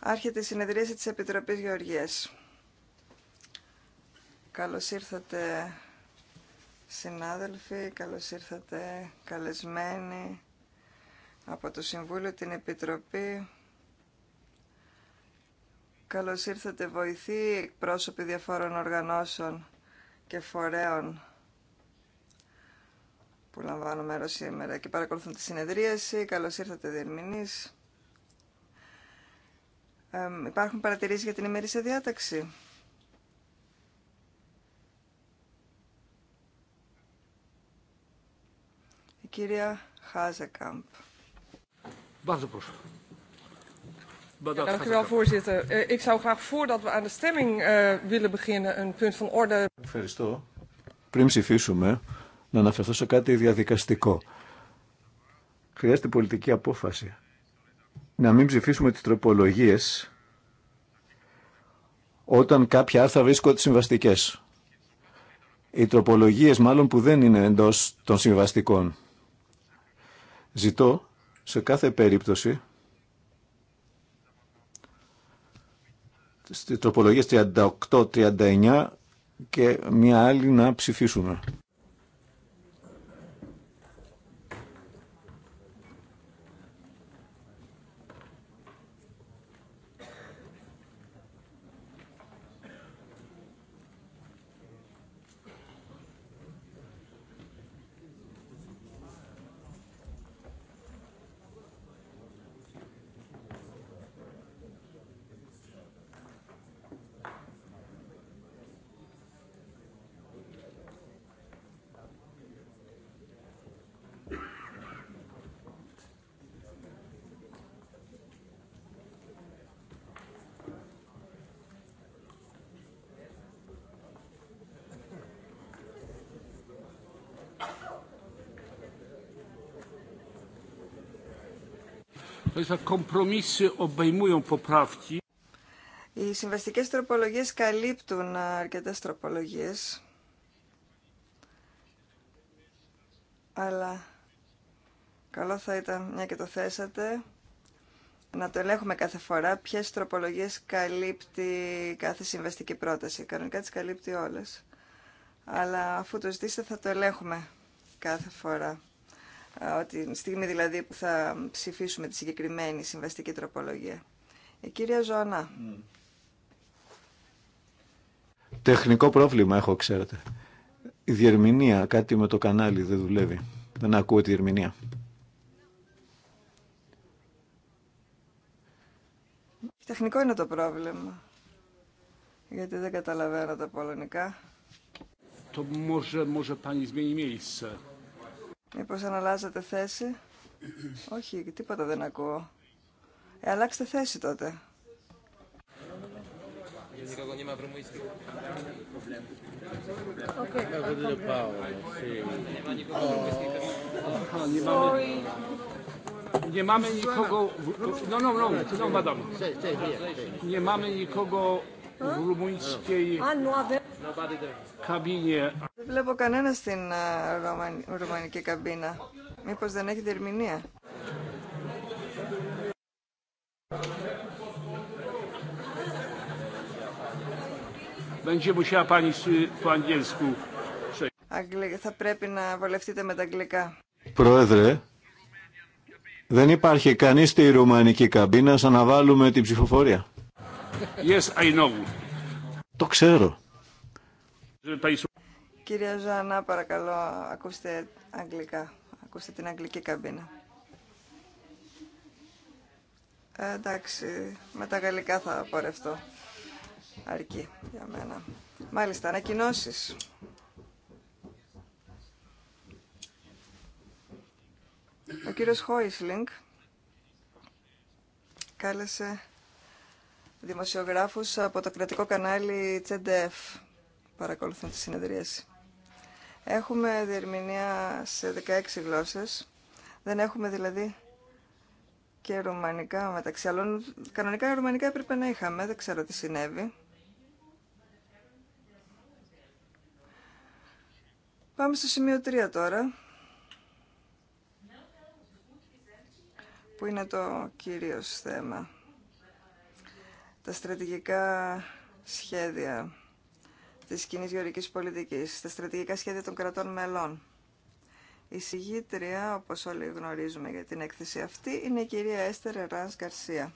Άρχεται η συνεδρίαση της Επιτροπής Γεωργίας. Καλώς ήρθατε συνάδελφοι, καλώς ήρθατε καλεσμένοι από το Συμβούλιο, την Επιτροπή. Καλώς ήρθατε βοηθοί, εκπρόσωποι διαφόρων οργανώσεων και φορέων που λαμβάνουν μέρος σήμερα και παρακολουθούν τη συνεδρίαση. Καλώς ήρθατε διερμηνείς υπάρχουν παρατηρήσεις για την σε διάταξη. Η κυρία Χάζεκαμπ. Eh, eh, Ευχαριστώ. Πριν ψηφίσουμε, να αναφερθώ σε κάτι διαδικαστικό. Χρειάζεται πολιτική απόφαση να μην ψηφίσουμε τις τροπολογίες όταν κάποια άρθρα βρίσκονται συμβαστικές. Οι τροπολογίες μάλλον που δεν είναι εντός των συμβαστικών. Ζητώ σε κάθε περίπτωση στις τροπολογίες 38, 39 και μια άλλη να ψηφίσουμε. Οι συμβαστικές τροπολογίες καλύπτουν ε, αρκετές τροπολογίες, αλλά καλό θα ήταν, μια και το θέσατε, να το ελέγχουμε κάθε φορά ποιες τροπολογίες καλύπτει κάθε συμβαστική πρόταση. Κανονικά τις καλύπτει όλες, αλλά αφού το ζητήσετε θα το ελέγχουμε κάθε φορά ότι στιγμή δηλαδή που θα ψηφίσουμε τη συγκεκριμένη συμβαστική τροπολογία. Η ε, κυρία Ζωανά. Τεχνικό πρόβλημα έχω, ξέρετε. Η διερμηνία, κάτι με το κανάλι δεν δουλεύει. Δεν ακούω τη διερμηνία. Τεχνικό είναι το πρόβλημα. Γιατί δεν καταλαβαίνω τα πολωνικά. Μήπως αναλάζετε θέση. Όχι, τίποτα δεν ακούω. Ε, αλλάξτε θέση τότε. Nie mamy nikogo. No, no, δεν βλέπω κανένα στην ρουμανική καμπίνα. Μήπω δεν έχει διερμηνία. Θα πρέπει να βολευτείτε με τα αγγλικά. Πρόεδρε, δεν υπάρχει κανείς στη ρουμανική καμπίνα σαν να βάλουμε την ψηφοφορία. Yes, I know. Το ξέρω. Κυρία Ζανά, παρακαλώ, ακούστε αγγλικά. Ακούστε την αγγλική καμπίνα. Ε, εντάξει, με τα γαλλικά θα πορευτώ. Αρκεί για μένα. Μάλιστα, ανακοινώσει. Ο κύριος Χόισλινγκ κάλεσε δημοσιογράφους από το κρατικό κανάλι Τσεντεφ παρακολουθούν τη συνεδρίαση. Έχουμε διερμηνία σε 16 γλώσσες. Δεν έχουμε δηλαδή και ρουμανικά μεταξύ άλλων. Κανονικά ρουμανικά έπρεπε να είχαμε, δεν ξέρω τι συνέβη. Πάμε στο σημείο 3 τώρα. Που είναι το κυρίως θέμα. Τα στρατηγικά σχέδια τη κοινή γεωρικής πολιτική, στα στρατηγικά σχέδια των κρατών μελών. Η συγγήτρια, όπως όλοι γνωρίζουμε για την έκθεση αυτή, είναι η κυρία Έστερ Ράν Γκαρσία.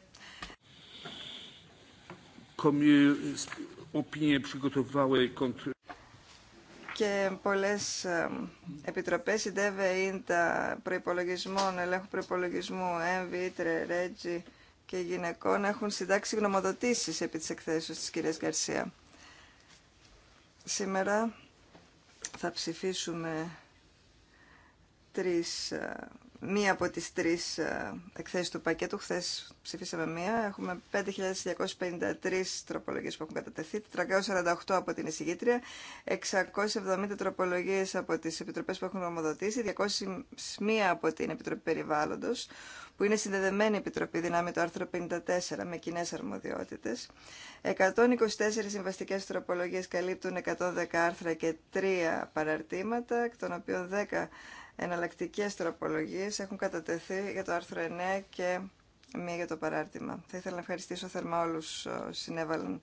Και πολλέ επιτροπέ η ΔΕΒΕ, ΙΝΤΑ, προπολογισμών, ελέγχου προπολογισμού ΕΜΒΙΤΡΕ, ΡΕΤΖΙ και γυναικών έχουν συντάξει γνωμοδοτήσεις επί της εκθέσεως της κυρίας Γκαρσία. Σήμερα θα ψηφίσουμε τρεις ε, μία από τις τρεις ε, εκθέσεις του πακέτου. Χθε ψηφίσαμε μία. Έχουμε 5.253 τροπολογίες που έχουν κατατεθεί, 448 από την εισηγήτρια, 670 τροπολογίες από τις επιτροπές που έχουν νομοδοτήσει, 201 από την Επιτροπή Περιβάλλοντος, που είναι συνδεδεμένη επιτροπή δυνάμει το άρθρο 54 με κοινέ αρμοδιότητες. 124 συμβαστικές τροπολογίες καλύπτουν 110 άρθρα και 3 παραρτήματα, εκ των οποίων 10 Εναλλακτικέ τροπολογίε έχουν κατατεθεί για το άρθρο 9 και μία για το παράρτημα. Θα ήθελα να ευχαριστήσω θερμά όλου που ε, συνέβαλαν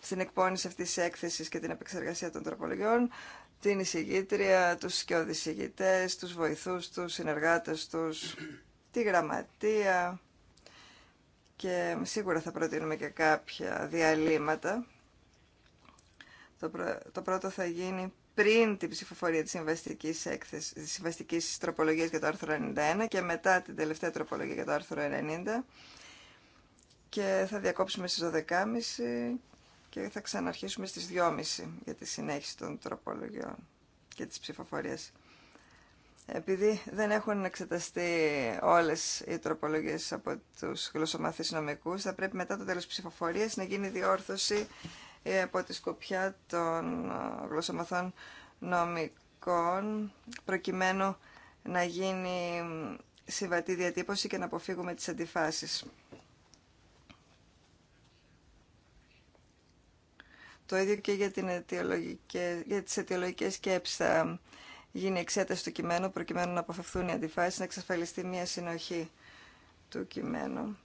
στην εκπόνηση αυτή τη έκθεση και την επεξεργασία των τροπολογιών, την εισηγήτρια, τους σκιώδης τους βοηθούς τους, συνεργάτε τους, τη γραμματεία και σίγουρα θα προτείνουμε και κάποια διαλύματα. Το, πρώτο θα γίνει πριν την ψηφοφορία της συμβαστικής, έκθεσης, της συμβαστικής τροπολογίας για το άρθρο 91 και μετά την τελευταία τροπολογία για το άρθρο 90 και θα διακόψουμε στις 12.30 και θα ξαναρχίσουμε στις 2.30 για τη συνέχιση των τροπολογιών και της ψηφοφορίας. Επειδή δεν έχουν εξεταστεί όλες οι τροπολογίες από τους γλωσσομαθείς νομικούς, θα πρέπει μετά το τέλος της ψηφοφορίας να γίνει διόρθωση ή ε, από τη σκοπιά των ε, γλωσσομαθών νομικών προκειμένου να γίνει συμβατή διατύπωση και να αποφύγουμε τις αντιφάσεις. Το ίδιο και για, την για τις αιτιολογικές σκέψεις θα γίνει εξέταση του κειμένου προκειμένου να αποφευθούν οι αντιφάσεις, να εξασφαλιστεί μια συνοχή του κειμένου.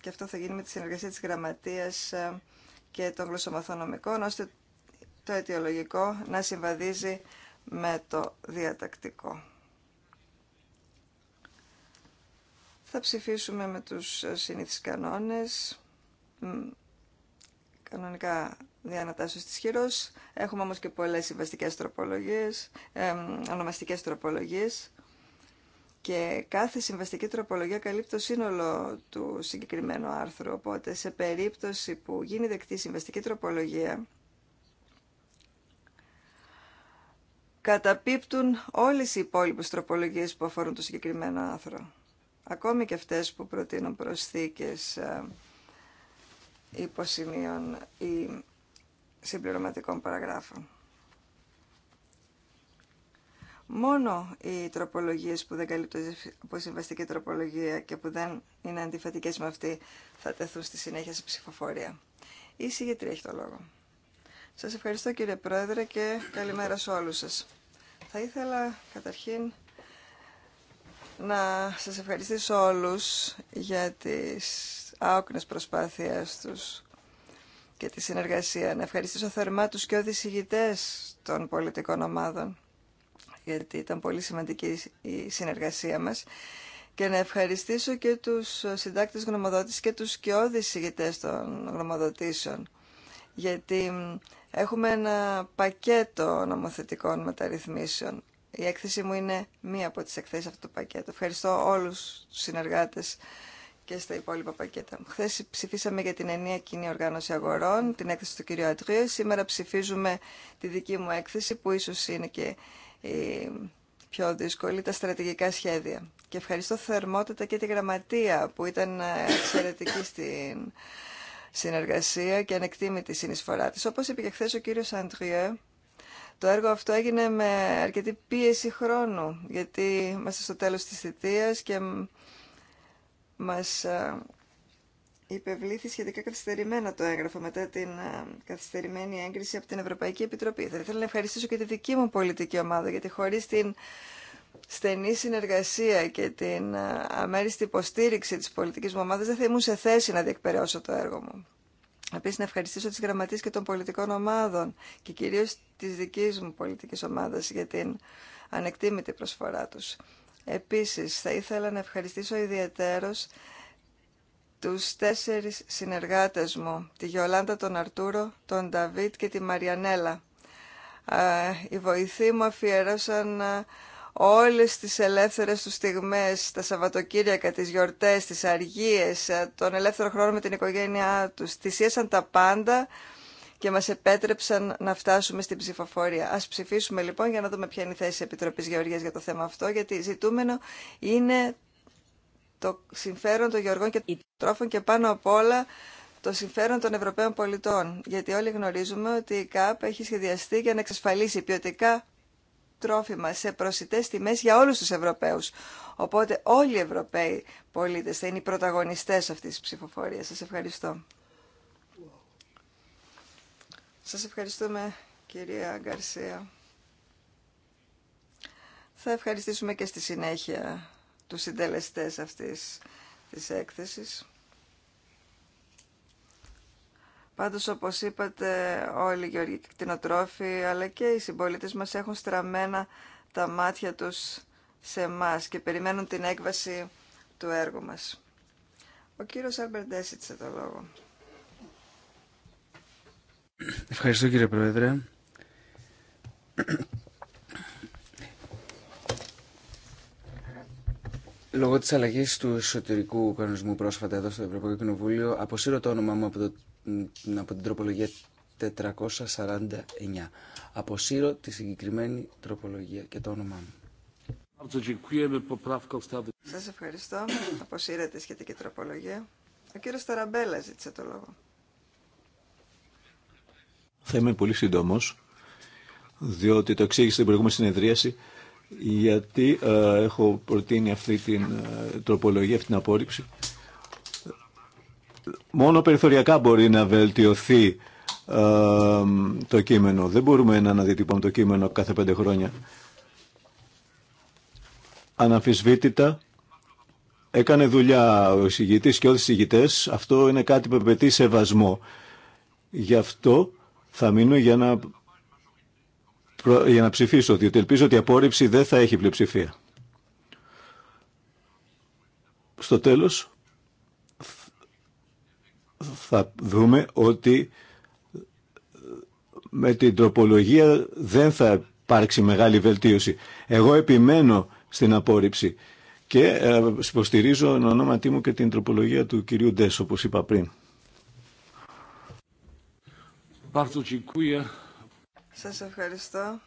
Και αυτό θα γίνει με τη συνεργασία της Γραμματείας ε, και των γλωσσομαθονομικών, ώστε το αιτιολογικό να συμβαδίζει με το διατακτικό. Θα ψηφίσουμε με τους συνήθεις κανόνες, κανονικά διανατάσσεως της χειρός. Έχουμε όμως και πολλές συμβαστικές τροπολογίες, ε, ονομαστικές τροπολογίες και κάθε συμβαστική τροπολογία καλύπτει το σύνολο του συγκεκριμένου άρθρου. Οπότε σε περίπτωση που γίνει δεκτή συμβαστική τροπολογία, καταπίπτουν όλες οι υπόλοιπες τροπολογίες που αφορούν το συγκεκριμένο άρθρο. Ακόμη και αυτές που προτείνουν προσθήκες ε, υποσημείων ή συμπληρωματικών παραγράφων μόνο οι τροπολογίες που δεν καλύπτουν από συμβαστική τροπολογία και που δεν είναι αντιφατικές με αυτή θα τεθούν στη συνέχεια σε ψηφοφορία. Η συγγετρία έχει το λόγο. Σας ευχαριστώ κύριε Πρόεδρε και καλημέρα σε όλους σας. Θα ήθελα καταρχήν να σας ευχαριστήσω όλους για τις άοκνες προσπάθειες τους και τη συνεργασία. Να ευχαριστήσω θερμά τους και οδησηγητές των πολιτικών ομάδων γιατί ήταν πολύ σημαντική η συνεργασία μας. Και να ευχαριστήσω και τους συντάκτες γνωμοδότης και τους σκιώδεις συγητές των γνωμοδοτήσεων, γιατί έχουμε ένα πακέτο νομοθετικών μεταρρυθμίσεων. Η έκθεση μου είναι μία από τις εκθέσεις αυτού του πακέτου. Ευχαριστώ όλους τους συνεργάτες και στα υπόλοιπα πακέτα. Χθε ψηφίσαμε για την ενία κοινή οργάνωση αγορών, την έκθεση του κ. Ατρίου. Σήμερα ψηφίζουμε τη δική μου έκθεση, που ίσω είναι και οι πιο δύσκολη τα στρατηγικά σχέδια. Και ευχαριστώ θερμότατα και τη γραμματεία που ήταν ε, εξαιρετική στην συνεργασία και ανεκτήμητη συνεισφορά της. Όπως είπε και χθε ο κύριος Αντριέ, το έργο αυτό έγινε με αρκετή πίεση χρόνου, γιατί είμαστε στο τέλος της θητείας και μας ε, υπευλήθη σχετικά καθυστερημένα το έγγραφο μετά την ε, καθυστερημένη έγκριση από την Ευρωπαϊκή Επιτροπή. Θα ήθελα να ευχαριστήσω και τη δική μου πολιτική ομάδα, γιατί χωρίς την στενή συνεργασία και την ε, αμέριστη υποστήριξη της πολιτικής μου ομάδας δεν θα ήμουν σε θέση να διεκπαιρεώσω το έργο μου. Επίσης να ευχαριστήσω τις γραμματείς και των πολιτικών ομάδων και κυρίως της δικής μου πολιτικής ομάδας για την ανεκτήμητη προσφορά τους. Επίσης θα ήθελα να ευχαριστήσω ιδιαίτερος τους τέσσερις συνεργάτες μου, τη Γιολάντα, τον Αρτούρο, τον Νταβίτ και τη Μαριανέλα. η βοηθοί μου αφιέρωσαν όλες τις ελεύθερες του στιγμές, τα Σαββατοκύριακα, τις γιορτές, τις αργίες, τον ελεύθερο χρόνο με την οικογένειά τους. Τησίασαν τα πάντα και μας επέτρεψαν να φτάσουμε στην ψηφοφορία. Ας ψηφίσουμε λοιπόν για να δούμε ποια είναι η θέση της Επιτροπής Γεωργίας για το θέμα αυτό, γιατί ζητούμενο είναι το συμφέρον των γεωργών και των τρόφων και πάνω απ' όλα το συμφέρον των Ευρωπαίων πολιτών. Γιατί όλοι γνωρίζουμε ότι η ΚΑΠ έχει σχεδιαστεί για να εξασφαλίσει ποιοτικά τρόφιμα σε προσιτές τιμές για όλους τους Ευρωπαίους. Οπότε όλοι οι Ευρωπαίοι πολίτες θα είναι οι πρωταγωνιστές αυτής της ψηφοφορίας. Σας ευχαριστώ. Σας ευχαριστούμε κυρία Γκαρσία. Θα ευχαριστήσουμε και στη συνέχεια τους συντελεστές αυτής της έκθεσης. Πάντως, όπως είπατε, όλοι οι γεωργικοί κτηνοτρόφοι, αλλά και οι συμπολίτες μας έχουν στραμμένα τα μάτια τους σε εμά και περιμένουν την έκβαση του έργου μας. Ο κύριος Αλμπερντέσιτσε το λόγο. Ευχαριστώ κύριε Πρόεδρε. Λόγω τη αλλαγή του εσωτερικού κανονισμού πρόσφατα εδώ στο Ευρωπαϊκό Κοινοβούλιο, αποσύρω το όνομά μου από, από την τροπολογία 449. Αποσύρω τη συγκεκριμένη τροπολογία και το όνομά μου. Σα ευχαριστώ. Αποσύρετε σχετική τροπολογία. Ο κύριο Ταραμπέλα ζήτησε το λόγο. Θα είμαι πολύ σύντομο διότι το εξήγησε στην προηγούμενη συνεδρίαση γιατί ε, έχω προτείνει αυτή την ε, τροπολογία, αυτή την απόρριψη. Μόνο περιθωριακά μπορεί να βελτιωθεί ε, το κείμενο. Δεν μπορούμε να αναδιτυπώνουμε το κείμενο κάθε πέντε χρόνια. Αναμφισβήτητα έκανε δουλειά ο εισηγητής και όλοι οι εισηγητές. Αυτό είναι κάτι που απαιτεί σεβασμό. Γι' αυτό θα μείνω για να για να ψηφίσω, διότι ελπίζω ότι η απόρριψη δεν θα έχει πλειοψηφία. Στο τέλος, θα δούμε ότι με την τροπολογία δεν θα υπάρξει μεγάλη βελτίωση. Εγώ επιμένω στην απόρριψη και ε, υποστηρίζω εν ονόματί μου και την τροπολογία του κυρίου Ντέσ, όπως είπα πριν. Σας ευχαριστώ.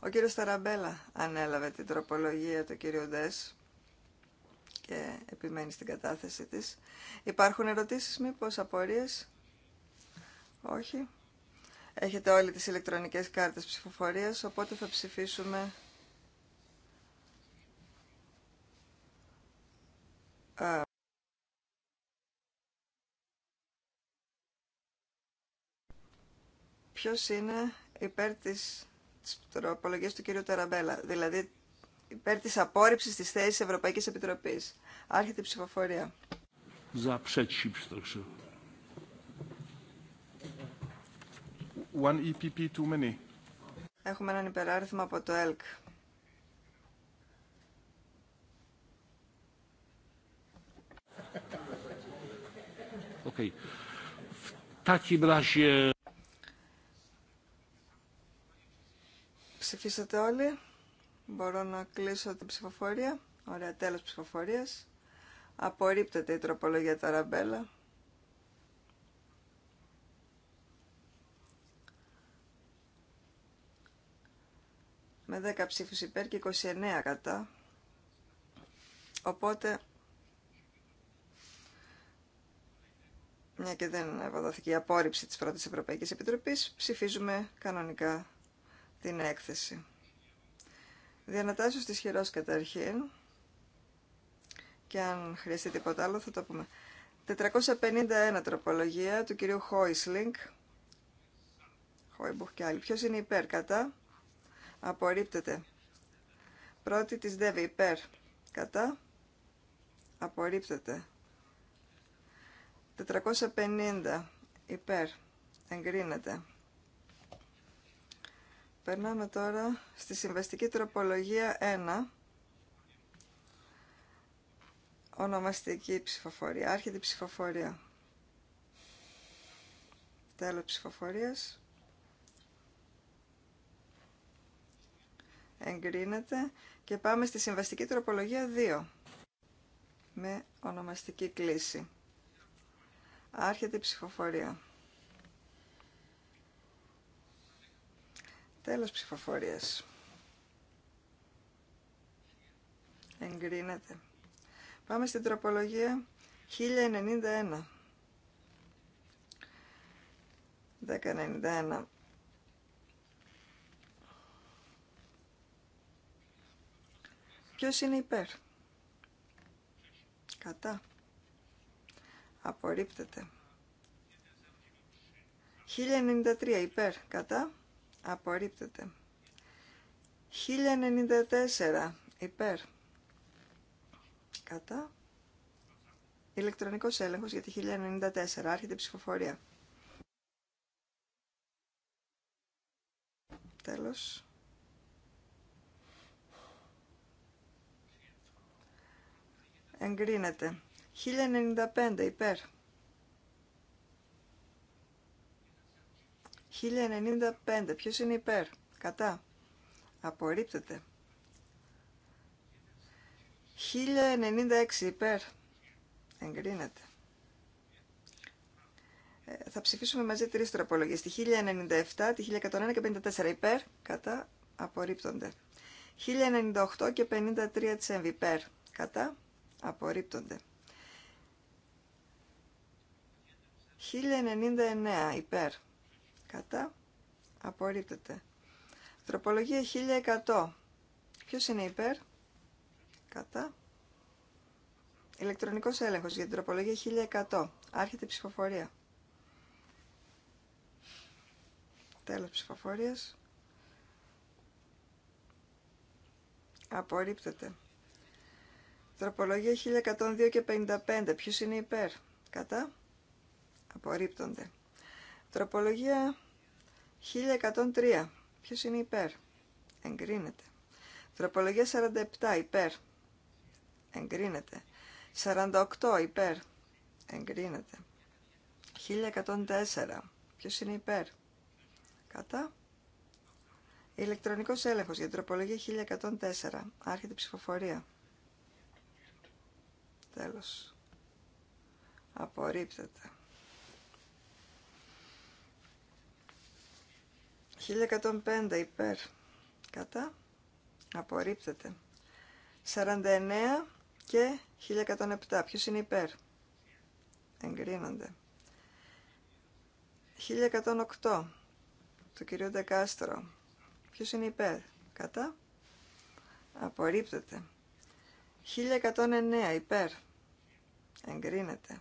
Ο κύριος Ταραμπέλα ανέλαβε την τροπολογία του κύριου Ντές και επιμένει στην κατάθεση της. Υπάρχουν ερωτήσεις μήπως, απορίες? Όχι. Έχετε όλοι τις ηλεκτρονικές κάρτες ψηφοφορίας, οπότε θα ψηφίσουμε Ποιο είναι υπέρ τη τροπολογία του κυρίου Ταραμπέλα, δηλαδή υπέρ της απόρριψης της θέσης Ευρωπαϊκής Επιτροπή. Άρχεται η ψηφοφορία. E Έχουμε έναν υπεράριθμο από το ΕΛΚ. Okay. W Ψηφίσατε όλοι. Μπορώ να κλείσω την ψηφοφορία. Ωραία, τέλος ψηφοφορίας. Απορρίπτεται η τροπολογία ταραμπέλα. Με 10 ψήφους υπέρ και 29 κατά. Οπότε, μια και δεν αποδόθηκε η απόρριψη της πρώτης Ευρωπαϊκής Επιτροπής, ψηφίζουμε κανονικά την έκθεση. Διανατάσσω στις χειρός καταρχήν και αν χρειαστεί τίποτα άλλο θα το πούμε. 451 τροπολογία του κυρίου Χόισλινγκ. Χόιμπουχ και άλλοι. Ποιος είναι υπέρ κατά. Απορρίπτεται. Πρώτη της Δεύη υπέρ κατά. Απορρίπτεται. 450 υπέρ. Εγκρίνεται. Περνάμε τώρα στη συμβαστική τροπολογία 1. Ονομαστική ψηφοφορία. Άρχεται ψηφοφορία. Τέλος ψηφοφορίας. Εγκρίνεται. Και πάμε στη συμβαστική τροπολογία 2. Με ονομαστική κλίση. Άρχεται η ψηφοφορία. Τέλος ψηφοφορίας. Εγκρίνεται. Πάμε στην τροπολογία 1091. 1091. Ποιος είναι υπέρ. Κατά. Απορρίπτεται. 1093 υπέρ. Κατά. Απορρίπτεται. 1094 υπέρ. Κατά. Ηλεκτρονικός έλεγχος για τη 1094. Άρχεται η ψηφοφορία. Τέλος. Εγκρίνεται. 1095 υπέρ. 1095. Ποιος είναι υπέρ. Κατά. Απορρίπτεται. 1096 υπέρ. Εγκρίνεται. Ε, θα ψηφίσουμε μαζί τρεις τροπολογίες. Τη 1097, τη 1101 και 54 υπέρ. Κατά. Απορρίπτονται. 1098 και 53 της ΕΜΒ υπέρ. Κατά. Απορρίπτονται. 1099 υπέρ Κατά. Απορρίπτεται. Τροπολογία 1100. Ποιος είναι υπέρ. Κατά. Ηλεκτρονικός έλεγχος για την τροπολογία 1100. Άρχεται η ψηφοφορία. Τέλος ψηφοφορίας. Απορρίπτεται. Τροπολογία 1102 και 55. Ποιος είναι υπέρ. Κατά. Απορρίπτονται. Τροπολογία 1103. Ποιος είναι υπέρ. Εγκρίνεται. Τροπολογία 47 υπέρ. Εγκρίνεται. 48 υπέρ. Εγκρίνεται. 1104. Ποιος είναι υπέρ. Κατά. Ηλεκτρονικός έλεγχος για τροπολογία 1104. Άρχεται ψηφοφορία. Τέλος. Απορρίπτεται. 1105 υπέρ. Κατά. Απορρίπτεται. 49 και 1107. Ποιος είναι υπέρ. Εγκρίνονται. 1108 του κυρίου Ντεκάστρο. Ποιος είναι υπέρ. Κατά. Απορρίπτεται. 1109 υπέρ. Εγκρίνεται.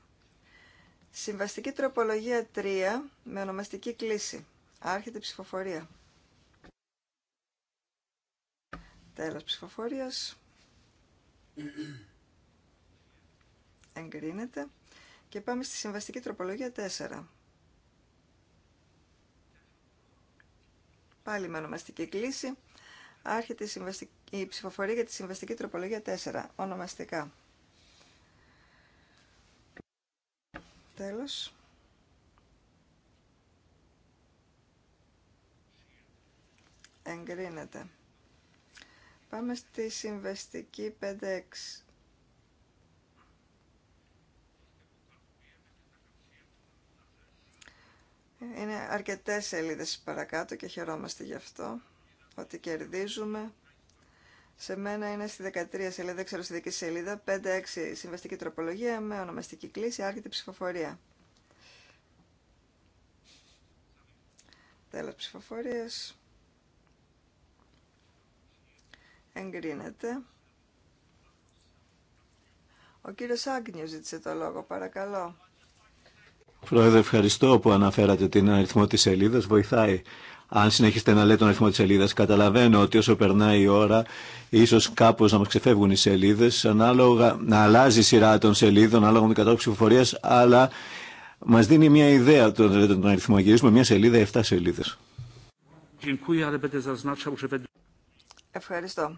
Συμβαστική τροπολογία 3 με ονομαστική κλίση. Άρχεται η ψηφοφορία. Τέλος ψηφοφορίας. Εγκρίνεται. Και πάμε στη συμβαστική τροπολογία 4. Πάλι με ονομαστική κλίση. Άρχεται η, συμβαστική, η ψηφοφορία για τη συμβαστική τροπολογία 4. Ονομαστικά. Τέλος. εγκρίνεται. Πάμε στη συμβεστική 5-6. Είναι αρκετές σελίδες παρακάτω και χαιρόμαστε γι' αυτό ότι κερδίζουμε. Σε μένα είναι στη 13 σελίδα, δεν ξέρω στη δική σελίδα, 5-6 συμβαστική τροπολογία με ονομαστική κλίση, άρκετη ψηφοφορία. Τέλος ψηφοφορίας. εγκρίνεται. Ο κύριος Άγνιος ζήτησε το λόγο, παρακαλώ. Πρόεδρε, ευχαριστώ που αναφέρατε την αριθμό της σελίδας. Βοηθάει. Αν συνεχίσετε να λέτε τον αριθμό της σελίδας, καταλαβαίνω ότι όσο περνάει η ώρα, ίσως κάπως να μας ξεφεύγουν οι σελίδες, ανάλογα, να αλλάζει η σειρά των σελίδων, ανάλογα με την κατάσταση ψηφοφορίας, αλλά μας δίνει μια ιδέα τον, τον αριθμό. Γυρίζουμε μια σελίδα, 7 σελίδες. Ευχαριστώ.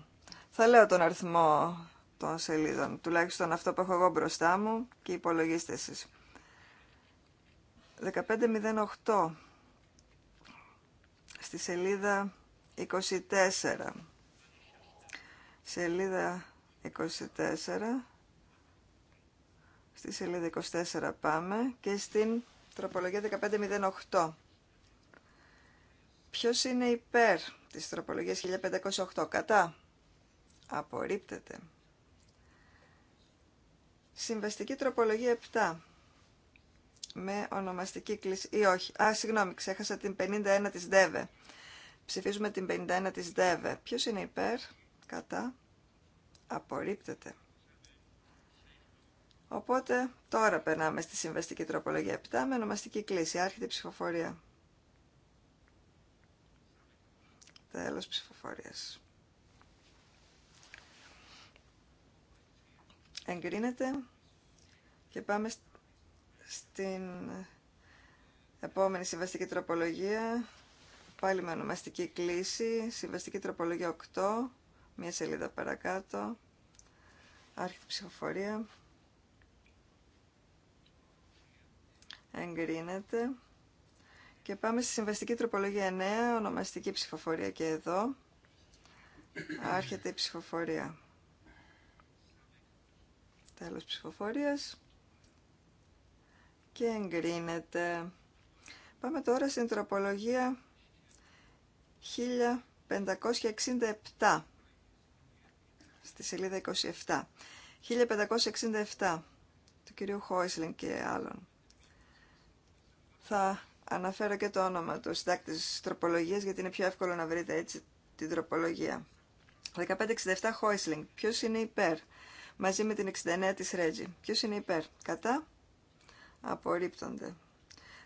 Θα λέω τον αριθμό των σελίδων, τουλάχιστον αυτό που έχω εγώ μπροστά μου και υπολογίστε εσείς. 1508 στη σελίδα 24. Σελίδα 24. Στη σελίδα 24 πάμε και στην τροπολογία 1508. Ποιος είναι υπέρ της τροπολογίας 1508 κατά απορρίπτεται. Συμβαστική τροπολογία 7 με ονομαστική κλίση ή όχι. Α, συγγνώμη, ξέχασα την 51 της ΔΕΒΕ. Ψηφίζουμε την 51 της ΔΕΒΕ. Ποιος είναι υπέρ, κατά, απορρίπτεται. Οπότε τώρα περνάμε στη συμβαστική τροπολογία 7 με ονομαστική κλίση. Άρχεται η ψηφοφορία. Τέλος ψηφοφορίας. Εγκρίνεται και πάμε στην επόμενη συμβαστική τροπολογία. Πάλι με ονομαστική κλίση. Συμβαστική τροπολογία 8. Μία σελίδα παρακάτω. Άρχιτη ψηφοφορία. Εγκρίνεται. Και πάμε στη συμβαστική τροπολογία 9, ονομαστική ψηφοφορία και εδώ. Άρχεται η ψηφοφορία. Τέλος ψηφοφορίας. Και εγκρίνεται. Πάμε τώρα στην τροπολογία 1567. Στη σελίδα 27. 1567 του κυρίου Χόισλιν και άλλων. Θα Αναφέρω και το όνομα του συντάκτη τη τροπολογία, γιατί είναι πιο εύκολο να βρείτε έτσι την τροπολογία. 1567 Χόισλινγκ. Ποιο είναι υπέρ. Μαζί με την 69 τη Ρέτζη. Ποιο είναι υπέρ. Κατά. Απορρίπτονται.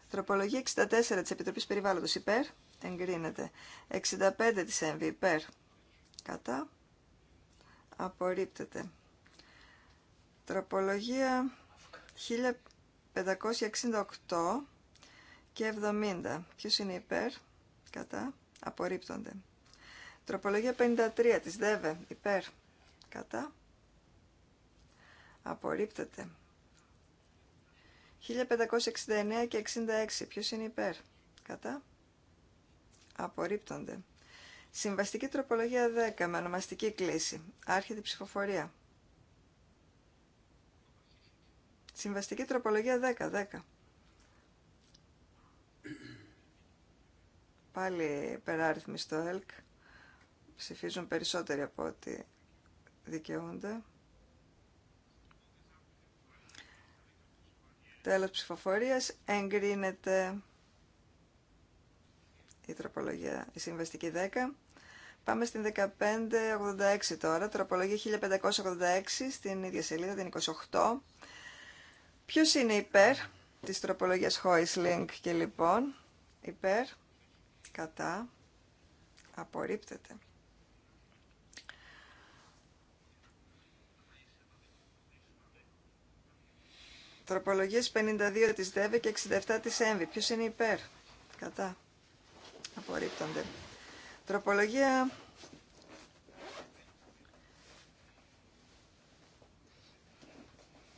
Τροπολογία 64 τη Επιτροπή Περιβάλλοντο. Υπέρ. Εγκρίνεται. 65 τη ΕΜΒ. Υπέρ. Κατά. Απορρίπτεται. Τροπολογία 1568 και 70. Ποιος είναι υπέρ, κατά, απορρίπτονται. Τροπολογία 53 της ΔΕΒΕ, υπέρ, κατά, απορρίπτεται. 1569 και 66, ποιος είναι υπέρ, κατά, απορρίπτονται. Συμβαστική τροπολογία 10 με ονομαστική κλίση. Άρχεται η ψηφοφορία. Συμβαστική τροπολογία 10, 10. Πάλι υπεράριθμοι στο ΕΛΚ. Ψηφίζουν περισσότεροι από ό,τι δικαιούνται. Τέλος ψηφοφορίας. Εγκρίνεται η τροπολογία, η συμβαστική 10. Πάμε στην 1586 τώρα, τροπολογία 1586, στην ίδια σελίδα, την 28. Ποιος είναι υπέρ της τροπολογίας Hoisling και λοιπόν, υπέρ, κατά απορρίπτεται. Τροπολογίες 52 της ΔΕΒΕ και 67 της ΕΜΒΗ. Ποιος είναι υπέρ. Κατά. Απορρίπτονται. Τροπολογία...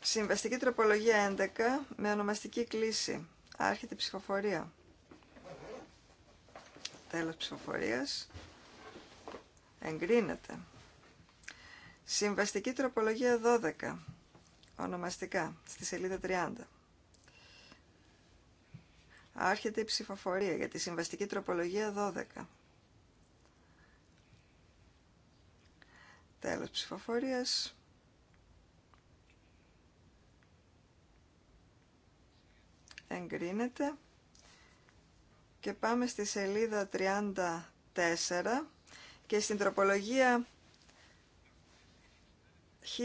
Συμβαστική τροπολογία 11 με ονομαστική κλίση. Άρχεται η Τέλος ψηφοφορίας. Εγκρίνεται. Συμβαστική τροπολογία 12. Ονομαστικά. Στη σελίδα 30. Άρχεται η ψηφοφορία για τη συμβαστική τροπολογία 12. Τέλος ψηφοφορίας. Εγκρίνεται. Και πάμε στη σελίδα 34 και στην τροπολογία 1700.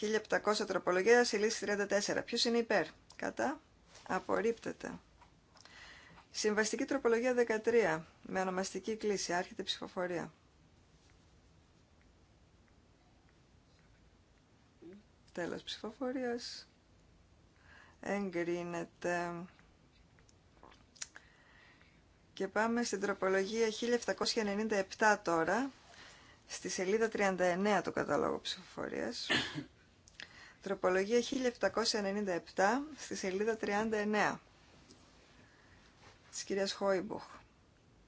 1700 τροπολογία, σελίδα 34. Ποιος είναι υπέρ, κατά, απορρίπτεται. Συμβαστική τροπολογία 13, με ονομαστική κλίση, άρχεται ψηφοφορία. Τέλος ψηφοφορίας. Εγκρίνεται. Και πάμε στην τροπολογία 1797 τώρα, στη σελίδα 39 του καταλόγου ψηφοφορίας. Τροπολογία 1797 στη σελίδα 39 της κυρίας Χόιμπουχ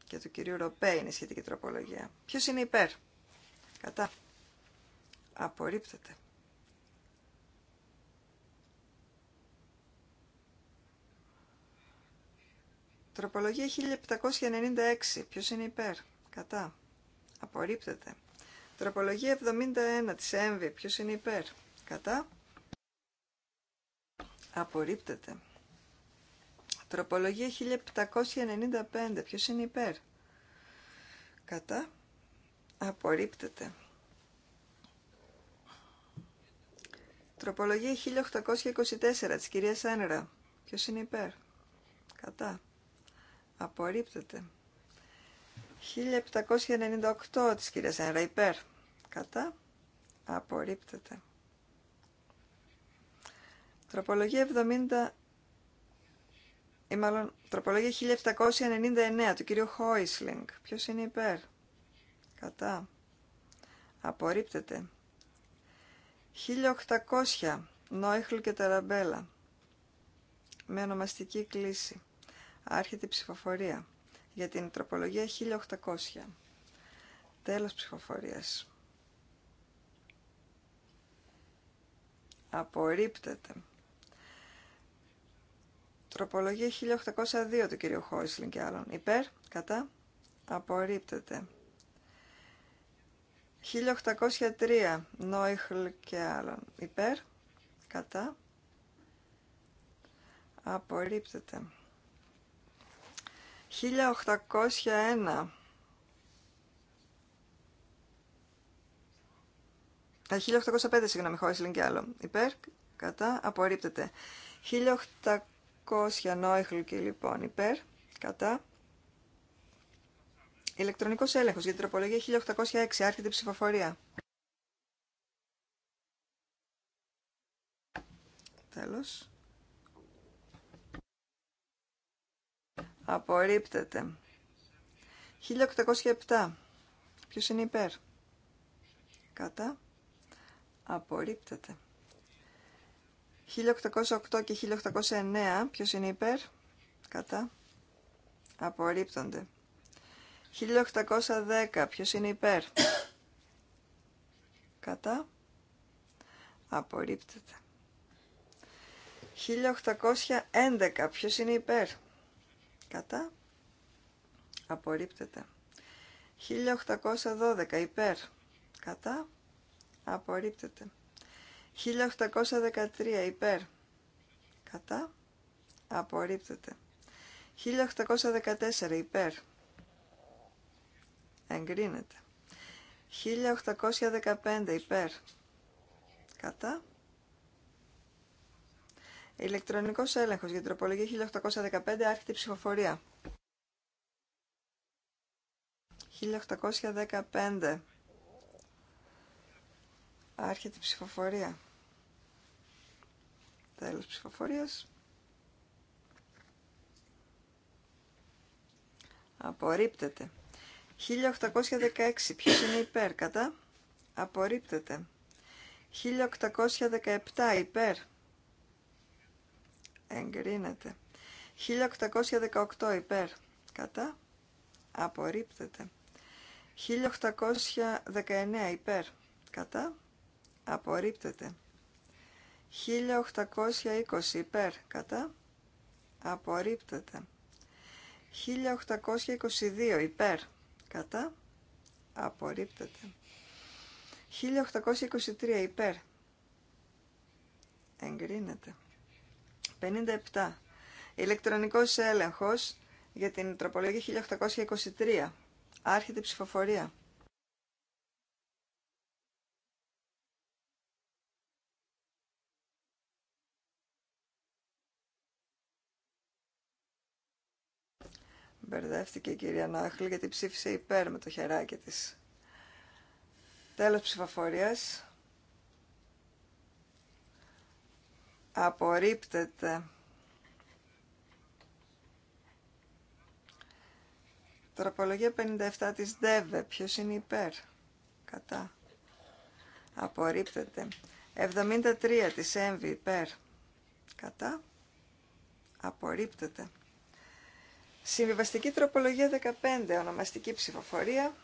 και του κυρίου Ροπέ είναι η σχετική τροπολογία. Ποιος είναι υπέρ. Κατά. Απορρίπτεται. Τροπολογία 1796. Ποιος είναι υπέρ. Κατά. Απορρίπτεται. Τροπολογία 71 της ΕΜΒΗ. Ποιος είναι υπέρ. Κατά. Απορρίπτεται. Τροπολογία 1795. Ποιος είναι υπέρ. Κατά. Απορρίπτεται. Τροπολογία 1824 της κυρίας Άνερα. Ποιος είναι υπέρ. Κατά. Απορρίπτεται. 1798 της κυρίας Ένρα υπέρ. Κατά. Απορρίπτεται. Τροπολογία 70 τροπολογία 1799 του κυρίου Χόισλινγκ. Ποιος είναι υπέρ. Κατά. Απορρίπτεται. 1800 Νόιχλ και Ταραμπέλα. Με ονομαστική κλίση. Άρχεται η ψηφοφορία για την τροπολογία 1800. Τέλος ψηφοφορίας. Απορρίπτεται. Τροπολογία 1802 του κ. Χόισλιν και άλλων. Υπέρ, κατά, απορρίπτεται. 1803 Νόιχλ και άλλων. Υπέρ, κατά, απορρίπτεται. 1801. Τα 1805, συγγνώμη, λένε και άλλο. Υπέρ, κατά, απορρίπτεται. 1800 νόηχλου και λοιπόν, υπέρ, κατά. Ηλεκτρονικός έλεγχος για την τροπολογία 1806, άρχεται η ψηφοφορία. Τέλος. Απορρίπτεται. 1807. Ποιος είναι υπέρ. Κατά. Απορρίπτεται. 1808 και 1809. Ποιος είναι υπέρ. Κατά. Απορρίπτονται. 1810. Ποιος είναι υπέρ. Κατά. Απορρίπτεται. 1811. Ποιος είναι υπέρ. Κατά. Απορρίπτεται. 1812 υπέρ. Κατά. Απορρίπτεται. 1813 υπέρ. Κατά. Απορρίπτεται. 1814 υπέρ. Εγκρίνεται. 1815 υπέρ. Κατά. Ηλεκτρονικό έλεγχο για τροπολογία 1815 άρχεται η ψηφοφορία. 1815 άρχεται η ψηφοφορία. Τέλο ψηφοφορία. Απορρίπτεται. 1816. Ποιος είναι υπέρ, κατά. Απορρίπτεται. 1817. Υπέρ εγκρίνεται. 1818 υπέρ, κατά, απορρίπτεται. 1819 υπέρ, κατά, απορρίπτεται. 1820 υπέρ, κατά, απορρίπτεται. 1822 υπέρ, κατά, απορρίπτεται. 1823 υπέρ, εγκρίνεται. 57. Ηλεκτρονικός έλεγχος για την τροπολογία 1823. Άρχεται η ψηφοφορία. Μπερδεύτηκε η κυρία Νάχλη γιατί ψήφισε υπέρ με το χεράκι της. Τέλος ψηφοφορίας. Απορρίπτεται. Τροπολογία 57 της ΔΕΒΕ. Ποιος είναι υπέρ. Κατά. Απορρίπτεται. 73 της ΕΜΒΗ υπέρ. Κατά. Απορρίπτεται. Συμβιβαστική τροπολογία 15. Ονομαστική ψηφοφορία.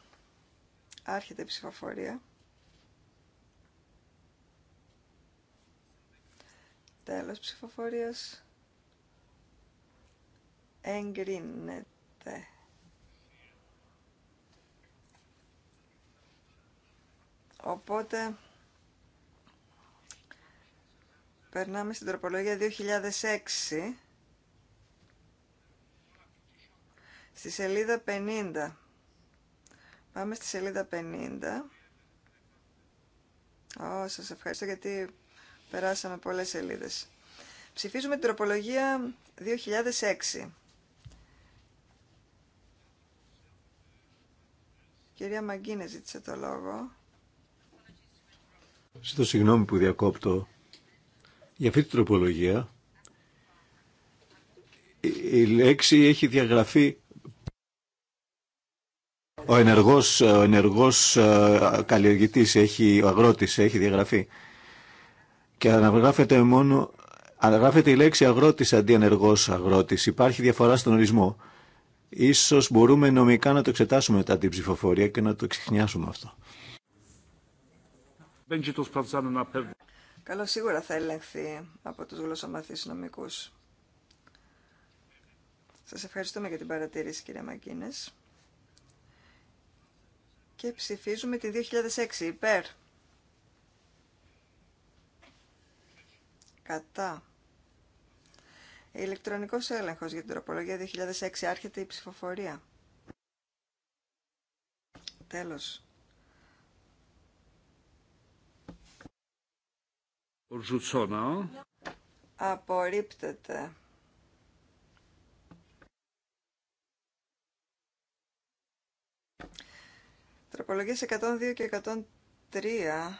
Άρχεται η ψηφοφορία. Τέλος ψηφοφορίας. Εγκρίνεται. οπότε περνάμε στην τροπολογία 2006 στη σελίδα 50 πάμε στη σελίδα 50 Ω, σας ευχαριστώ γιατί Περάσαμε πολλές σελίδες. Ψηφίζουμε την τροπολογία 2006. Κυρία Μαγκίνε ζήτησε το λόγο. Στο συγγνώμη που διακόπτω. Για αυτή την τροπολογία η λέξη έχει διαγραφεί ο ενεργός, ο ε, καλλιεργητής, έχει, ο αγρότης έχει διαγραφεί και αναγράφεται μόνο αναγράφεται η λέξη αγρότης αντί ενεργό αγρότης. Υπάρχει διαφορά στον ορισμό. Ίσως μπορούμε νομικά να το εξετάσουμε μετά την ψηφοφορία και να το ξεχνιάσουμε αυτό. Καλό σίγουρα θα ελεγχθεί από τους γλωσσομαθείς νομικού. Σας ευχαριστούμε για την παρατήρηση κύριε Μακίνε. Και ψηφίζουμε τη 2006 υπέρ. Κατά. Ηλεκτρονικός έλεγχος για την τροπολογία 2006. Άρχεται η ψηφοφορία. Τέλος. Απορρίπτεται. Τροπολογίες 102 και 103.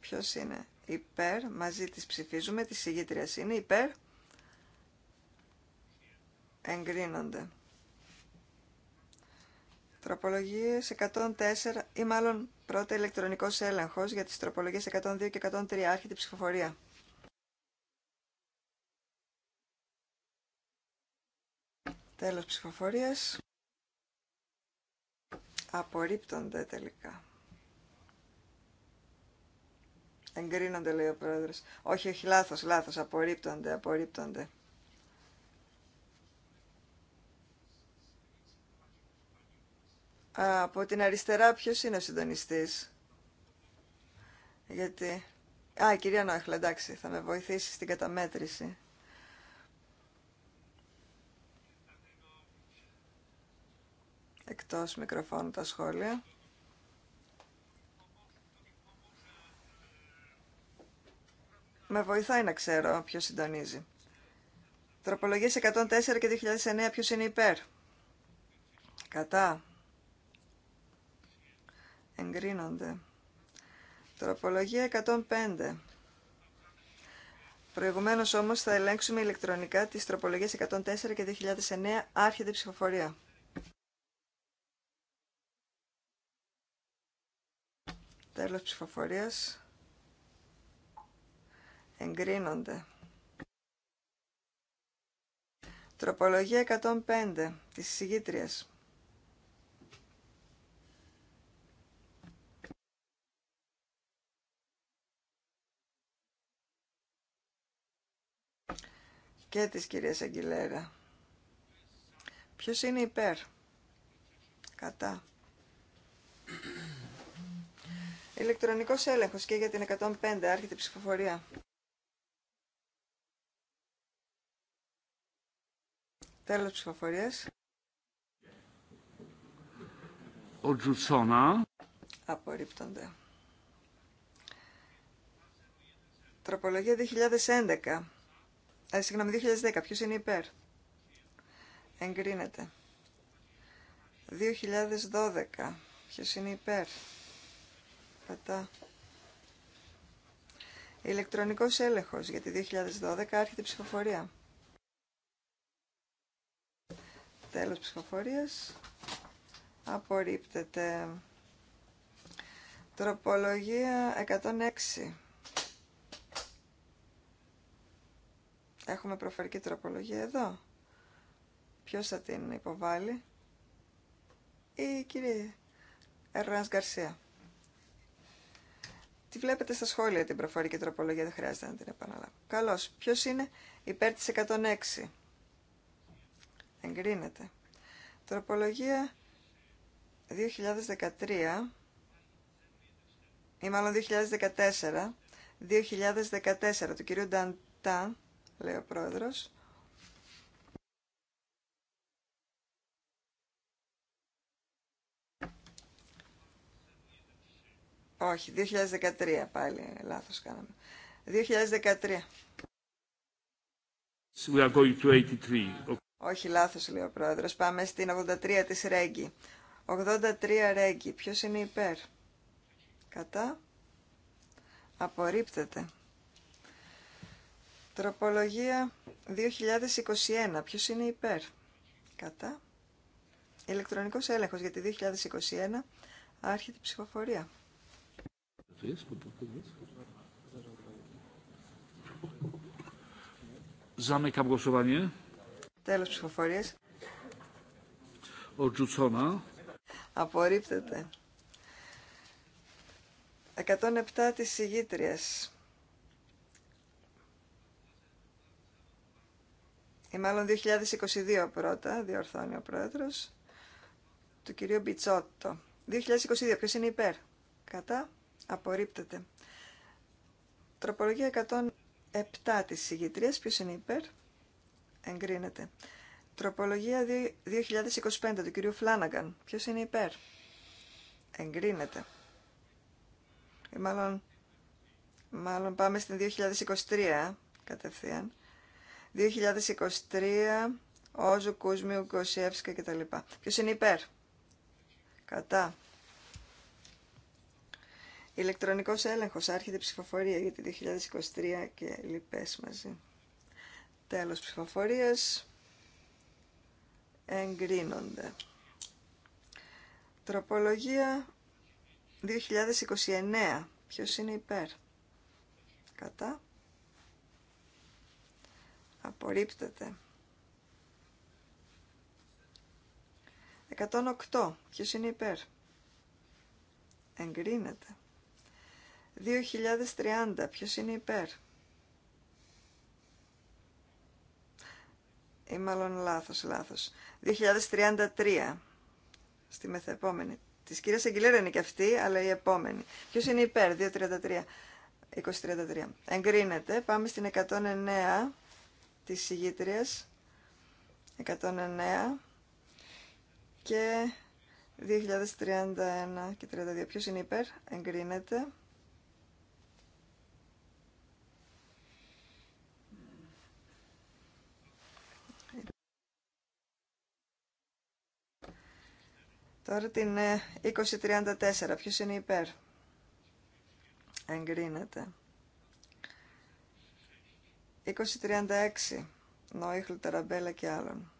Ποιος είναι υπέρ, μαζί τις ψηφίζουμε, τη ηγήτριας είναι υπέρ, εγκρίνονται. Τροπολογίες 104 ή μάλλον πρώτα ηλεκτρονικός έλεγχος για τις τροπολογίες 102 και 103 άρχεται ψηφοφορία. Τέλος ψηφοφορίας. Απορρίπτονται τελικά. Εγκρίνονται, λέει ο πρόεδρο. Όχι, όχι, λάθο, λάθο. Απορρίπτονται, απορρίπτονται. Από την αριστερά ποιο είναι ο συντονιστή. Γιατί. Α, η κυρία Νόχλα, εντάξει, θα με βοηθήσει στην καταμέτρηση. Εκτός μικροφώνου τα σχόλια. Με βοηθάει να ξέρω ποιο συντονίζει. Τροπολογίες 104 και 2009 ποιος είναι υπέρ. Κατά. Εγκρίνονται. Τροπολογία 105. Προηγουμένως όμως θα ελέγξουμε ηλεκτρονικά τις τροπολογίες 104 και 2009 άρχεται ψηφοφορία. Τέλος ψηφοφορίας εγκρίνονται. Τροπολογία 105 της συγγήτριας. και της κυρίας Αγγιλέρα. Ποιος είναι υπέρ. Κατά. Ηλεκτρονικός έλεγχος και για την 105 άρχεται η ψηφοφορία. Τέλος ψηφοφορίας. Odrzucona. Απορρίπτονται. Τροπολογία 2011. Α, ε, συγγνώμη, 2010. Ποιος είναι υπέρ. Εγκρίνεται. 2012. Ποιος είναι υπέρ. Κατά. Ηλεκτρονικός έλεγχος για τη 2012 άρχεται ψηφοφορία. Τέλος ψηφοφορίας. Απορρίπτεται. Τροπολογία 106. Έχουμε προφορική τροπολογία εδώ. Ποιος θα την υποβάλει. Η κυρία Ερνάς Γκαρσία. Τη βλέπετε στα σχόλια την προφορική τροπολογία, δεν χρειάζεται να την επαναλάβω. Καλώς. Ποιος είναι υπέρ της 106. Εγκρίνεται. Τροπολογία 2013 ή μάλλον 2014 2014 του κυρίου Νταντάν, λέει ο πρόεδρος. Όχι, 2013 πάλι, λάθος κάναμε. 2013. We are going to 83. Όχι, λάθος λέει ο πρόεδρος. Πάμε στην 83 της Ρέγγι. 83 Ρέγγι. Ποιος είναι υπέρ. Κατά. Απορρίπτεται. Τροπολογία 2021. Ποιος είναι υπέρ. Κατά. Ηλεκτρονικός έλεγχος για τη 2021. Άρχεται η ψηφοφορία. Zamykam głosowanie. Τέλος ψηφοφορίας. Ο Τζουτσόνα. Απορρίπτεται. 107 της ηγήτριας. Ή μάλλον 2022 πρώτα, διορθώνει ο πρόεδρος, του κυρίου Μπιτσότο. 2022, ποιος είναι υπέρ. Κατά, απορρίπτεται. Τροπολογία 107 της ηγητρίας, ποιος είναι υπέρ. Εγκρίνεται. Τροπολογία 2025 του κυρίου Φλάναγκαν. Ποιο είναι υπέρ. Εγκρίνεται. Ε, μάλλον, μάλλον πάμε στην 2023 ε, κατευθείαν. 2023, Όζου, Κούσμιου, Κοσιεύσκα κτλ. Ποιος είναι υπέρ. Κατά. Ηλεκτρονικός έλεγχος, άρχεται ψηφοφορία για τη 2023 και λοιπές μαζί. Τέλος ψηφοφορίας. Εγκρίνονται. Τροπολογία 2029. Ποιος είναι υπέρ. Κατά. Απορρίπτεται. 108. Ποιος είναι υπέρ. Εγκρίνεται. 2030. Ποιος είναι υπέρ. ή μάλλον λάθος, λάθος. 2033, στη μεθεπόμενη. Τη κυρίας Αγγιλέρα είναι και αυτή, αλλά η επόμενη. Ποιο είναι υπέρ, 233. 2033. Εγκρίνεται. Πάμε στην 109 της συγγήτριας. 109 και 2031 και 32. Ποιος είναι υπέρ. Εγκρίνεται. Τώρα την 2034. Ε, Ποιος είναι υπέρ. Εγκρίνεται. 2036. Νοίχλ, Ταραμπέλα και άλλων.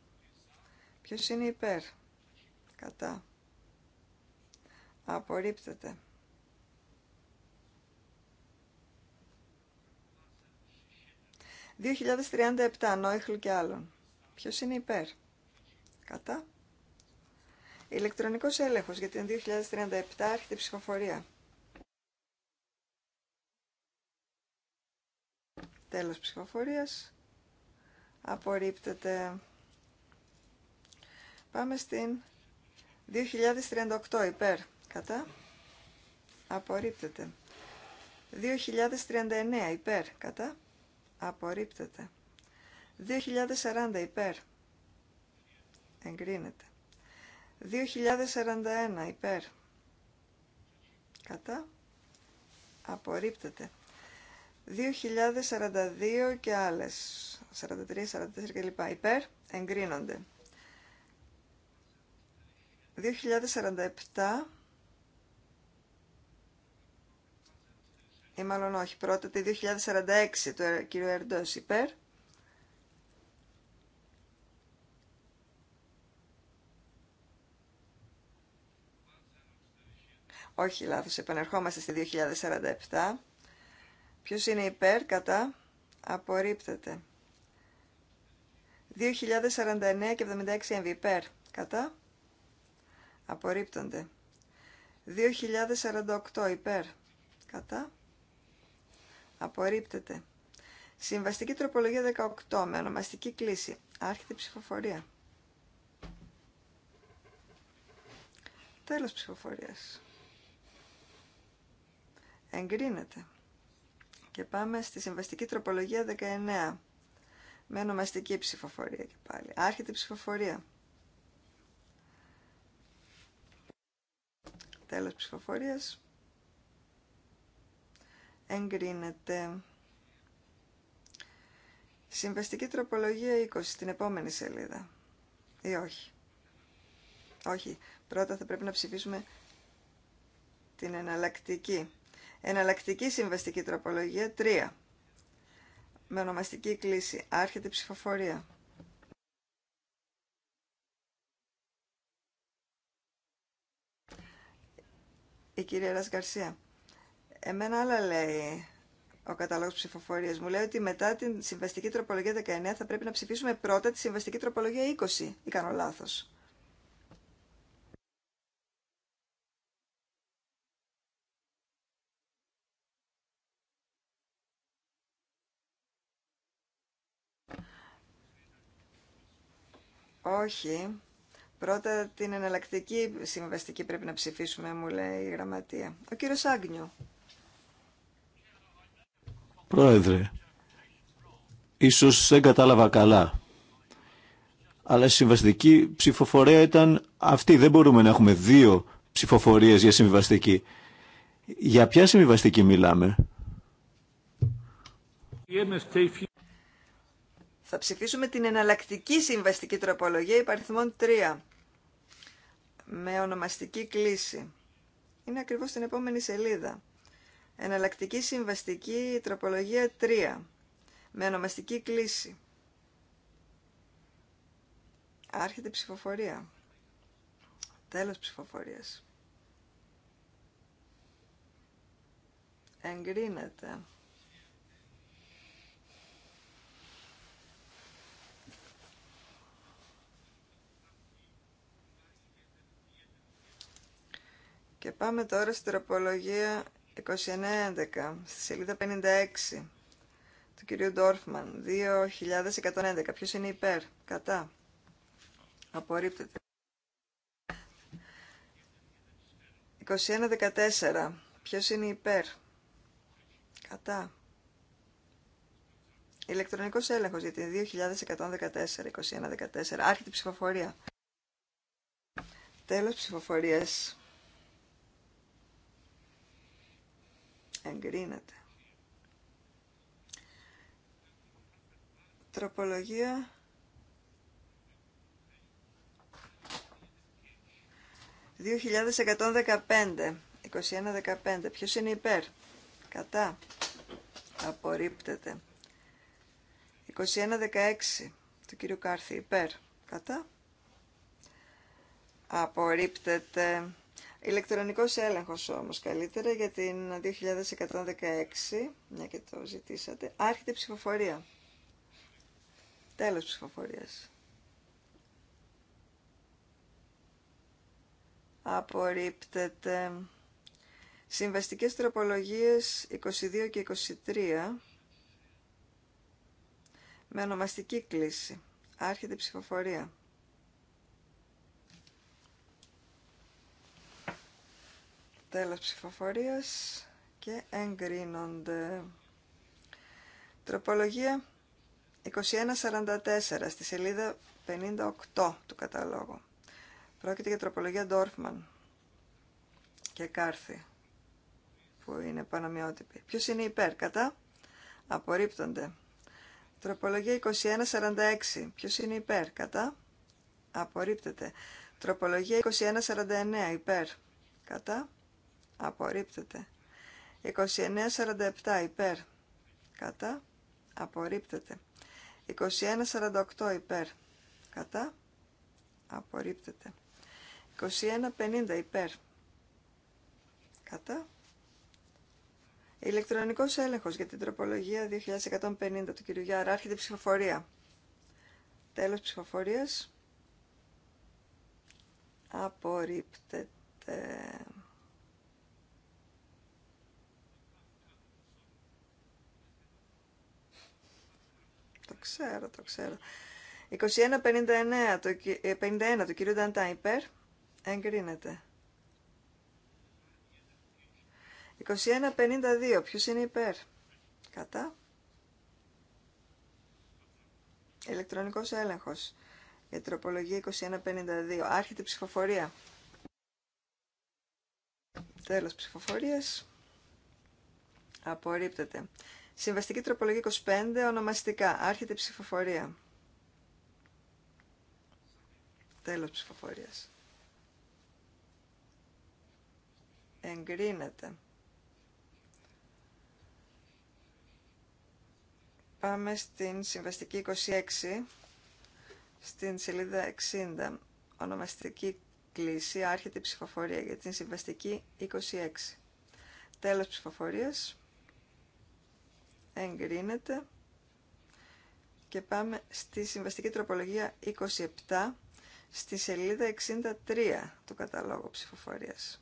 Ποιος είναι υπέρ. Κατά. Απορρίπτεται. 2037. Νόιχλ και άλλων. Ποιος είναι υπέρ. Κατά. Ηλεκτρονικός έλεγχος για την 2037 άρχεται ψηφοφορία. Τέλος ψηφοφορίας. Απορρίπτεται. Πάμε στην 2038 υπέρ. Κατά. Απορρίπτεται. 2039 υπέρ. Κατά. Απορρίπτεται. 2040 υπέρ. Εγκρίνεται. 2041 υπέρ. Κατά. Απορρίπτεται. 2042 και άλλες. 43, 44 κλπ. Υπέρ. Εγκρίνονται. 2047 ή μάλλον όχι, πρώτα τη 2046 του ε, κ. Ερντός υπέρ, Όχι, λάθος. Επανερχόμαστε στη 2047. Ποιος είναι υπέρ, κατά, απορρίπτεται. 2049 και 76 εμβι υπέρ, κατά, απορρίπτονται. 2048 υπέρ, κατά, απορρίπτεται. Συμβαστική τροπολογία 18 με ονομαστική κλίση. Άρχεται η ψηφοφορία. Τέλος ψηφοφορίας. Εγκρίνεται. Και πάμε στη συμβαστική τροπολογία 19. Με ονομαστική ψηφοφορία και πάλι. Άρχεται η ψηφοφορία. Τέλος ψηφοφορίας. Εγκρίνεται. Συμβαστική τροπολογία 20, στην επόμενη σελίδα. Ή όχι. Όχι. Πρώτα θα πρέπει να ψηφίσουμε την εναλλακτική. Εναλλακτική συμβαστική τροπολογία 3. Με ονομαστική κλίση. Άρχεται η ψηφοφορία. Η κυρία Ρας Γκαρσία. Εμένα άλλα λέει ο κατάλογος ψηφοφορίας. Μου λέει ότι μετά την συμβαστική τροπολογία 19 θα πρέπει να ψηφίσουμε πρώτα τη συμβαστική τροπολογία 20. Ή κάνω λάθος. Όχι. Πρώτα την εναλλακτική συμβαστική πρέπει να ψηφίσουμε, μου λέει η γραμματεία. Ο κύριο Άγνιο. Πρόεδρε, ίσως δεν κατάλαβα καλά. Αλλά η συμβαστική ψηφοφορία ήταν αυτή. Δεν μπορούμε να έχουμε δύο ψηφοφορίες για συμβιβαστική. Για ποια συμβιβαστική μιλάμε. Θα ψηφίσουμε την εναλλακτική συμβαστική τροπολογία υπαριθμών 3 με ονομαστική κλίση. Είναι ακριβώς στην επόμενη σελίδα. Εναλλακτική συμβαστική τροπολογία 3 με ονομαστική κλίση. Άρχεται ψηφοφορία. Τέλος ψηφοφορίας. Εγκρίνεται. Και πάμε τώρα στην τροπολογία 2911, στη σελίδα 56 του κυρίου Ντόρφμαν, 2111. Ποιος είναι υπέρ, κατά, απορρίπτεται. 2114. Ποιος είναι υπέρ, κατά. Ηλεκτρονικός έλεγχος για την 2114, 2114. Άρχεται η ψηφοφορία. Τέλος ψηφοφορίας. Εγκρίνεται. Τροπολογία 2115. 2115. Ποιος είναι υπέρ. Κατά. Απορρίπτεται. 2116 του κύριου Κάρθη υπέρ. Κατά. Απορρίπτεται. Ηλεκτρονικός έλεγχος όμως καλύτερα για την 2116, μια και το ζητήσατε. Άρχεται ψηφοφορία. Τέλος ψηφοφορίας. Απορρίπτεται. Συμβαστικές τροπολογίες 22 και 23 με ονομαστική κλίση. Άρχεται ψηφοφορία. Τέλος ψηφοφορίας και εγκρίνονται. Τροπολογία 2144 στη σελίδα 58 του καταλόγου. Πρόκειται για τροπολογία Ντόρφμαν και Κάρθη που είναι πανομοιότυπη. Ποιος είναι υπέρ, κατά, απορρίπτονται. Τροπολογία 2146, ποιος είναι υπέρ, κατά, απορρίπτεται. Τροπολογία 2149, υπέρ, κατά, απορρίπτεται. 29.47 υπέρ, κατά, απορρίπτεται. 21.48 υπέρ, κατά, απορρίπτεται. 21.50 υπέρ, κατά. Ηλεκτρονικός έλεγχος για την τροπολογία 2150 του κ. Γιάρα, άρχεται ψηφοφορία. Τέλος ψηφοφορίας. Απορρίπτεται. Το ξέρω, το ξέρω. 21.59 το, 51, ε, το κύριο Νταντά υπέρ. Εγκρίνεται. 21-52, Ποιος είναι υπέρ. Κατά. Ηλεκτρονικός έλεγχος. Για τροπολογία 21.52. Άρχεται ψηφοφορία. Τέλος ψηφοφορίας. Απορρίπτεται. Συμβαστική τροπολογία 25, ονομαστικά. Άρχεται η ψηφοφορία. Τέλος ψηφοφορίας. Εγκρίνεται. Πάμε στην συμβαστική 26, στην σελίδα 60. Ονομαστική κλίση, άρχεται η ψηφοφορία για την συμβαστική 26. Τέλος ψηφοφορίας εγκρίνεται και πάμε στη συμβαστική τροπολογία 27 στη σελίδα 63 του καταλόγου ψηφοφορίας.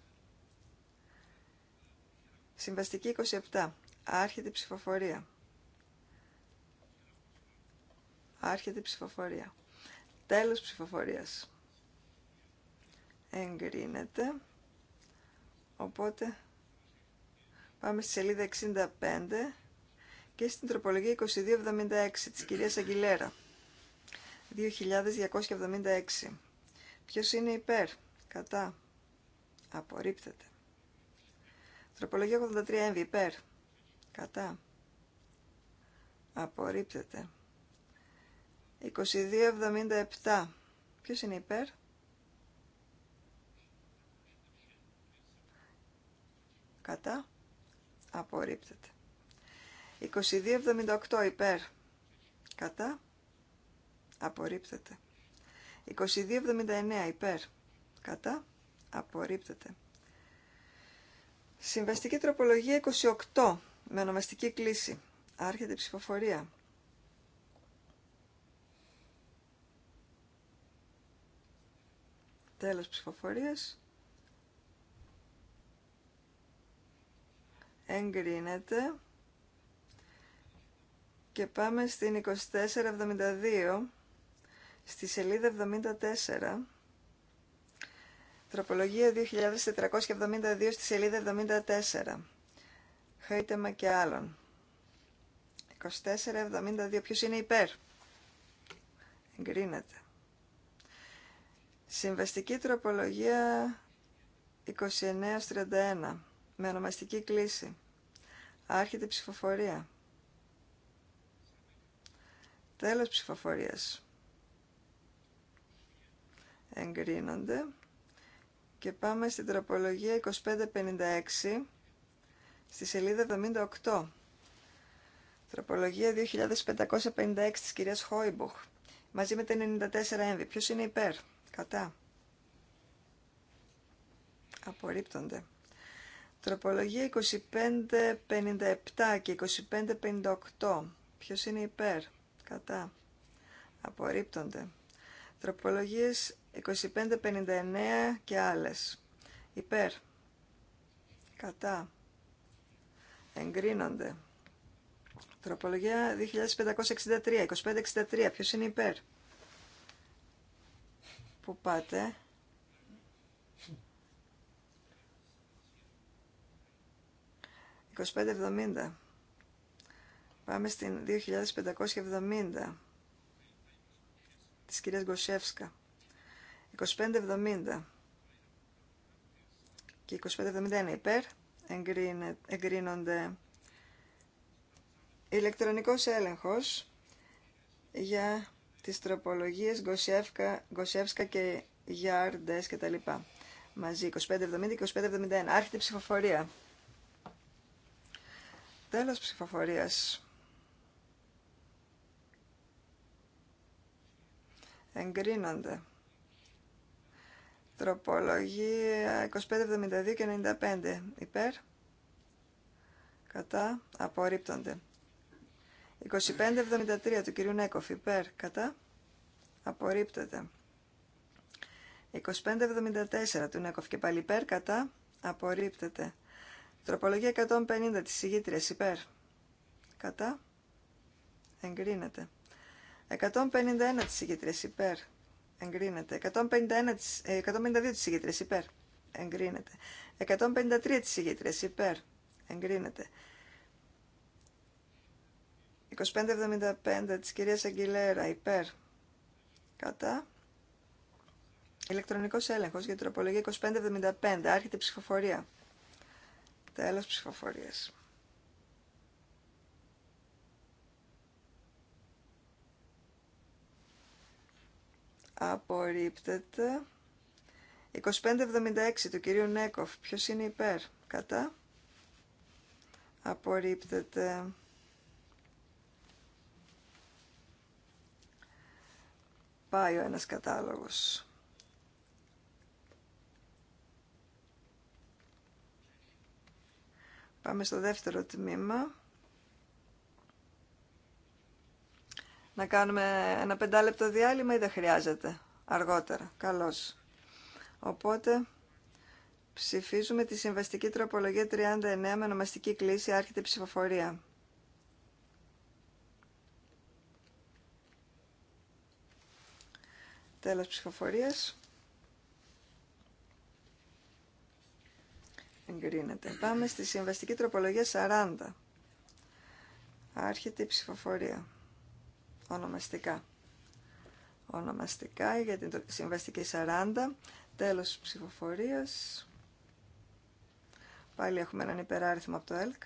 Συμβαστική 27. Άρχεται ψηφοφορία. Άρχεται ψηφοφορία. Τέλος ψηφοφορίας. Εγκρίνεται. Οπότε πάμε στη σελίδα 65 και στην τροπολογία 2276 της κυρίας Αγγιλέρα. 2276. Ποιος είναι υπέρ, κατά, απορρίπτεται. Τροπολογία 83 έμβη, υπέρ, κατά, απορρίπτεται. 2277. Ποιος είναι υπέρ, κατά, απορρίπτεται. 2278 υπέρ. Κατά. Απορρίπτεται. 2279 υπέρ. Κατά. Απορρίπτεται. Συμβαστική τροπολογία 28 με ονομαστική κλίση. Άρχεται η ψηφοφορία. Τέλος ψηφοφορίας. Εγκρίνεται. Και πάμε στην 2472, στη σελίδα 74, τροπολογία 2472 στη σελίδα 74. Χαίτεμα και άλλων. 2472. Ποιος είναι υπέρ. Εγκρίνεται. Συμβαστική 2931, με ονομαστική κλίση. Άρχεται η ψηφοφορία. Τέλος ψηφοφορίας. Εγκρίνονται. Και πάμε στην τροπολογία 2556 στη σελίδα 78. Τροπολογία 2556 της κυρίας Χόιμπουχ. Μαζί με την 94 έμβη. Ποιος είναι υπέρ. Κατά. Απορρίπτονται. Τροπολογία 2557 και 2558. Ποιος είναι υπέρ. Κατά. Απορρίπτονται. Τροπολογίες 25-59 και άλλες. Υπέρ. Κατά. Εγκρίνονται. Τροπολογία 2563. 63. Ποιος είναι υπέρ. Πού πάτε. «2570». Πάμε στην 2570 της κυρίας Γκοσεύσκα. 2570 και 2571 υπέρ εγκρίνονται ηλεκτρονικός έλεγχος για τις τροπολογίες Γκοσεύκα, Γκοσεύσκα και Γιάρντες και τα λοιπά. Μαζί 2570 και 2571. Άρχεται η ψηφοφορία. Τέλος ψηφοφορίας. εγκρίνονται. Τροπολογία 2572 και 95 υπέρ. Κατά. Απορρίπτονται. 2573 του κυρίου Νέκοφ υπέρ. Κατά. Απορρίπτεται. 2574 του Νέκοφ και πάλι υπέρ. Κατά. Απορρίπτεται. Τροπολογία 150 της ηγήτριας υπέρ. Κατά. Εγκρίνεται. 151 της ηγετρίας υπέρ. Εγκρίνεται. 151, 152 ε, της ηγετρίας υπέρ. Εγκρίνεται. 153 της ηγετρίας υπέρ. Εγκρίνεται. 2575 της κυρίας Αγγιλέρα υπέρ. Κατά. Ηλεκτρονικός έλεγχος για τροπολογία 2575. Άρχεται ψηφοφορία. Τέλος ψηφοφορίας. απορρίπτεται. 2576 του κυρίου Νέκοφ. Ποιος είναι υπέρ. Κατά. Απορρίπτεται. Πάει ο ένας κατάλογος. Πάμε στο δεύτερο τμήμα. Να κάνουμε ένα πεντάλεπτο διάλειμμα ή δεν χρειάζεται. Αργότερα. Καλώς. Οπότε ψηφίζουμε τη συμβαστική τροπολογία 39 με ονομαστική κλίση άρχεται ψηφοφορία. Τέλος ψηφοφορίας. Εγκρίνεται. Πάμε στη συμβαστική τροπολογία 40. Άρχεται η ψηφοφορία ονομαστικά. Ονομαστικά για την συμβαστική 40. Τέλος ψηφοφορίας. Πάλι έχουμε έναν υπεράριθμο από το ΕΛΚ.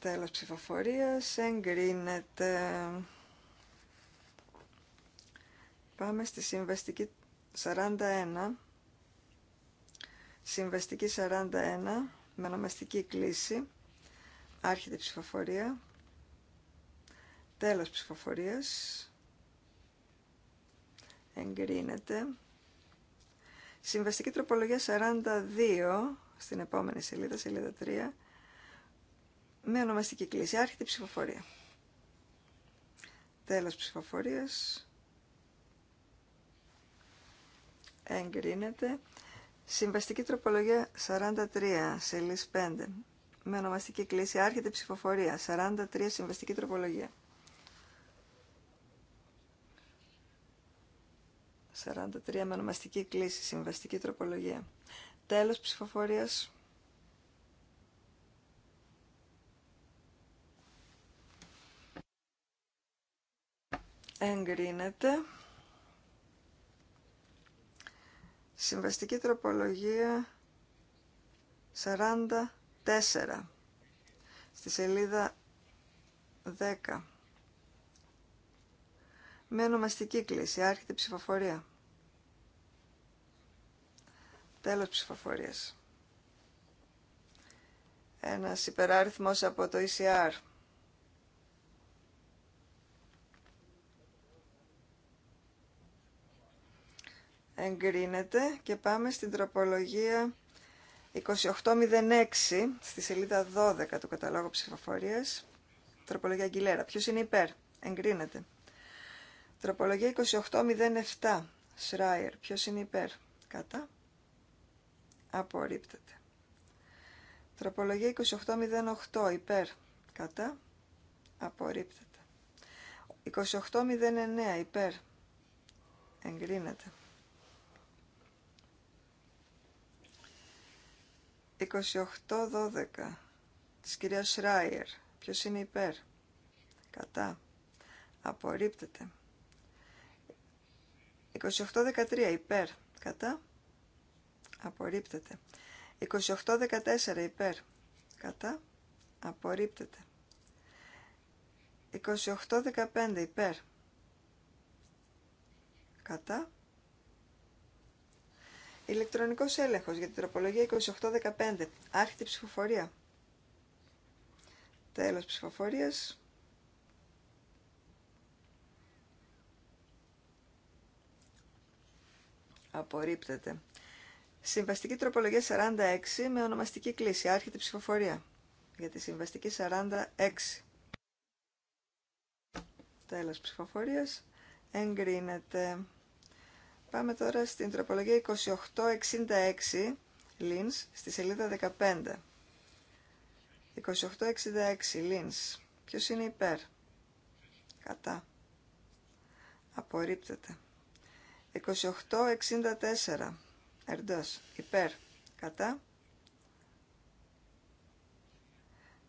Τέλος ψηφοφορίας. Εγκρίνεται. Πάμε στη συμβαστική 41. Συμβαστική 41 με ονομαστική κλίση. Άρχεται η ψηφοφορία. Τέλος ψηφοφορίας. Εγκρίνεται. Συμβαστική τροπολογία 42 στην επόμενη σελίδα, σελίδα 3, με ονομαστική κλίση. Άρχεται η ψηφοφορία. Τέλος ψηφοφορίας. Εγκρίνεται. Συμβαστική τροπολογία 43, σελίς 5. Με ονομαστική κλίση άρχεται ψηφοφορία. 43 συμβαστική τροπολογία. 43 με ονομαστική κλίση, συμβαστική τροπολογία. Τέλος ψηφοφορίας. Εγκρίνεται. Συμβαστική τροπολογία 44 στη σελίδα 10. Με ονομαστική κλίση, άρχεται ψηφοφορία. Τέλος ψηφοφορίας. Ένας υπεράριθμος από το ECR. εγκρίνεται και πάμε στην τροπολογία 2806 στη σελίδα 12 του καταλόγου ψηφοφορίας. Τροπολογία Αγγιλέρα. Ποιος είναι υπέρ. Εγκρίνεται. Τροπολογία 2807 Σράιερ. Ποιος είναι υπέρ. Κατά. Απορρίπτεται. Τροπολογία 2808 υπέρ. Κατά. Απορρίπτεται. 2809 υπέρ. Εγκρίνεται. 28-12 της κυρίας Σράιερ. Ποιος είναι υπέρ. Κατά. Απορρίπτεται. 28-13 υπέρ. Κατά. Απορρίπτεται. 28-14 υπέρ. Κατά. Απορρίπτεται. 28-15 υπέρ. Κατά. Ηλεκτρονικό έλεγχο για την τροπολογία 2815. Άρχεται ψηφοφορία. Τέλο ψηφοφορία. Απορρίπτεται. Συμβαστική τροπολογία 46 με ονομαστική κλίση. Άρχεται ψηφοφορία για τη συμβαστική 46. Τέλος ψηφοφορίας. Εγκρίνεται. Πάμε τώρα στην τροπολογία 2866, Λίνς, στη σελίδα 15. 2866, Λίνς, Ποιος είναι υπέρ. Κατά. Απορρίπτεται. 2864, Ερντός. Υπέρ. Κατά.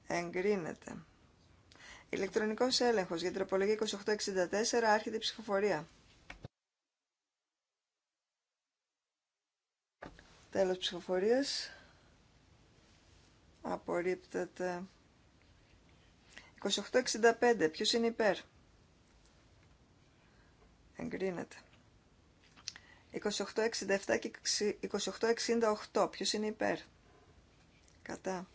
Εγκρίνεται. Ηλεκτρονικός έλεγχος για τροπολογία 2864, άρχεται η ψηφοφορία. Τέλος ψηφοφορίας. Απορρίπτεται. 2865. Ποιος είναι υπέρ. Εγκρίνεται. 2867 και 2868. Ποιος είναι υπέρ. Κατά.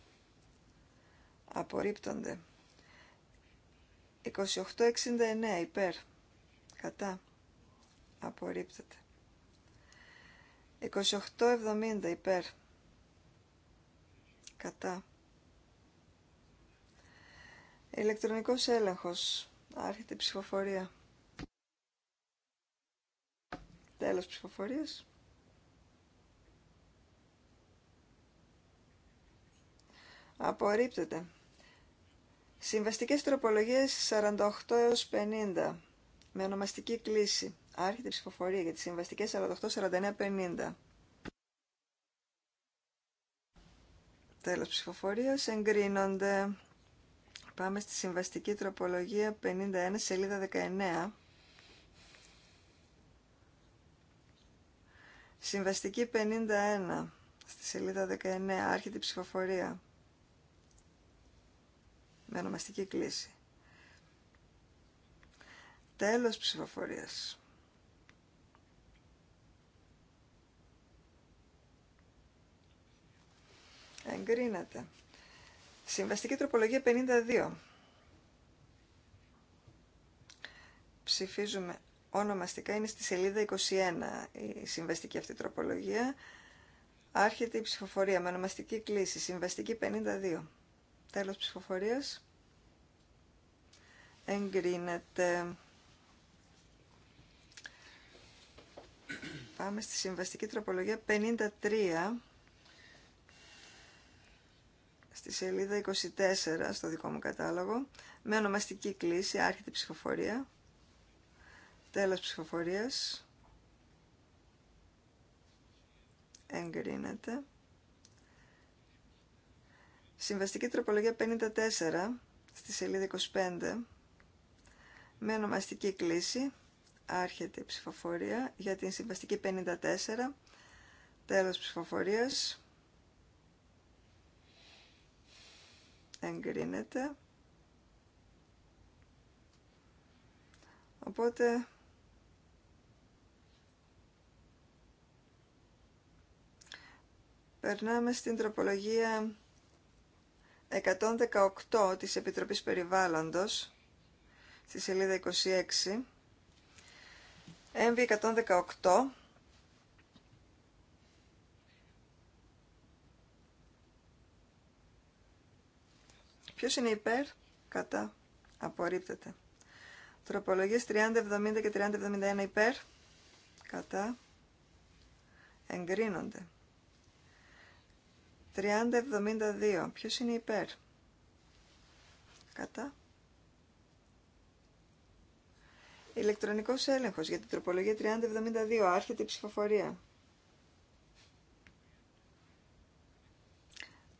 Απορρίπτονται. 2869 υπέρ. Κατά. Απορρίπτεται. 2870 υπέρ. Κατά. Ηλεκτρονικός έλεγχος. Άρχεται η ψηφοφορία. Τέλος ψηφοφορίας. Απορρίπτεται. Συμβαστικές τροπολογίες 48 έως 50 με ονομαστική κλίση. Άρχεται η ψηφοφορία για τις συμβαστικές 48-49-50. Τέλος ψηφοφορίας. Εγκρίνονται. Πάμε στη συμβαστική τροπολογία 51 σελίδα 19. Συμβαστική 51 στη σελίδα 19. Άρχεται η ψηφοφορία. Με ονομαστική κλίση. Τέλος ψηφοφορίας. Εγκρίνεται. Συμβαστική τροπολογία 52. Ψηφίζουμε ονομαστικά. Είναι στη σελίδα 21 η συμβαστική αυτή τροπολογία. Άρχεται η ψηφοφορία με ονομαστική κλίση. Συμβαστική 52. Τέλος ψηφοφορίας. Εγκρίνεται. Πάμε στη συμβαστική τροπολογία 53 στη σελίδα 24 στο δικό μου κατάλογο με ονομαστική κλίση άρχεται ψηφοφορία τέλος ψηφοφορίας εγκρίνεται συμβαστική τροπολογία 54 στη σελίδα 25 με ονομαστική κλίση άρχεται η ψηφοφορία για την συμβαστική 54 τέλος ψηφοφορίας εγκρίνεται. Οπότε περνάμε στην τροπολογία 118 της Επιτροπής Περιβάλλοντος στη σελίδα 26. Έμβη 118 Ποιος είναι υπέρ, κατά, απορρίπτεται. Τροπολογίες 3070 και 3071 υπέρ, κατά, εγκρίνονται. 30, 72, ποιος είναι υπέρ, κατά. Ηλεκτρονικός έλεγχος για την τροπολογία 3072, άρχεται η ψηφοφορία.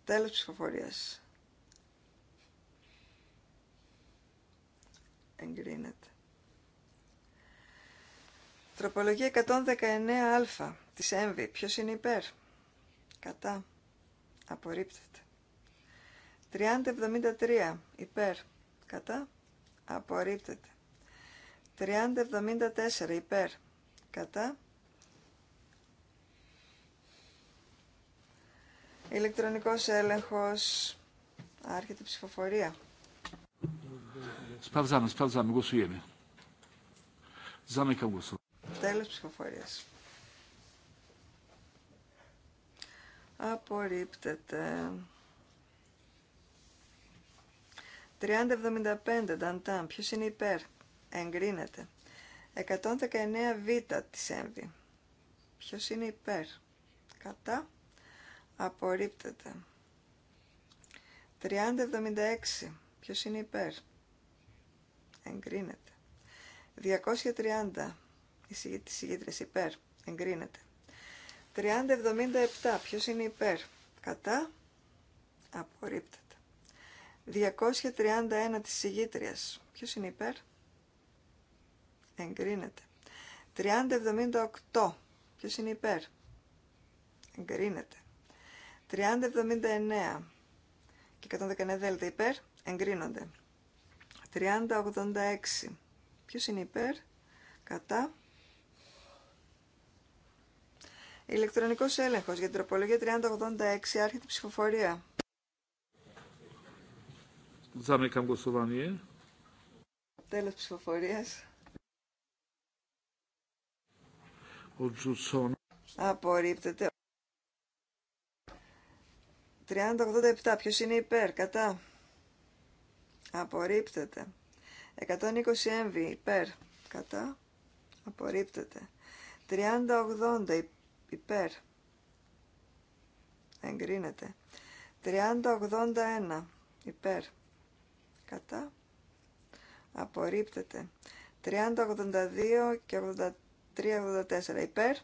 Τέλος ψηφοφορίας. εγκρίνεται. Τροπολογία 119α της ΕΜΒΗ. Ποιος είναι υπέρ. Κατά. Απορρίπτεται. 3073 υπέρ. Κατά. Απορρίπτεται. 3074 υπέρ. Κατά. Ηλεκτρονικός έλεγχος. Άρχεται ψηφοφορία. Sprawdzamy, sprawdzamy, głosujemy. Zamykam głosowanie. Απορρίπτεται. 3075 Νταντάμ. Ποιος είναι υπέρ. Εγκρίνεται. 119 Β τη ΕΜΒΗ. Ποιο είναι υπέρ. Κατά. Απορρίπτεται. 3076. Ποιο είναι υπέρ εγκρίνεται. 230 η ηγήτρες υπέρ, εγκρίνεται. 3077 ποιος είναι υπέρ, κατά, απορρίπτεται. 231 της συγγήτριας, ποιος είναι υπέρ, εγκρίνεται. 3078 ποιος είναι υπέρ, εγκρίνεται. 3079 και 119 δέλτα υπέρ, εγκρίνονται. 3086. Ποιος είναι υπέρ, κατά. Ηλεκτρονικός έλεγχος για την τροπολογία 3086 άρχεται η ψηφοφορία. Zamykam głosowanie. Τέλος ψηφοφορίας. Απορρίπτεται. 3087. Ποιος είναι υπέρ, κατά. Απορρίπτεται. 120 εμβοί. υπερ υπέρ. Κατά. Απορρίπτεται. υπερ υπέρ. Εγκρίνεται. υπέρ. Κατά. Απορρίπτεται. 30-82 και 83-84 υπέρ.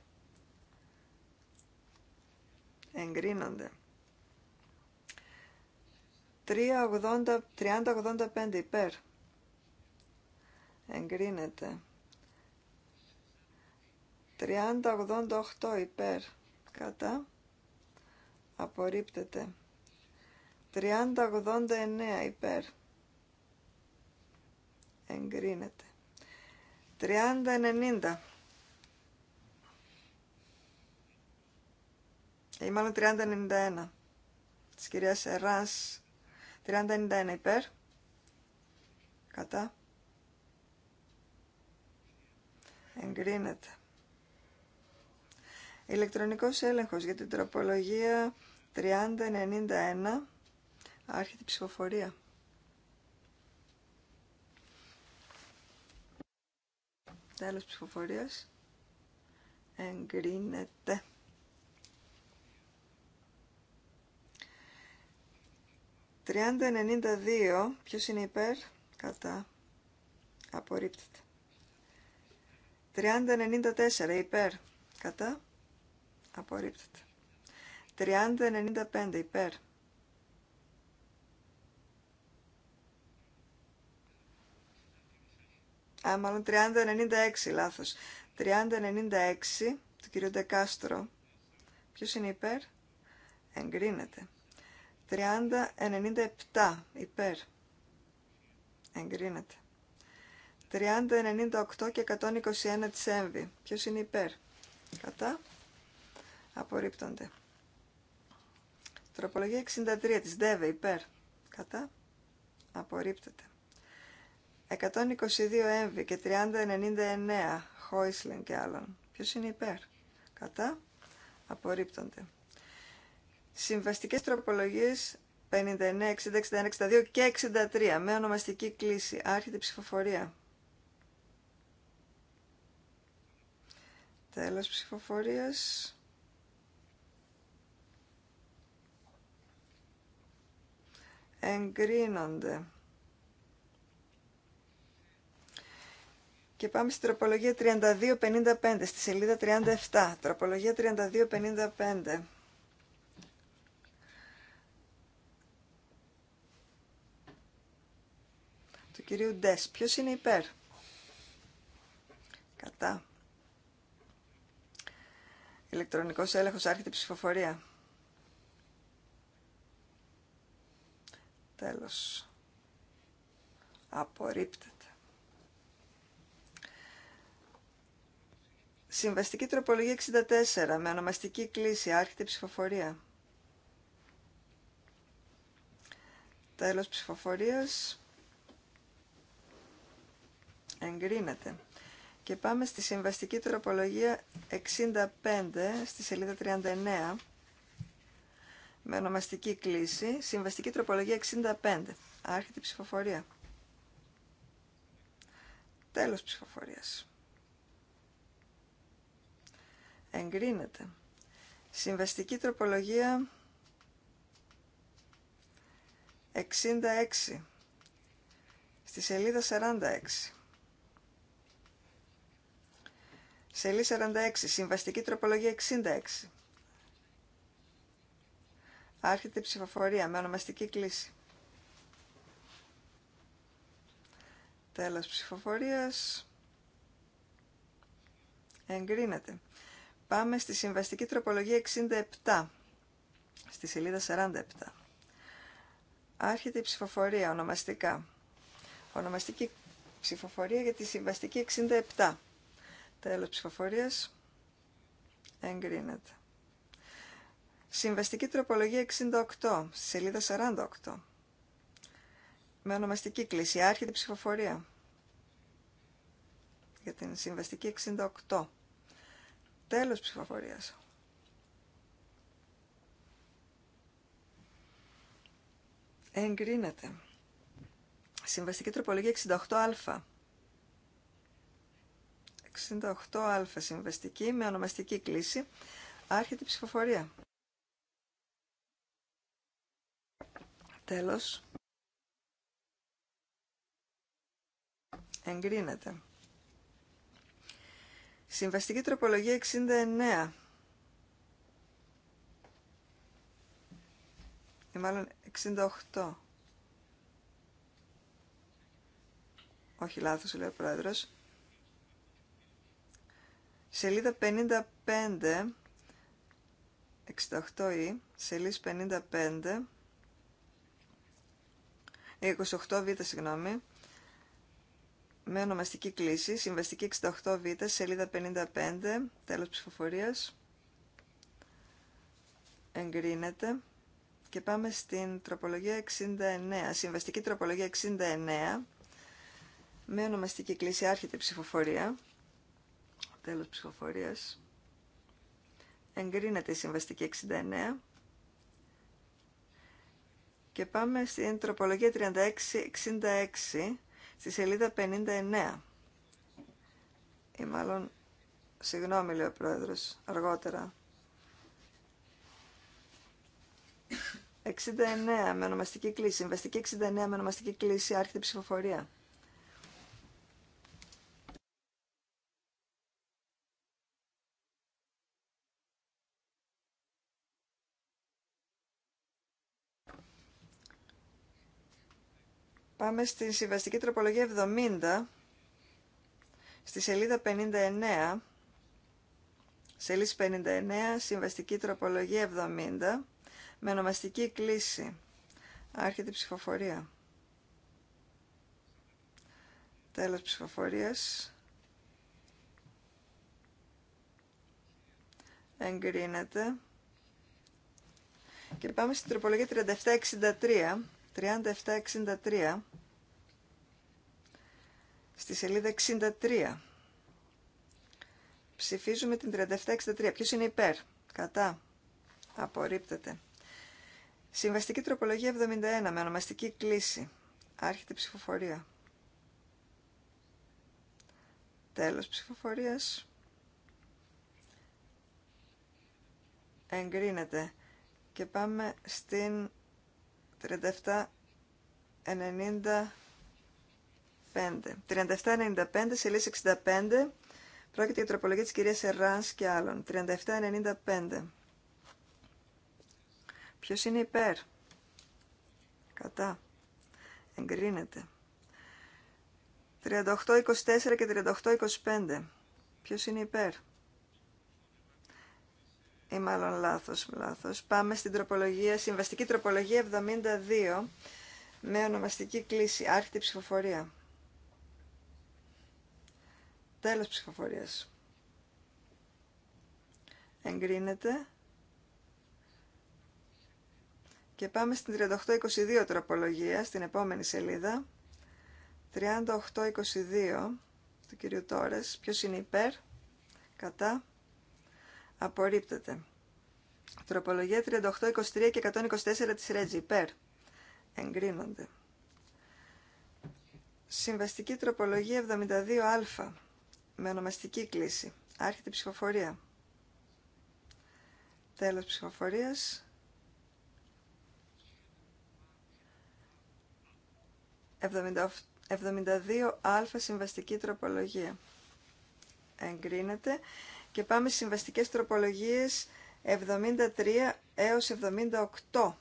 Εγκρίνονται. 30-85 υπέρ. Εγκρίνεται. 30-88 υπέρ. Κατά. Απορρίπτεται. 30-89 υπέρ. Εγκρίνεται. 30-90. Ή μάλλον 30-91 της κυρίας Εράς 3091 υπέρ. Κατά. Εγκρίνεται. Ηλεκτρονικός έλεγχος για την τροπολογία 3091. Άρχεται η ψηφοφορία. Τέλος ψηφοφορίας. Εγκρίνεται. 30-92, ποιος είναι υπέρ, κατά, απορρίπτεται. 30-94, υπέρ, κατά, απορρίπτεται. υπέρ. Α, μάλλον 30-96, λάθος. 30-96, του κ. Ντεκάστρο. Ποιος είναι υπέρ, εγκρίνεται. 30-97 υπέρ. Εγκρίνεται. 30-98 και 121 της έμβη. Ποιος είναι υπέρ. Κατά. Απορρίπτονται. Τροπολογία 63 της ΔΕΒΕ υπέρ. Κατά. Απορρίπτεται. 122 έμβη και 30-99 Χόισλεν και άλλων. Ποιος είναι υπέρ. Κατά. Απορρίπτονται. Συμβαστικές τροπολογίες 59, 60, 61, 62 και 63 με ονομαστική κλίση. Άρχεται η ψηφοφορία. Τέλος ψηφοφορίας. Εγκρίνονται. Και πάμε στη τροπολογία 3255, στη σελίδα 37. Τροπολογία 3255. του κυρίου Ντες. Ποιος είναι υπέρ. Κατά. Ηλεκτρονικός έλεγχος άρχεται ψηφοφορία. Τέλος. Απορρίπτεται. Συμβαστική τροπολογία 64 με ονομαστική κλίση άρχεται ψηφοφορία. Τέλος ψηφοφορίας. Εγκρίνεται. Και πάμε στη συμβαστική τροπολογία 65, στη σελίδα 39, με ονομαστική κλίση. Συμβαστική τροπολογία 65. Άρχεται η ψηφοφορία. Τέλος ψηφοφορίας. Εγκρίνεται. Συμβαστική τροπολογία 66, στη σελίδα 46. Σελίδα 46. Συμβαστική τροπολογία 66. Άρχεται η ψηφοφορία με ονομαστική κλίση. Τέλος ψηφοφορίας. Εγκρίνεται. Πάμε στη συμβαστική τροπολογία 67. Στη σελίδα 47. Άρχεται η ψηφοφορία ονομαστικά. Ονομαστική ψηφοφορία για τη συμβαστική 67. Τέλος ψηφοφορίας. Εγκρίνεται. Συμβαστική τροπολογία 68, σελίδα 48. Με ονομαστική κλίση. Άρχεται η ψηφοφορία. Για την συμβαστική 68. Τέλος ψηφοφορίας. Εγκρίνεται. Συμβαστική τροπολογία 68α. 68α συμβαστική με ονομαστική κλίση. Άρχεται η ψηφοφορία. Τέλος. Εγκρίνεται. Συμβαστική τροπολογία 69. Ή ε, μάλλον 68. Όχι λάθος, λέει ο πρόεδρος. Σελίδα 55, 68η, σελίδα 55, 28β, συγγνώμη, με ονομαστική κλίση, συμβαστική 68β, σελίδα 55, τέλος ψηφοφορίας, εγκρίνεται. Και πάμε στην τροπολογία 69, συμβαστική τροπολογία 69, με ονομαστική κλίση, άρχεται η ψηφοφορία. Τέλος ψηφοφορίας. Εγκρίνεται η συμβαστική 69. Και πάμε στην τροπολογία 3666 στη σελίδα 59. Ή μάλλον, συγγνώμη λέει ο πρόεδρος, αργότερα. 69 με ονομαστική κλίση, συμβαστική 69 με ονομαστική κλίση, άρχεται ψηφοφορία. Πάμε στην συμβαστική τροπολογία 70, στη σελίδα 59, σελίδα 59, συμβαστική τροπολογία 70, με ονομαστική κλίση. Άρχεται η ψηφοφορία. Τέλος ψηφοφορίας. Εγκρίνεται. Και πάμε στην τροπολογία 3763 3763 στη σελίδα 63. Ψηφίζουμε την 3763. Ποιος είναι υπέρ. Κατά. Απορρίπτεται. Συμβαστική τροπολογία 71 με ονομαστική κλίση. Άρχεται ψηφοφορία. Τέλος ψηφοφορίας. Εγκρίνεται. Και πάμε στην 37, 95. 37 σελίδα 65, πρόκειται για τροπολογία της κυρίας Εράνς και άλλων. 37-95. Ποιος είναι υπέρ. Κατά. Εγκρίνεται. 38-24 και 38-25. Ποιος είναι υπέρ ή μάλλον λάθος, λάθος. Πάμε στην τροπολογία, συμβαστική τροπολογία 72 με ονομαστική κλίση, άρχιτη ψηφοφορία. Τέλος ψηφοφορίας. Εγκρίνεται. Και πάμε στην 3822 τροπολογία, στην επόμενη σελίδα. 3822 του κυρίου Τόρες. Ποιος είναι υπέρ, κατά, Απορρίπτεται. Τροπολογία 38, 23 και 124 της Ρέτζη. Υπέρ. Εγκρίνονται. Συμβαστική τροπολογία 72α. Με ονομαστική κλίση. Άρχεται η ψηφοφορία. Τέλος ψηφοφορίας. 72α συμβαστική τροπολογία. Εγκρίνεται. Και πάμε στις συμβαστικές τροπολογίες 73 έως 78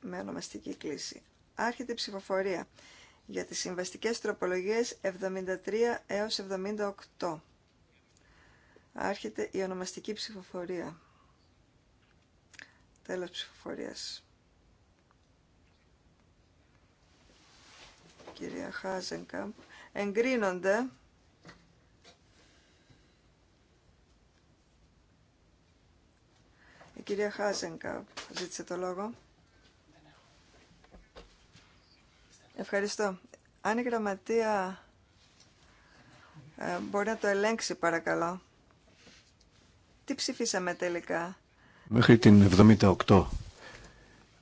με ονομαστική κλίση. Άρχεται η ψηφοφορία για τις συμβαστικές τροπολογίες 73 έως 78. Άρχεται η ονομαστική ψηφοφορία. Τέλος ψηφοφορίας. Κυρία Χάζενκαμπ. Εγκρίνονται κυρία Χάζενκα ζήτησε το λόγο. Ευχαριστώ. Αν η γραμματεία ε, μπορεί να το ελέγξει παρακαλώ. Τι ψηφίσαμε τελικά. Μέχρι την 78.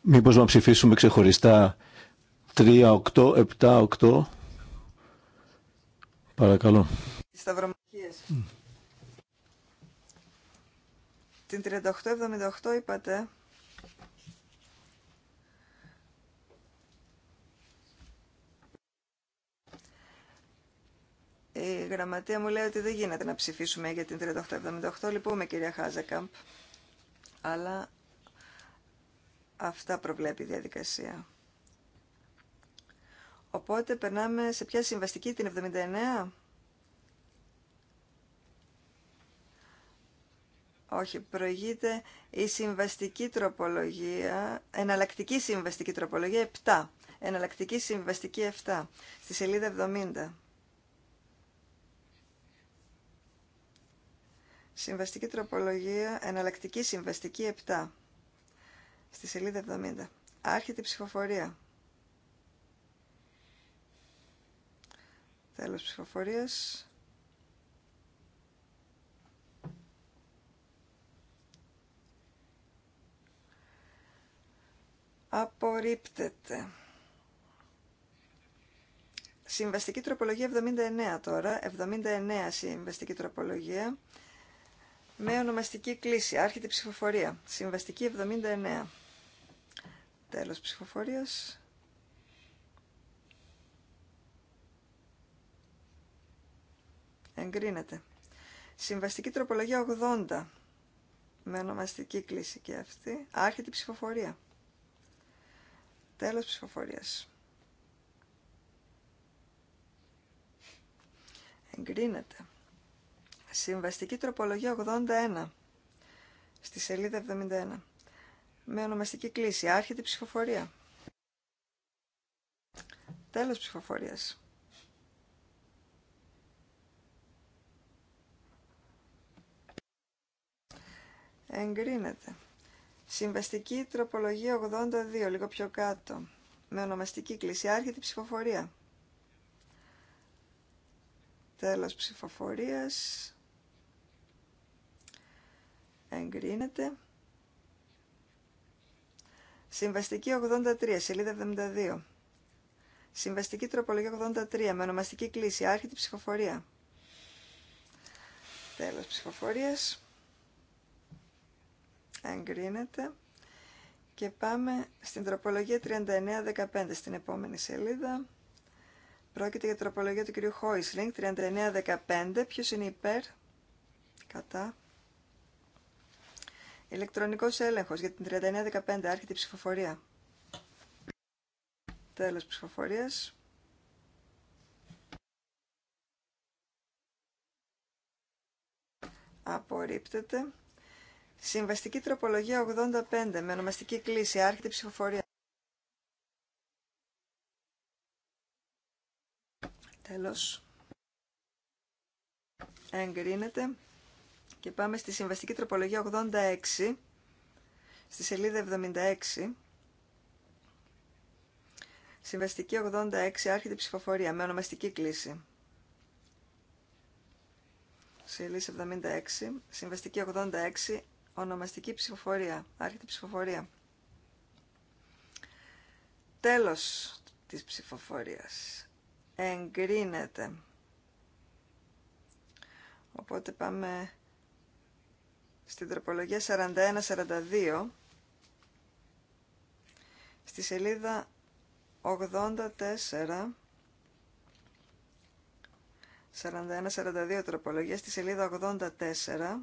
Μήπως να ψηφίσουμε ξεχωριστά 3, 8, 7, 8. Παρακαλώ. Σταυρομαχίες. Mm. Την 3878 είπατε Η γραμματεία μου λέει ότι δεν γίνεται να ψηφίσουμε για την 3878. Λυπούμε κυρία Χάζεκαμπ. Αλλά αυτά προβλέπει η διαδικασία. Οπότε περνάμε σε ποια συμβαστική την 79. Όχι, προηγείται η συμβαστική τροπολογία, εναλλακτική συμβαστική τροπολογία 7. Εναλλακτική συμβαστική 7, στη σελίδα 70. Συμβαστική τροπολογία, εναλλακτική συμβαστική 7, στη σελίδα 70. Άρχεται η ψηφοφορία. Τέλος ψηφοφορίας. Απορρίπτεται. Συμβαστική τροπολογία 79 τώρα. 79 συμβαστική τροπολογία. Με ονομαστική κλίση. Άρχεται ψηφοφορία. Συμβαστική 79. Τέλος ψηφοφορίας. Εγκρίνεται. Συμβαστική τροπολογία 80. Με ονομαστική κλίση και αυτή. Άρχεται ψηφοφορία. Τέλος ψηφοφορίας. Εγκρίνεται. Συμβαστική τροπολογία 81 στη σελίδα 71. Με ονομαστική κλίση. Άρχεται η ψηφοφορία. Τέλος ψηφοφορίας. Εγκρίνεται. Συμβαστική τροπολογία 82, λίγο πιο κάτω. Με ονομαστική κλίση Άρχιτε ψηφοφορία. Τέλος ψηφοφορίας. Εγκρίνεται. Συμβαστική 83, σελίδα 72. Συμβαστική τροπολογία 83, με ονομαστική κλίση άρχεται ψηφοφορία. Τέλος ψηφοφορίας εγκρίνεται. Και πάμε στην τροπολογία 3915 στην επόμενη σελίδα. Πρόκειται για τροπολογία του κυρίου Χόισλινγκ, 3915. Ποιος είναι υπέρ, κατά. Ηλεκτρονικός έλεγχος για την 3915, άρχεται η ψηφοφορία. Τέλος ψηφοφορίας. Απορρίπτεται. Συμβαστική τροπολογία 85 με ονομαστική κλίση. Άρχεται ψηφοφορία. Τέλος. Εγκρίνεται. Και πάμε στη συμβαστική τροπολογία 86, στη σελίδα 76. Συμβαστική 86, άρχεται ψηφοφορία, με ονομαστική κλίση. Σελίδα 76, συμβαστική 86, Ονομαστική ψηφοφορία. Άρχεται ψηφοφορία. Τέλος της ψηφοφορίας. Εγκρίνεται. Οπότε πάμε στην τροπολογία 41-42 στη σελίδα 84 41-42 τροπολογία στη σελίδα 84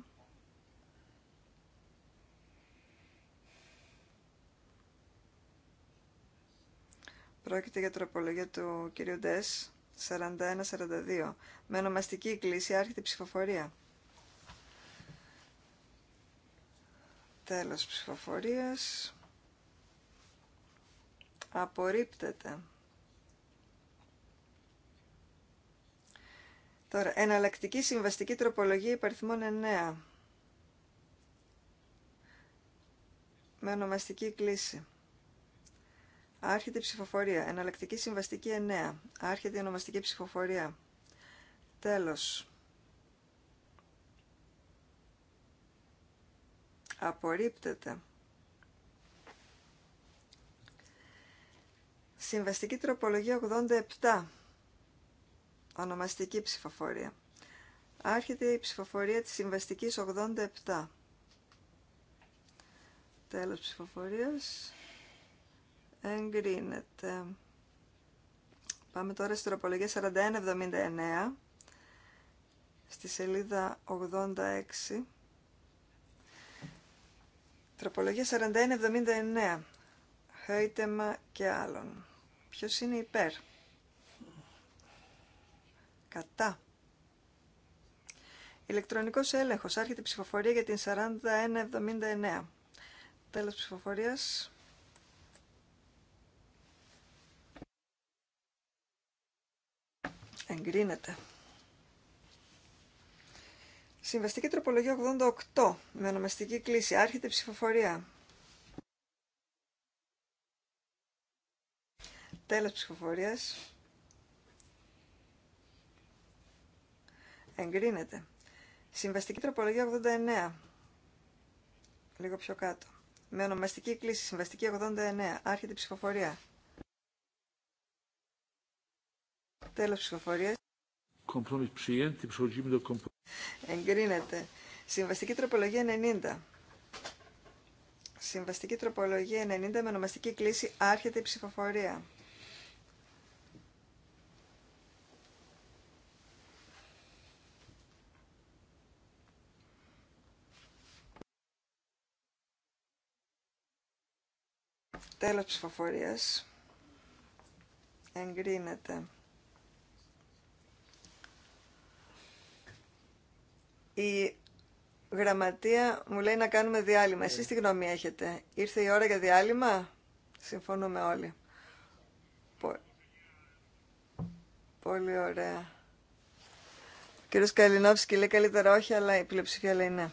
Πρόκειται για τροπολογία του κυρίου Ντες, 41-42. Με ονομαστική κλίση άρχεται η ψηφοφορία. Τέλος ψηφοφορίας. Απορρίπτεται. Τώρα, εναλλακτική συμβαστική τροπολογία υπαριθμών 9. Με ονομαστική κλίση. Άρχεται η ψηφοφορία. Εναλλακτική συμβαστική 9. Άρχεται η ονομαστική ψηφοφορία. Τέλος. Απορρίπτεται. Συμβαστική τροπολογία 87. Ονομαστική ψηφοφορία. Άρχεται η ψηφοφορία της συμβαστικής 87. Τέλος ψηφοφορίας εγκρίνεται. Πάμε τώρα στην τροπολογία 4179, στη σελίδα 86. Τροπολογία 4179, Χαίτεμα και άλλων. Ποιος είναι υπέρ. Κατά. Ηλεκτρονικός έλεγχος. Άρχεται η ψηφοφορία για την 4179. Τέλος ψηφοφορίας. Εγκρίνεται. Συμβαστική τροπολογία 88 με ονομαστική κλίση. Άρχεται ψηφοφορία. Τέλος ψηφοφορίας. Εγκρίνεται. Συμβαστική τροπολογία 89. Λίγο πιο κάτω. Με ονομαστική κλίση. Συμβαστική 89. Άρχεται ψηφοφορία. Τέλος ψηφοφορίας. Εγκρίνεται. Συμβαστική τροπολογία 90. Συμβαστική τροπολογία 90 με ονομαστική κλίση άρχεται η ψηφοφορία. Τέλος ψηφοφορίας. Εγκρίνεται. Η γραμματεία μου λέει να κάνουμε διάλειμμα. Εσείς τι γνώμη έχετε. Ήρθε η ώρα για διάλειμμα. Συμφωνούμε όλοι. Πολύ ωραία. Ο κύριος Καλινόφσκι λέει καλύτερα όχι, αλλά η πλειοψηφία λέει ναι.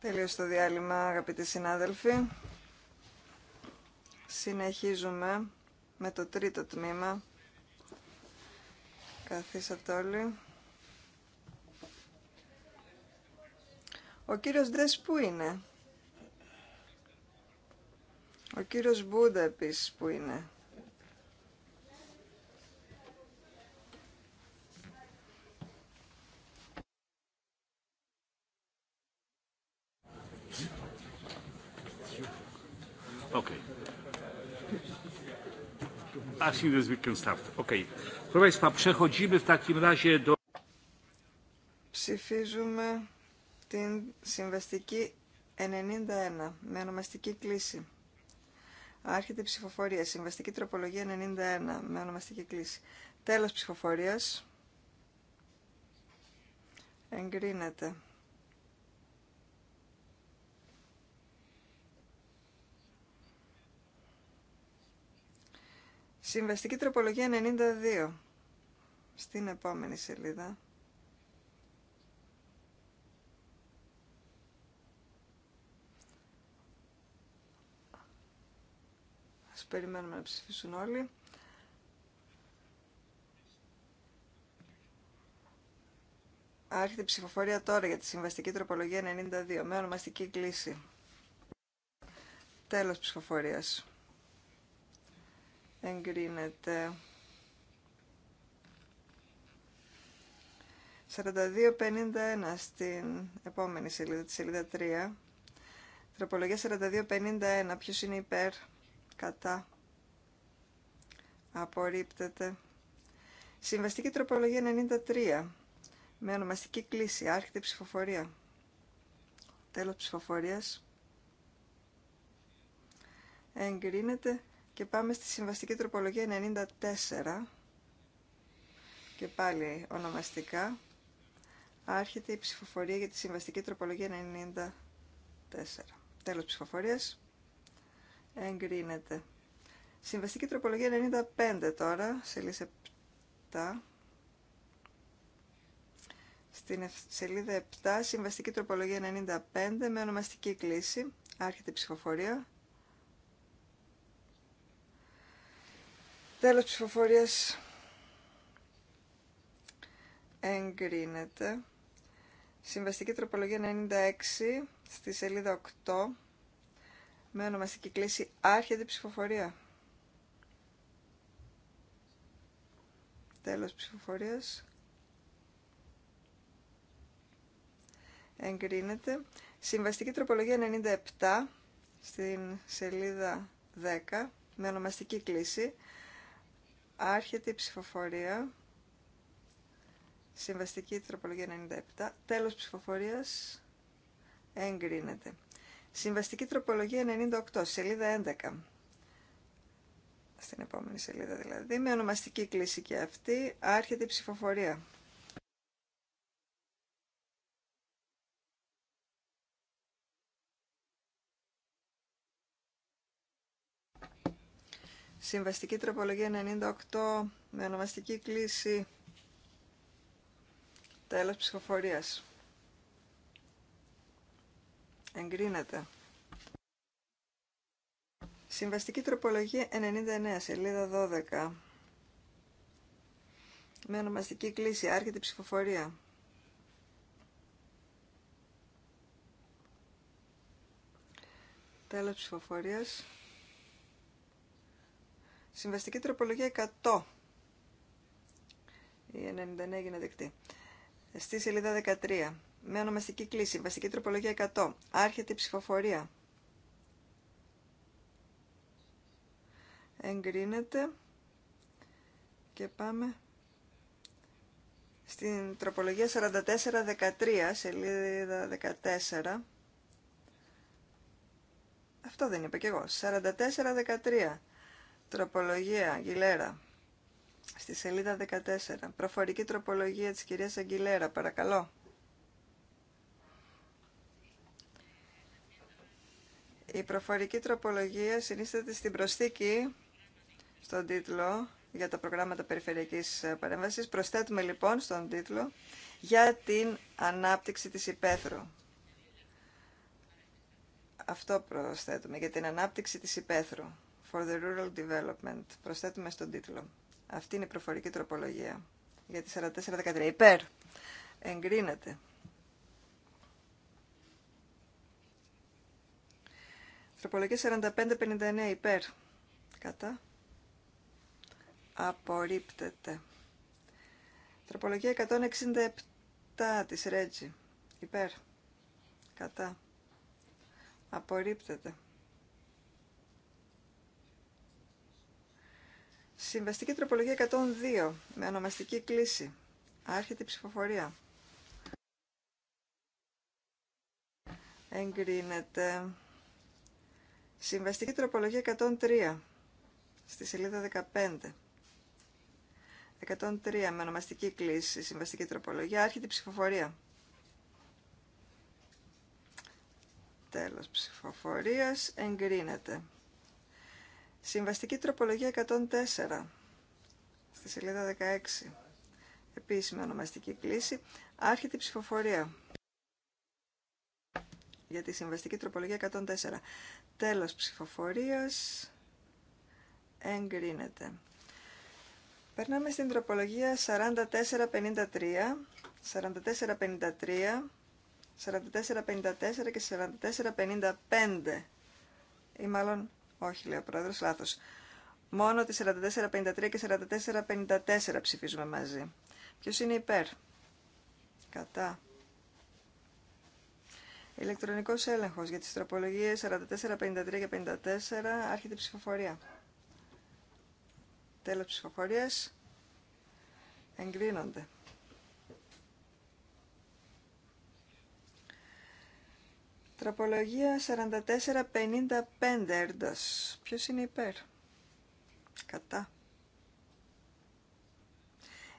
Τελείωσε το διάλειμμα, αγαπητοί συνάδελφοι. Συνεχίζουμε με το τρίτο τμήμα. Καθίσατε όλοι. Ο κύριος Ντες που είναι. Ο κύριος Μπούντα επίσης που είναι. Ψηφίζουμε την συμβαστική 91 με ονομαστική κλίση. Άρχεται η ψηφοφορία. Συμβαστική τροπολογία 91 με ονομαστική κλίση. Τέλος ψηφοφορίας. Εγκρίνεται. Συμβαστική τροπολογία 92. Στην επόμενη σελίδα. Ας περιμένουμε να ψηφίσουν όλοι. Άρχεται η ψηφοφορία τώρα για τη συμβαστική τροπολογία 92 με ονομαστική κλίση. Τέλος ψηφοφορίας εγκρίνεται. 42.51 στην επόμενη σελίδα, τη σελίδα 3. Τροπολογία 42.51. Ποιος είναι υπέρ, κατά, απορρίπτεται. Συμβαστική τροπολογία 93. Με ονομαστική κλίση, άρχεται ψηφοφορία. Τέλος ψηφοφορίας. Εγκρίνεται και πάμε στη συμβαστική τροπολογία 94 και πάλι ονομαστικά. Άρχεται η ψηφοφορία για τη συμβαστική τροπολογία 94. Τέλος ψηφοφορίας. Εγκρίνεται. Συμβαστική τροπολογία 95 τώρα, σελίδα 7. Στην σελίδα 7, συμβαστική τροπολογία 95 με ονομαστική κλίση. Άρχεται η ψηφοφορία. Τέλος ψηφοφορίας εγκρίνεται. Συμβαστική τροπολογία 96 στη σελίδα 8 με ονομαστική κλίση άρχεται ψηφοφορία. Τέλος ψηφοφορίας. Εγκρίνεται. Συμβαστική τροπολογία 97 στην σελίδα 10 με ονομαστική κλίση Άρχεται η ψηφοφορία. Συμβαστική τροπολογία 97. Τέλος ψηφοφορίας. Εγκρίνεται. Συμβαστική τροπολογία 98. Σελίδα 11. Στην επόμενη σελίδα δηλαδή. Με ονομαστική κλίση και αυτή. Άρχεται η ψηφοφορία. Συμβαστική τροπολογία 98 με ονομαστική κλίση. Τέλος ψηφοφορίας. Εγκρίνεται. Συμβαστική τροπολογία 99, σελίδα 12. Με ονομαστική κλίση, άρχεται η ψηφοφορία. Τέλος ψηφοφορίας. Συμβαστική τροπολογία 100. Η 99 έγινε δεκτή. Στη σελίδα 13. Με ονομαστική κλίση. Συμβαστική τροπολογία 100. Άρχεται η ψηφοφορία. Εγκρίνεται. Και πάμε στην τροπολογία 44-13, σελίδα 14. Αυτό δεν είπα κι εγώ. 44-13. Τροπολογία Αγγιλέρα. Στη σελίδα 14. Προφορική τροπολογία της κυρίας Αγγιλέρα. Παρακαλώ. Η προφορική τροπολογία συνίσταται στην προσθήκη στον τίτλο για τα προγράμματα περιφερειακής παρέμβασης. Προσθέτουμε λοιπόν στον τίτλο για την ανάπτυξη της υπαίθρου. Αυτό προσθέτουμε, για την ανάπτυξη της υπαίθρου for the Rural Development. Προσθέτουμε στον τίτλο. Αυτή είναι η προφορική τροπολογία. Για τη 4413. Υπέρ. Εγκρίνεται. Τροπολογία 4559. Υπέρ. Κατά. Απορρίπτεται. Τροπολογία 167 της Ρέτζη. Υπέρ. Κατά. Απορρίπτεται. Συμβαστική τροπολογία 102 με ονομαστική κλίση. Άρχεται η ψηφοφορία. Εγκρίνεται. Συμβαστική τροπολογία 103 στη σελίδα 15. 103 με ονομαστική κλίση, συμβαστική τροπολογία, άρχεται η ψηφοφορία. Τέλος ψηφοφορίας, εγκρίνεται. Συμβαστική τροπολογία 104, στη σελίδα 16, επίσημη ονομαστική κλίση, άρχεται η ψηφοφορία για τη συμβαστική τροπολογία 104. Τέλος ψηφοφορίας, εγκρίνεται. Περνάμε στην τροπολογία 4453, 4453, 4454 και 4455 ή μάλλον όχι, λέει ο πρόεδρο λάθος. Μόνο τη 4453 και 4454 ψηφίζουμε μαζί. Ποιο είναι υπέρ. Κατά. Ηλεκτρονικό έλεγχος για τις τροπολογίες 4453 και 54 άρχεται η ψηφοφορία. Τέλο ψηφοφορία Εγκρίνονται. τραπολογια 4455, 44-55 έρντας. Ποιος είναι υπέρ. Κατά.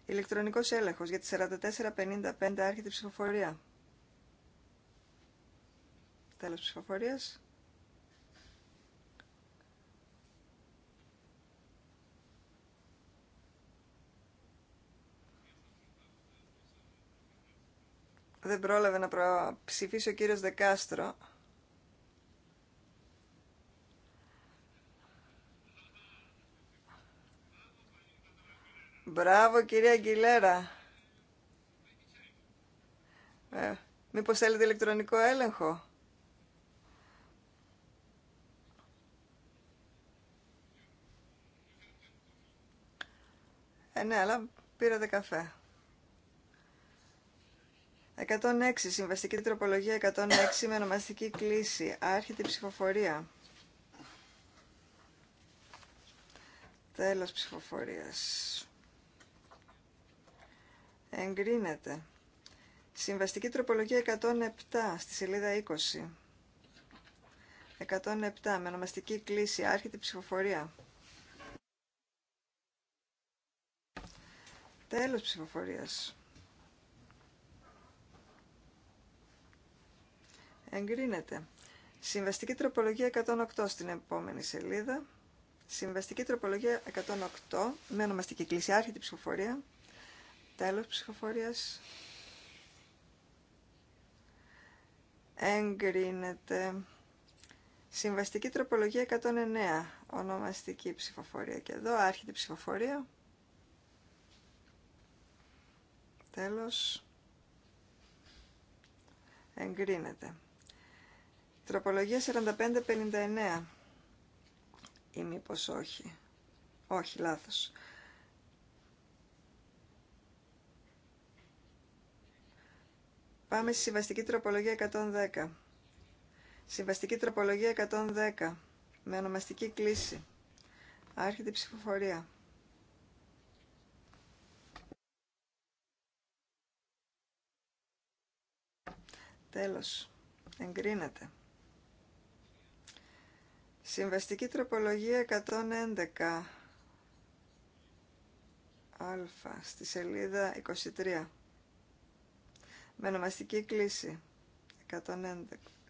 Ηλεκτρονικός έλεγχος για τη 4455 55 άρχεται ψηφοφορία. Τέλος ψηφοφορίας. δεν πρόλαβε να ψηφίσει ο κύριος Δεκάστρο. Μπράβο κυρία Αγγιλέρα. Ε, μήπως θέλετε ηλεκτρονικό έλεγχο. Ε, ναι, αλλά πήρατε καφέ. 106. Συμβαστική τροπολογία 106 με ονομαστική κλίση. Άρχεται η ψηφοφορία. Τέλος ψηφοφορίας. Εγκρίνεται. Συμβαστική τροπολογία 107 στη σελίδα 20. 107 με ονομαστική κλίση. Άρχεται η ψηφοφορία. Τέλος ψηφοφορίας. Εγκρίνεται. Συμβαστική τροπολογία 108 στην επόμενη σελίδα. Συμβαστική τροπολογία 108 με ονομαστική κλίση. την ψηφοφορία. Τέλος ψηφοφορίας. Εγκρίνεται. Συμβαστική τροπολογία 109. Ονομαστική ψηφοφορία. Και εδώ άρχεται ψηφοφορία. Τέλος. Εγκρίνεται. Τροπολογία 45-59. Ή μήπω όχι. Όχι, λάθος. Πάμε στη συμβαστική τροπολογία 110. Συμβαστική τροπολογία 110. Με ονομαστική κλίση. Άρχεται η ψηφοφορία. Τέλος. Εγκρίνεται. Συμβαστική τροπολογία 111 α στη σελίδα 23 με ονομαστική κλίση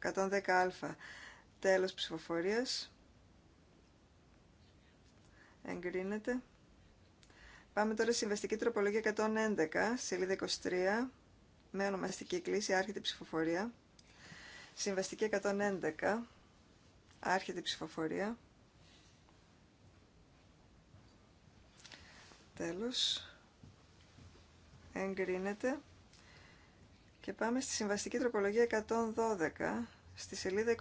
110α τέλος ψηφοφορίας εγκρίνεται πάμε τώρα στη συμβαστική τροπολογία 111 σελίδα 23 με ονομαστική κλίση άρχεται ψηφοφορία συμβαστική 111 Άρχεται η ψηφοφορία. Τέλος. Εγκρίνεται. Και πάμε στη συμβαστική τροπολογία 112, στη σελίδα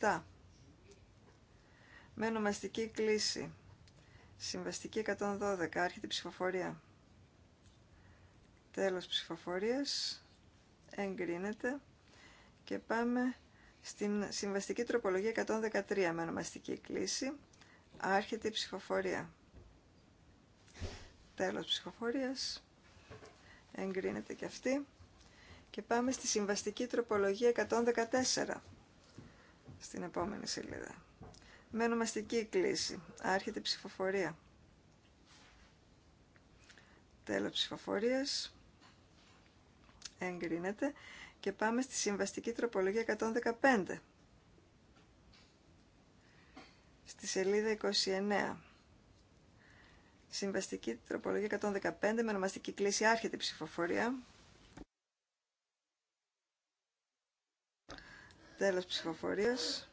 27. Με ονομαστική κλίση. Συμβαστική 112, άρχεται η ψηφοφορία. Τέλος ψηφοφορίας. Εγκρίνεται. Και πάμε στην συμβαστική τροπολογία 113 με ονομαστική κλίση άρχεται η ψηφοφορία. Τέλος ψηφοφορίας. Εγκρίνεται και αυτή. Και πάμε στη συμβαστική τροπολογία 114 στην επόμενη σελίδα. Με ονομαστική κλίση. Άρχεται η ψηφοφορία. Τέλος ψηφοφορίας. Εγκρίνεται. Και πάμε στη συμβαστική τροπολογία 115. Στη σελίδα 29. Συμβαστική τροπολογία 115 με ονομαστική κλίση άρχεται η ψηφοφορία. Τέλος ψηφοφορίας.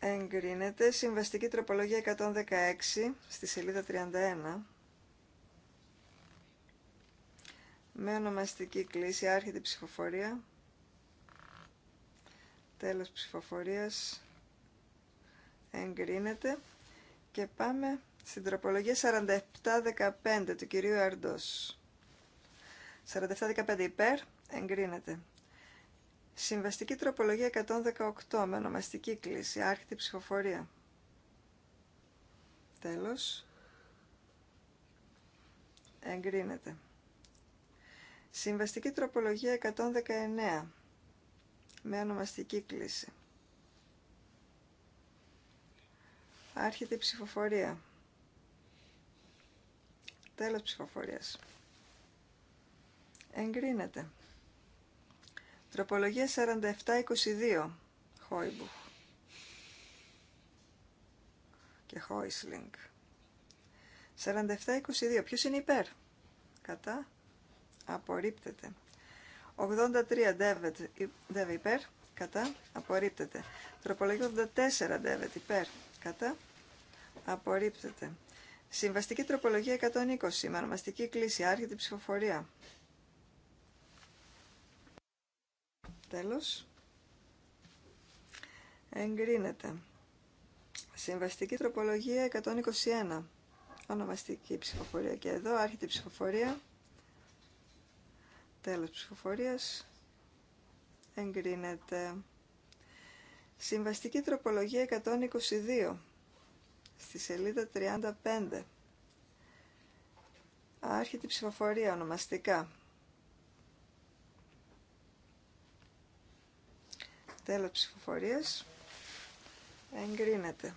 εγκρίνεται. Συμβαστική τροπολογία 116 στη σελίδα 31. Με ονομαστική κλίση άρχεται ψηφοφορία. Τέλος ψηφοφορίας εγκρίνεται. Και πάμε στην τροπολογία 4715 του κυρίου Αρντός. 4715 υπέρ εγκρίνεται. Συμβαστική τροπολογία 118 με ονομαστική κλίση, άρχιτη ψηφοφορία. Τέλος. Εγκρίνεται. Συμβαστική τροπολογία 119 με ονομαστική κλίση. «Άρχιτη ψηφοφορία. Τέλος ψηφοφορίας. Εγκρίνεται. Τροπολογία 4722. Χόιμπουχ. Και Χόισλινγκ. 4722. Ποιος είναι υπέρ. Κατά. Απορρίπτεται. 83 Δεύε υπέρ. Κατά. Απορρίπτεται. Τροπολογία 84 Δεύε υπέρ. Κατά. Απορρίπτεται. Συμβαστική τροπολογία 120. Μαρμαστική κλίση. Άρχεται ψηφοφορία. Τέλος. Εγκρίνεται. Συμβαστική τροπολογία 121. Ονομαστική ψηφοφορία και εδώ. Άρχεται ψηφοφορία. Τέλος ψηφοφορίας. Εγκρίνεται. Συμβαστική τροπολογία 122. Στη σελίδα 35. Άρχεται ψηφοφορία ονομαστικά. Τέλος ψηφοφορίας. Εγκρίνεται.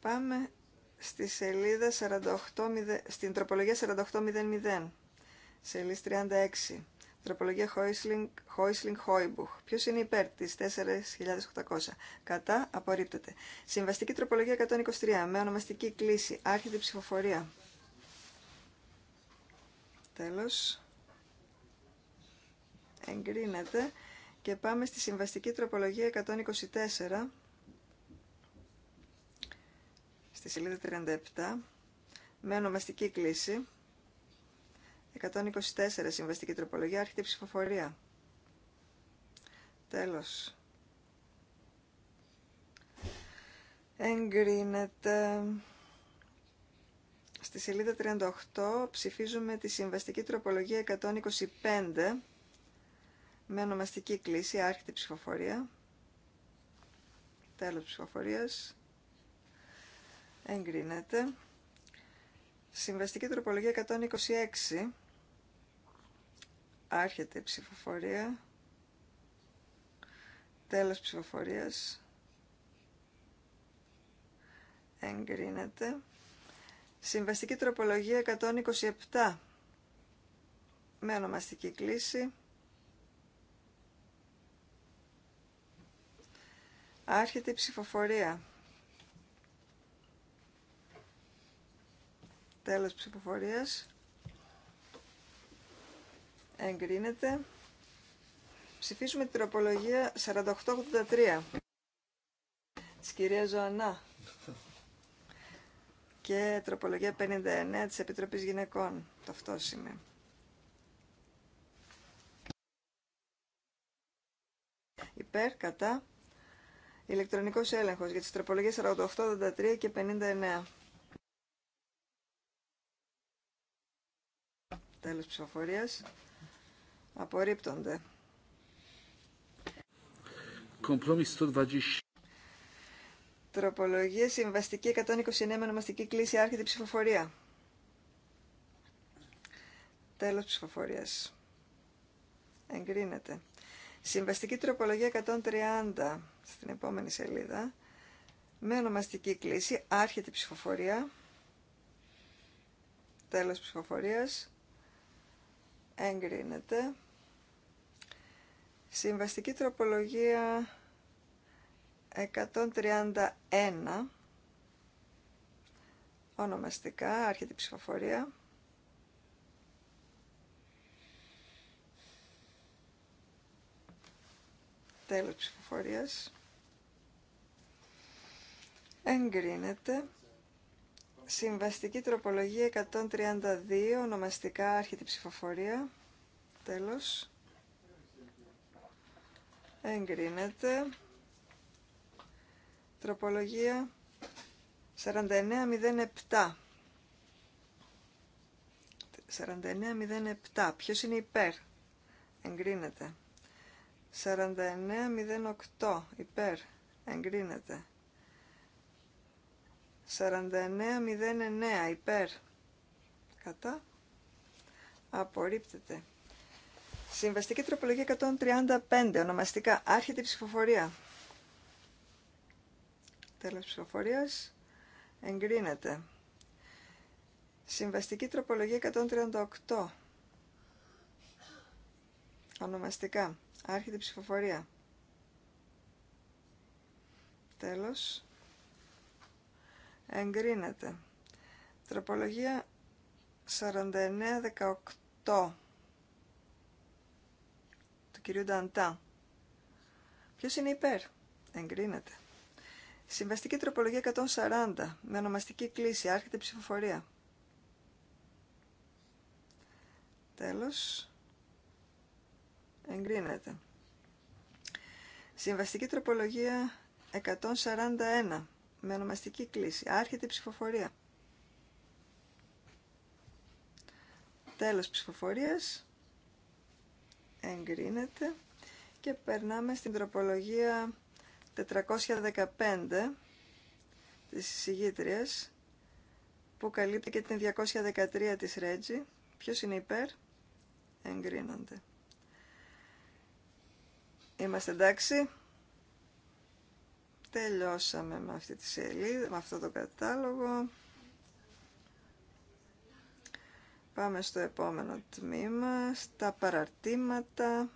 Πάμε στη σελίδα 48, στην τροπολογία 4800. Σελίδα 36. Τροπολογία Χόισλινγκ Χόιμπουχ. Ποιο είναι υπέρ τη 4.800. Κατά απορρίπτεται. Συμβαστική τροπολογία 123. Με ονομαστική κλίση. Άρχεται η ψηφοφορία. Τέλο. Εγκρίνεται. Και πάμε στη συμβαστική τροπολογία 124, στη σελίδα 37, με ονομαστική κλίση. 124 συμβαστική τροπολογία, άρχεται η ψηφοφορία. Τέλος. Εγκρίνεται. Στη σελίδα 38 ψηφίζουμε τη συμβαστική τροπολογία 125 με ονομαστική κλίση, άρχιτη ψηφοφορία, τέλος ψυχοφορίας, εγκρίνεται. Συμβαστική τροπολογία 126, άρχεται η ψηφοφορία, τέλος ψυχοφορίας, εγκρίνεται. Συμβαστική τροπολογία 127, με ονομαστική κλίση, Άρχεται η ψηφοφορία. Τέλος ψηφοφορίας. Εγκρίνεται. Ψηφίσουμε την τροπολογία 4883 της κυρία Ζωανά και τροπολογία 59 της Επιτροπής Γυναικών. Ταυτόσημη. Υπέρ, κατά, Ηλεκτρονικός έλεγχος για τις τροπολογίες 48, 83 και 59. Τέλος ψηφοφορίας. Απορρίπτονται. Κομπρόμις 120. Τροπολογία συμβαστική 129 με ονομαστική κλίση άρχεται ψηφοφορία. Τέλος ψηφοφορίας. Εγκρίνεται. Συμβαστική τροπολογία 130 στην επόμενη σελίδα. Με ονομαστική κλίση άρχεται η ψηφοφορία. Τέλος ψηφοφορίας. Εγκρίνεται. Συμβαστική τροπολογία 131. Ονομαστικά άρχεται η ψηφοφορία. Τέλος ψηφοφορίας. Εγκρίνεται. Συμβαστική τροπολογία 132, ονομαστικά άρχιτη ψηφοφορία. Τέλος. Εγκρίνεται. Τροπολογία 4907. 4907. Ποιος είναι υπέρ. Εγκρίνεται. 4908 υπέρ εγκρίνεται 4909 υπέρ κατά απορρίπτεται Συμβαστική τροπολογία 135 ονομαστικά άρχεται η ψηφοφορία τέλος ψηφοφορίας εγκρίνεται Συμβαστική τροπολογία 138 ονομαστικά Άρχεται η ψηφοφορία. Τέλος. Εγκρίνεται. Τροπολογία 4918 του κυρίου Νταντά. Ποιος είναι υπέρ. Εγκρίνεται. Συμβαστική τροπολογία 140 με ονομαστική κλίση. Άρχεται η ψηφοφορία. Τέλος εγκρίνεται. Συμβαστική τροπολογία 141 με ονομαστική κλίση. Άρχεται η ψηφοφορία. Τέλος ψηφοφορίας. Εγκρίνεται. Και περνάμε στην τροπολογία 415 της Συγγήτριας που καλύπτει και την 213 της Ρέτζη. Ποιος είναι υπέρ? Εγκρίνονται. Είμαστε εντάξει. Τελειώσαμε με αυτή τη σελίδα, με αυτό το κατάλογο. Πάμε στο επόμενο τμήμα, στα παραρτήματα.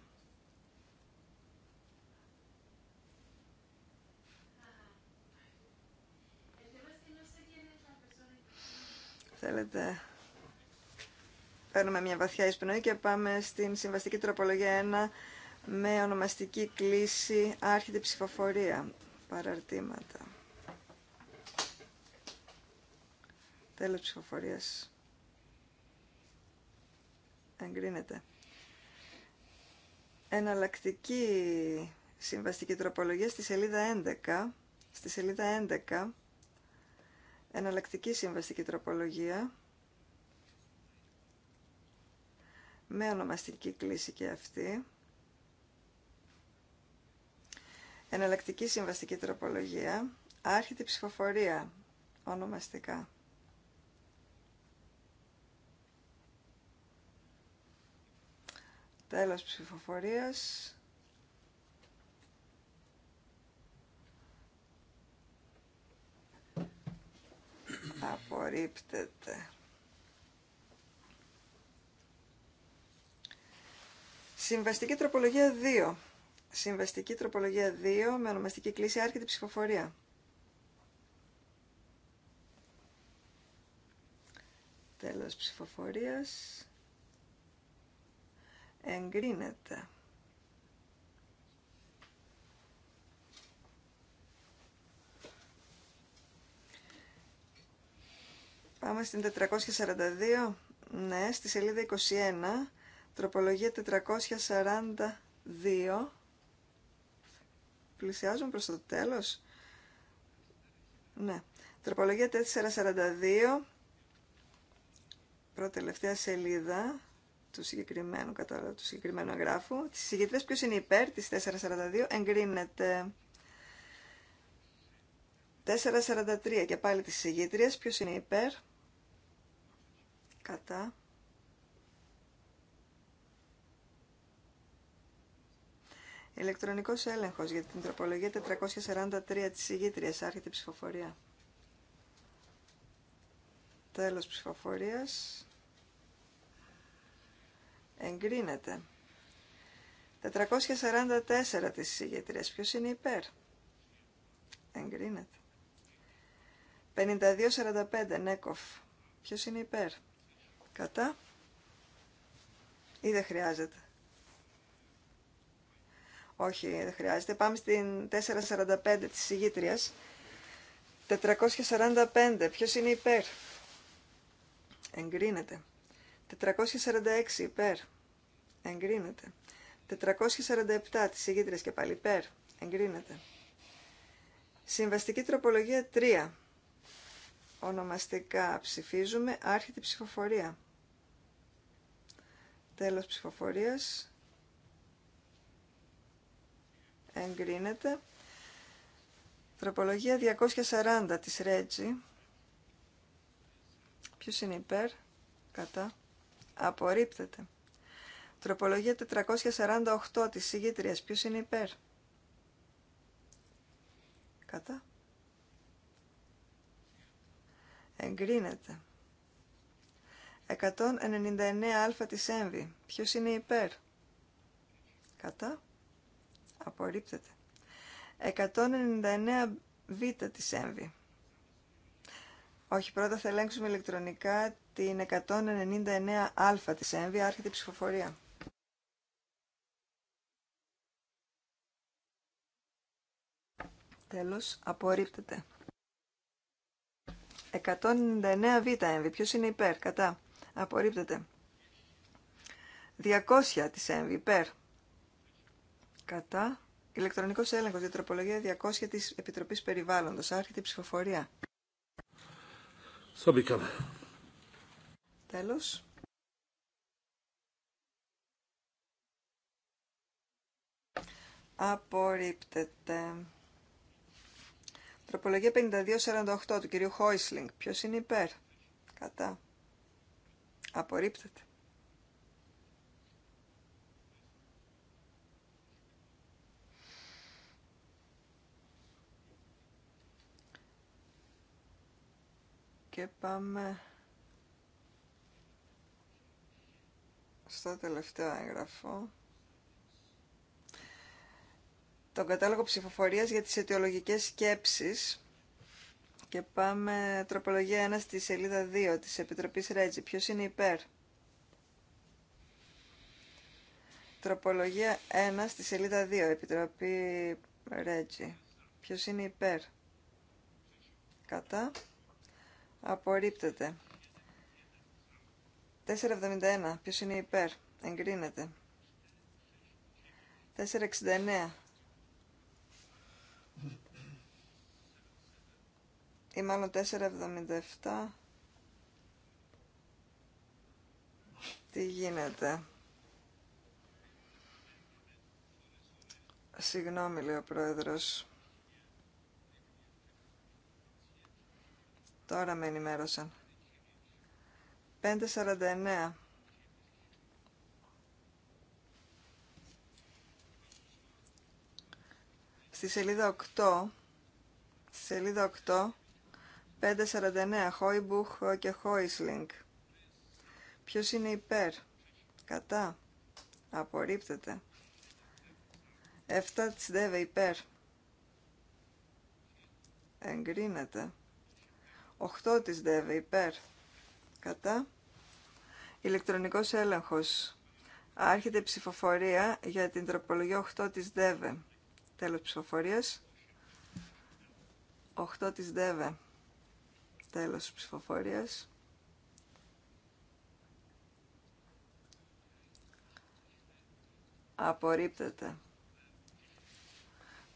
Θέλετε, παίρνουμε μια βαθιά εισπνοή και πάμε στην συμβαστική τροπολογία 1 με ονομαστική κλίση άρχεται ψηφοφορία παραρτήματα. Τέλος ψηφοφορίας. Εγκρίνεται. Εναλλακτική συμβαστική τροπολογία στη σελίδα 11. Στη σελίδα 11 εναλλακτική συμβαστική τροπολογία με ονομαστική κλίση και αυτή. Εναλλακτική συμβαστική τροπολογία. άρχιτη ψηφοφορία. Ονομαστικά. Τέλος ψηφοφορίας. Απορρίπτεται. Συμβαστική τροπολογία 2. Συμβαστική τροπολογία 2 με ονομαστική κλίση άρχεται ψηφοφορία. Τέλος ψηφοφορίας. Εγκρίνεται. Πάμε στην 442. Ναι, στη σελίδα 21, τροπολογία 442. Πλησιάζουμε προς το τέλος. Ναι. Τροπολογία 442, πρώτη τελευταία σελίδα του συγκεκριμένου, κατάλογου, του συγκεκριμένου εγγράφου. Τις συγκεκριμένες ποιος είναι υπέρ της 442, εγκρίνεται. 443 και πάλι τις συγκεκριμένες ποιος είναι υπέρ, κατά, Ηλεκτρονικό έλεγχος για την τροπολογία 443 της ηγήτρια. Άρχεται η ψηφοφορία. Τέλος ψηφοφορίας. Εγκρίνεται. 444 της ηγήτρια. Ποιο είναι υπέρ. Εγκρίνεται. 52-45 Νέκοφ. Ποιο είναι υπέρ. Κατά. Ή δεν χρειάζεται. Όχι, δεν χρειάζεται. Πάμε στην 445 της ηγήτριας. 445. Ποιος είναι υπέρ. Εγκρίνεται. 446 υπέρ. Εγκρίνεται. 447 της ηγήτριας και πάλι υπέρ. Εγκρίνεται. Συμβαστική τροπολογία 3. Ονομαστικά ψηφίζουμε. Άρχεται η ψηφοφορία. Τέλος ψηφοφορίας εγκρίνεται. Τροπολογία 240 της Ρέτζη. Ποιος είναι υπέρ, κατά, απορρίπτεται. Τροπολογία 448 της Σιγήτριας. Ποιος είναι υπέρ, κατά, εγκρίνεται. 199α της Έμβη. Ποιος είναι υπέρ, κατά, Απορρίπτεται. 199 β της έμβη. Όχι, πρώτα θα ελέγξουμε ηλεκτρονικά την 199 α της έμβη. Άρχεται η ψηφοφορία. Τέλος, απορρίπτεται. 199 β έμβη. Ποιος είναι υπέρ, κατά. Απορρίπτεται. 200 της έμβη, υπέρ. Κατά. Ηλεκτρονικός έλεγχος για 200 της Επιτροπής Περιβάλλοντος. Άρχεται η ψηφοφορία. Τέλος. Απορρίπτεται. Τροπολογία 5248 του κυρίου Χόισλινγκ. Ποιος είναι υπέρ. Κατά. Απορρίπτεται. Και πάμε στο τελευταίο έγγραφο. Το κατάλογο ψηφοφορίας για τις αιτιολογικές σκέψεις. Και πάμε τροπολογία 1 στη σελίδα 2 της Επιτροπής Ρέτζη. Ποιος είναι υπέρ. Τροπολογία 1 στη σελίδα 2, Επιτροπή Ρέτζη. Ποιος είναι υπέρ. Κατά. Απορρίπτεται. 471. Ποιος είναι υπέρ. Εγκρίνεται. 469. Ή μάλλον 477. Τι γίνεται. Συγγνώμη λέει ο πρόεδρος. Τώρα με ενημέρωσαν. 5.49. Στη σελίδα 8, στη σελίδα 8, 5.49, Χόιμπουχ και Χόισλινγκ. Ποιος είναι υπέρ, κατά, απορρίπτεται. 7 της υπέρ. Εγκρίνεται. 8 της ΔΕΒΕ υπέρ κατά ηλεκτρονικός έλεγχος άρχεται ψηφοφορία για την τροπολογία 8 της ΔΕΒΕ τέλος ψηφοφορίας 8 της ΔΕΒΕ τέλος ψηφοφορίας απορρίπτεται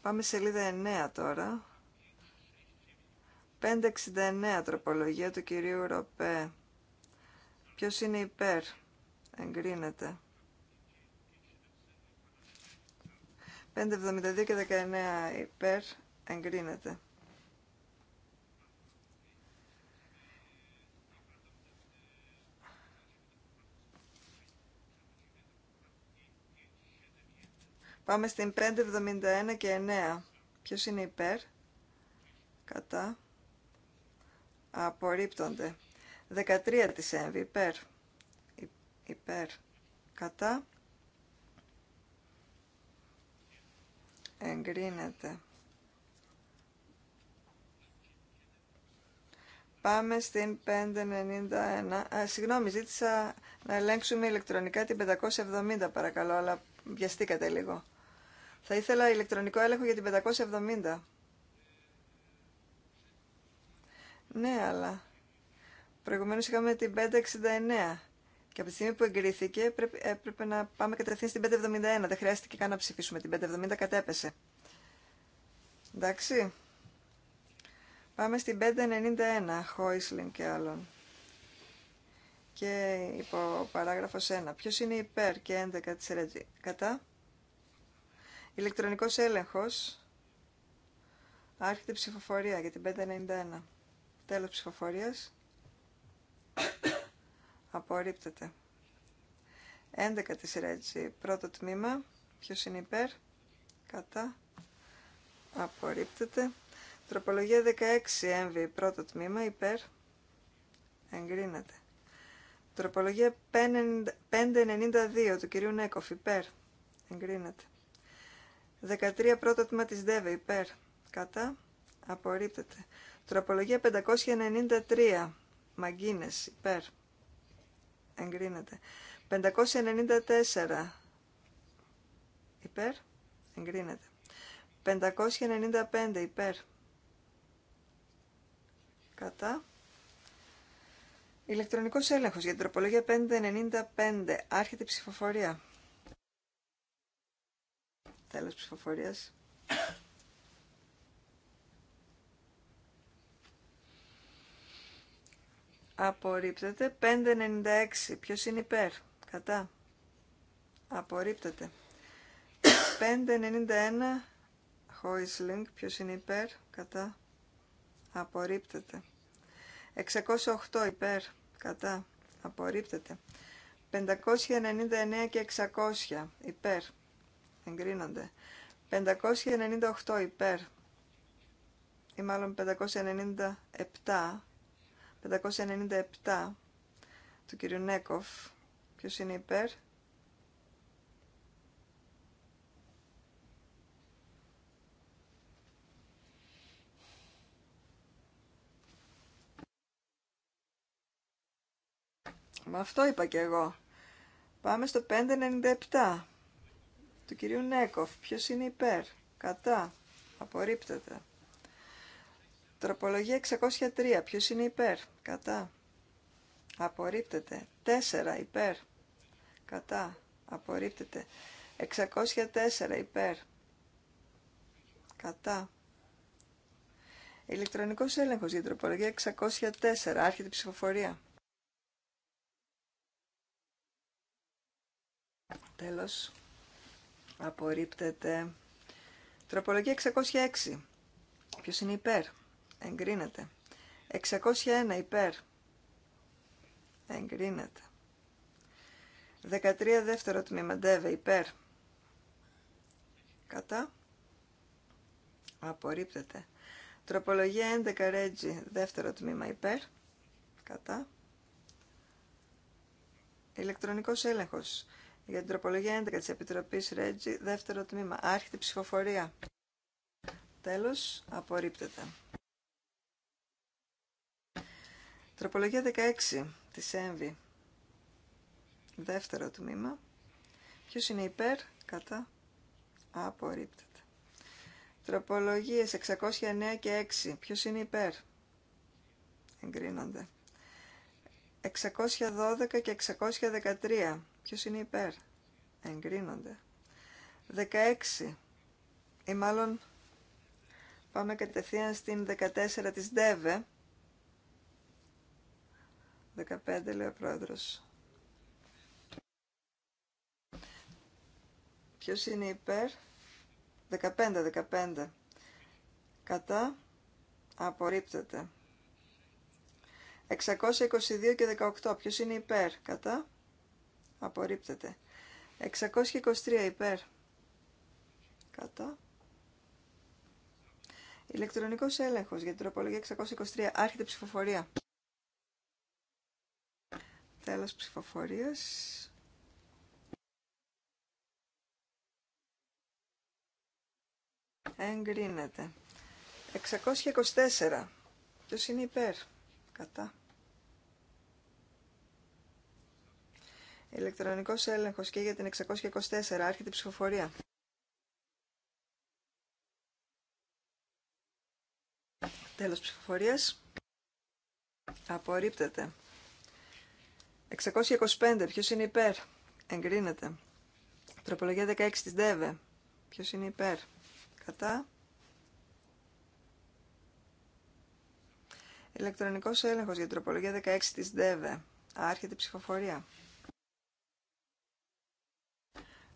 πάμε σελίδα 9 τώρα 569 τροπολογία του κυρίου Ροπέ. Ποιος είναι υπέρ. Εγκρίνεται. 572 και 19 υπέρ. Εγκρίνεται. Πάμε στην 571 και 9. Ποιος είναι υπέρ. Κατά απορρίπτονται. 13 της έμβη υπέρ, υπέρ, κατά, εγκρίνεται. Πάμε στην 591. Α, συγγνώμη, ζήτησα να ελέγξουμε ηλεκτρονικά την 570 παρακαλώ, αλλά βιαστήκατε λίγο. Θα ήθελα ηλεκτρονικό έλεγχο για την 570. Ναι, αλλά προηγουμένω είχαμε την 569. Και από τη στιγμή που εγκρίθηκε έπρεπε να πάμε κατευθείαν στην 571. Δεν χρειάστηκε καν να ψηφίσουμε. Την 570 κατέπεσε. Εντάξει. Πάμε στην 591, Χόισλιν και άλλων. Και υπό παράγραφος 1. Ποιος είναι υπέρ και 11 της Ρέτζη. Κατά. Ηλεκτρονικός έλεγχος. Άρχεται ψηφοφορία για την 591. Τέλος ψηφοφορίας. Απορρίπτεται. 11 της έτσι. Πρώτο τμήμα. Ποιος είναι υπέρ. Κατά. Απορρίπτεται. Τροπολογία 16 έμβη. Πρώτο τμήμα. Υπέρ. Εγκρίνεται. Τροπολογία 592 του κυρίου Νέκοφ. Υπέρ. Εγκρίνεται. 13 πρώτο τμήμα της ΔΕΒΕ. Υπέρ. Κατά. Απορρίπτεται. Τροπολογία 593. Μαγκίνες, υπέρ. Εγκρίνεται. 594. Υπέρ. Εγκρίνεται. 595. Υπέρ. Κατά. Ηλεκτρονικός έλεγχος για την τροπολογία 595. Άρχεται η ψηφοφορία. Τέλος ψηφοφορίας. Απορρίπτεται. 5.96. Ποιος είναι υπέρ. Κατά. Απορρίπτεται. 5.91. Χόισλινγκ. Ποιος είναι υπέρ. Κατά. Απορρίπτεται. 608 υπέρ. Κατά. Απορρίπτεται. 599 και 600 υπέρ. Εγκρίνονται. 598 υπέρ. Ή μάλλον 597 597 του κυρίου Νέκοφ. Ποιος είναι υπέρ. Με αυτό είπα και εγώ. Πάμε στο 597 του κυρίου Νέκοφ. Ποιος είναι υπέρ. Κατά. Απορρίπτεται. Τροπολογία 603. Ποιος είναι υπέρ. Κατά. Απορρίπτεται. 4. Υπέρ. Κατά. Απορρίπτεται. 604. Υπέρ. Κατά. Ηλεκτρονικός έλεγχος για τροπολογία 604. Άρχεται η ψηφοφορία. Τέλος. Απορρίπτεται. Τροπολογία 606. Ποιος είναι υπέρ. Εγκρίνεται. 601 υπέρ. Εγκρίνεται. 13 δεύτερο τμήμα. Ντέβε υπέρ. Κατά. Απορρίπτεται. Τροπολογία 11 Ρέτζι. Δεύτερο τμήμα υπέρ. Κατά. Ηλεκτρονικός έλεγχος. Για την τροπολογία 11 της Επιτροπής Ρέτζι. Δεύτερο τμήμα. άρχιτη ψηφοφορία. Τέλος. Απορρίπτεται. Τροπολογία 16 της ΕΜΒΗ. Δεύτερο τμήμα. Ποιος είναι υπέρ, κατά, απορρίπτεται. Τροπολογίες 609 και 6. Ποιος είναι υπέρ. Εγκρίνονται. 612 και 613. Ποιος είναι υπέρ. Εγκρίνονται. 16. Ή μάλλον πάμε κατευθείαν στην 14 της ΔΕΒΕ 15 λέει ο πρόεδρος. Ποιος είναι υπέρ. 15, 15. Κατά. Απορρίπτεται. 622 και 18. Ποιος είναι υπέρ. Κατά. Απορρίπτεται. 623 υπέρ. Κατά. Ηλεκτρονικός έλεγχος για την τροπολογία 623. Άρχεται ψηφοφορία. Τέλος ψηφοφορίας. Εγκρίνεται. 624. Ποιος είναι υπέρ. Κατά. Ηλεκτρονικός έλεγχος και για την 624. Άρχεται η ψηφοφορία. Τέλος ψηφοφορίας. Απορρίπτεται. 625. Ποιος είναι υπέρ. Εγκρίνεται. Τροπολογία 16 της ΔΕΒΕ. Ποιος είναι υπέρ. Κατά. Ηλεκτρονικός έλεγχος για τροπολογία 16 της ΔΕΒΕ. Άρχεται η ψηφοφορία.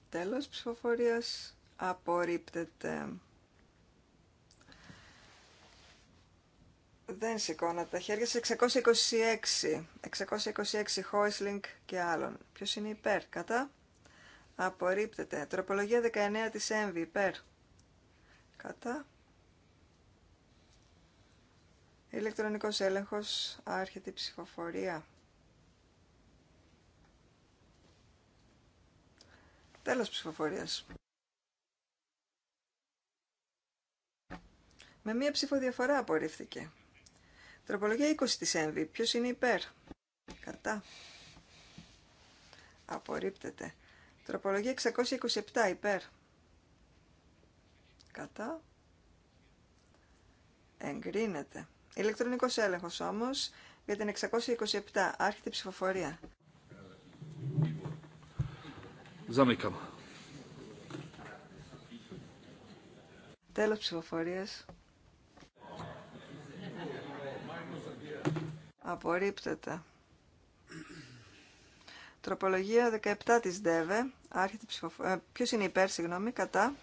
Τέλος ψηφοφορίας απορρίπτεται. Δεν σηκώνω τα χέρια σε 626. 626 Χόισλινγκ και άλλων. Ποιο είναι υπέρ, κατά. Απορρίπτεται. Τροπολογία 19 της ΕΜΒ, υπέρ. Κατά. Ηλεκτρονικός έλεγχος, άρχεται η ψηφοφορία. Τέλος ψηφοφορίας. Με μία ψηφοδιαφορά απορρίφθηκε. Τροπολογία 20 της ΕΜΒ. Ποιος είναι υπέρ. Κατά. Απορρίπτεται. Τροπολογία 627 υπέρ. Κατά. Εγκρίνεται. Ηλεκτρονικός έλεγχος όμως για την 627. Άρχεται η ψηφοφορία. Τέλος ψηφοφορίας. Απορρίπτεται. Τροπολογία 17 της ΔΕΒΕ. Άρχεται ψηφοφορία. Ε, ποιος είναι υπέρ, συγγνώμη, κατά.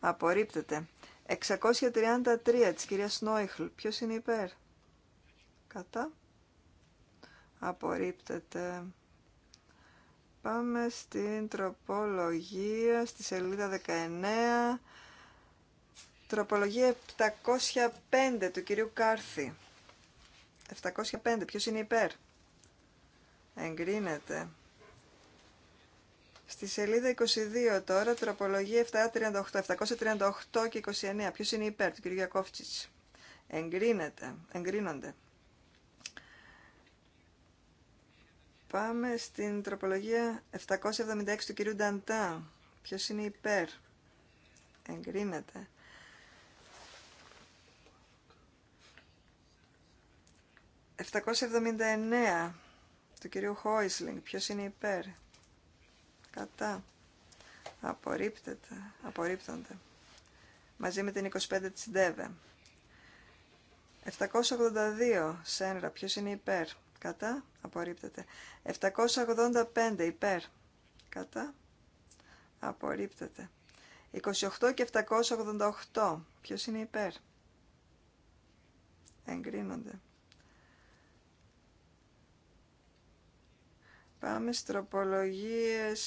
Απορρίπτεται. 633 της κυρίας Νόιχλ. Ποιος είναι υπέρ. Κατά. Απορρίπτεται. Πάμε στην τροπολογία, στη σελίδα 19. Τροπολογία 705 του κυρίου Κάρθη. 705. Ποιος είναι υπέρ. Εγκρίνεται. Στη σελίδα 22 τώρα, τροπολογία 738, 738 και 29. Ποιος είναι υπέρ του κ. Γιακόφτσιτς. Εγκρίνεται. Εγκρίνονται. Πάμε στην τροπολογία 776 του κ. Νταντά. Ποιος είναι υπέρ. Εγκρίνεται. 779 του κυρίου Χόισλινγκ. Ποιο είναι υπέρ. Κατά. Απορρίπτεται. Απορρίπτονται. Μαζί με την 25 της Ντεβε. 782 Σένρα. Ποιο είναι υπέρ. Κατά. Απορρίπτεται. 785 υπέρ. Κατά. Απορρίπτεται. 28 και 788. Ποιος είναι υπέρ. Εγκρίνονται. Πάμε στροπολογίες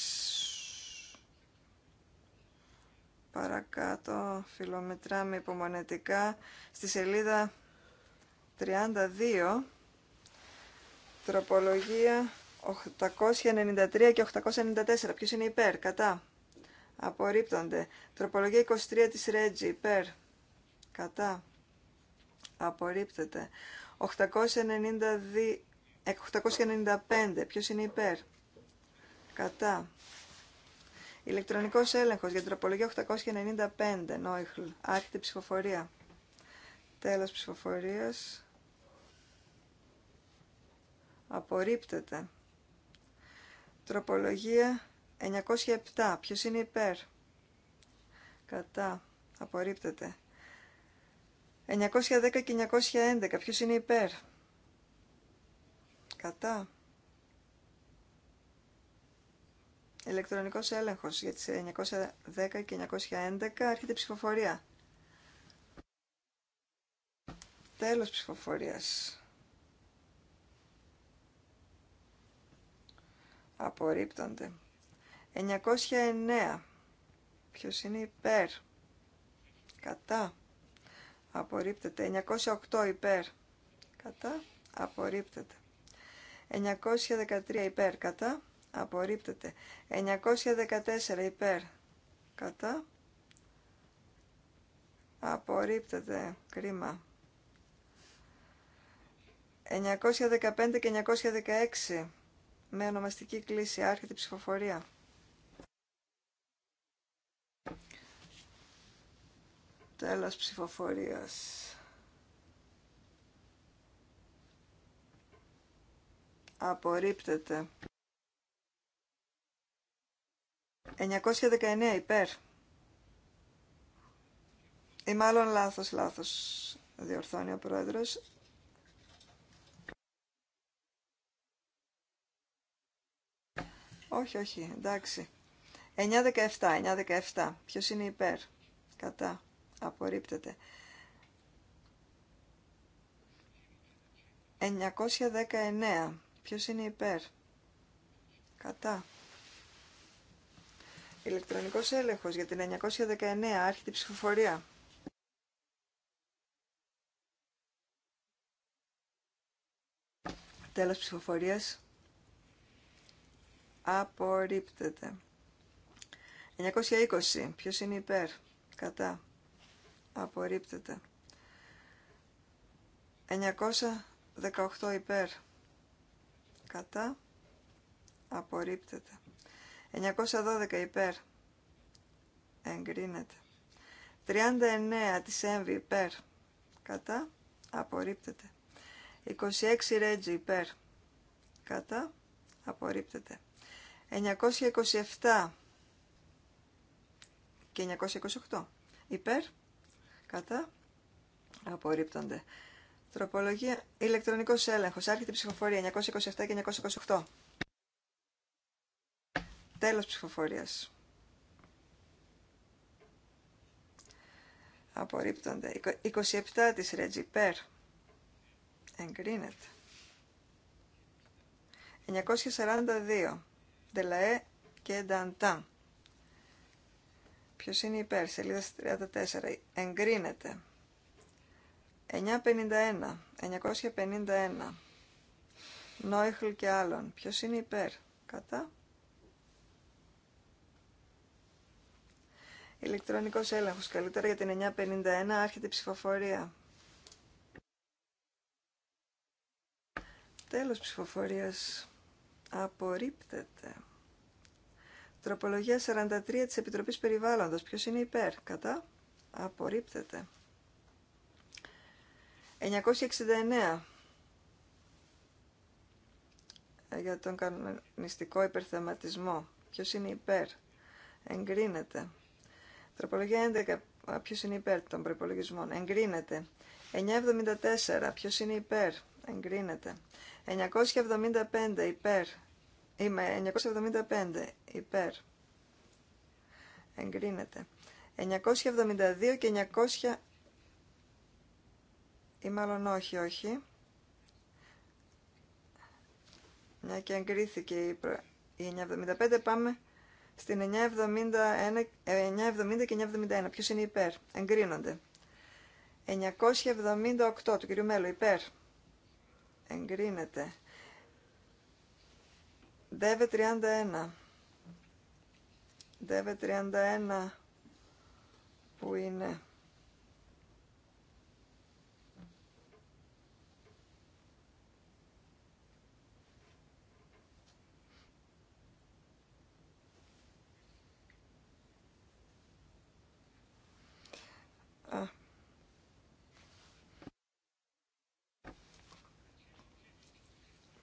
παρακάτω, φιλομετράμε υπομονετικά, στη σελίδα 32, τροπολογία 893 και 894. Ποιος είναι υπέρ, κατά. Απορρίπτονται. Τροπολογία 23 της Ρέτζη, υπέρ. Κατά. Απορρίπτεται. 892, 895. Ποιος είναι υπέρ. Κατά. Ηλεκτρονικός έλεγχος για τροπολογία 895. Νόιχλ. Άρχεται ψηφοφορία. Τέλος ψηφοφορίας. Απορρίπτεται. Τροπολογία 907. Ποιος είναι υπέρ. Κατά. Απορρίπτεται. 910 και 911. Ποιος είναι υπέρ. Κατά. Ηλεκτρονικός έλεγχος για τις 910 και 911 έρχεται ψηφοφορία. Τέλος ψηφοφορίας. Απορρίπτονται. 909. Ποιος είναι υπέρ. Κατά. Απορρίπτεται. 908 υπέρ. Κατά. Απορρίπτεται. 913 υπέρ κατά απορρίπτεται 914 υπέρ κατά απορρίπτεται κρίμα 915 και 916 με ονομαστική κλίση άρχεται η ψηφοφορία τέλος ψηφοφορίας Απορρίπτεται. 919 υπέρ. Ή μάλλον λάθος, λάθος διορθώνει ο πρόεδρος. Όχι, όχι, 917, 917. Ποιος είναι υπέρ, κατά, απορρίπτεται. 919. Ποιος είναι υπέρ. Κατά. Ηλεκτρονικός έλεγχος για την 919 άρχιτη ψηφοφορία. Τέλος ψηφοφορίας. Απορρίπτεται. 920. Ποιος είναι υπέρ. Κατά. Απορρίπτεται. 918 υπέρ κατά απορρίπτεται 912 υπέρ εγκρίνεται 39 της έμβη υπέρ κατά απορρίπτεται 26 ρέτζι υπέρ κατά απορρίπτεται 927 και 928 υπέρ κατά απορρίπτονται Τροπολογία ηλεκτρονικός έλεγχο. Άρχεται η ψηφοφορία 927 και 928. Τέλος ψηφοφορία. Απορρίπτονται. 27 της Ρέτζι Περ. Εγκρίνεται. 942. Δελαέ και Νταντάν. Ποιος είναι υπέρ. Σελίδα 34. Εγκρίνεται. 951. 951. Νόιχλ και άλλων. Ποιο είναι υπέρ. Κατά. Ηλεκτρονικός έλεγχος. Καλύτερα για την 951. Άρχεται η ψηφοφορία. Τέλος ψηφοφορίας. Απορρίπτεται. Τροπολογία 43 της Επιτροπής Περιβάλλοντος. Ποιος είναι υπέρ. Κατά. Απορρίπτεται. 969 ε, για τον κανονιστικό υπερθεματισμό. Ποιο είναι υπέρ. Εγκρίνεται. Τροπολογία 11. Ποιο είναι υπέρ των προπολογισμών. Εγκρίνεται. 974. Ποιο είναι υπέρ. Εγκρίνεται. 975. Υπέρ. Είμαι 975. Υπέρ. Εγκρίνεται. 972 και ή μάλλον όχι, όχι. Μια και εγκρίθηκε η, προ... η 975, πάμε στην 971, 970 ε, και 971. Ποιος είναι υπέρ, εγκρίνονται. 978 του κυρίου Μέλου, υπέρ. Εγκρίνεται. ΔΕΒΕ 31. ΔΕΒΕ 31 που είναι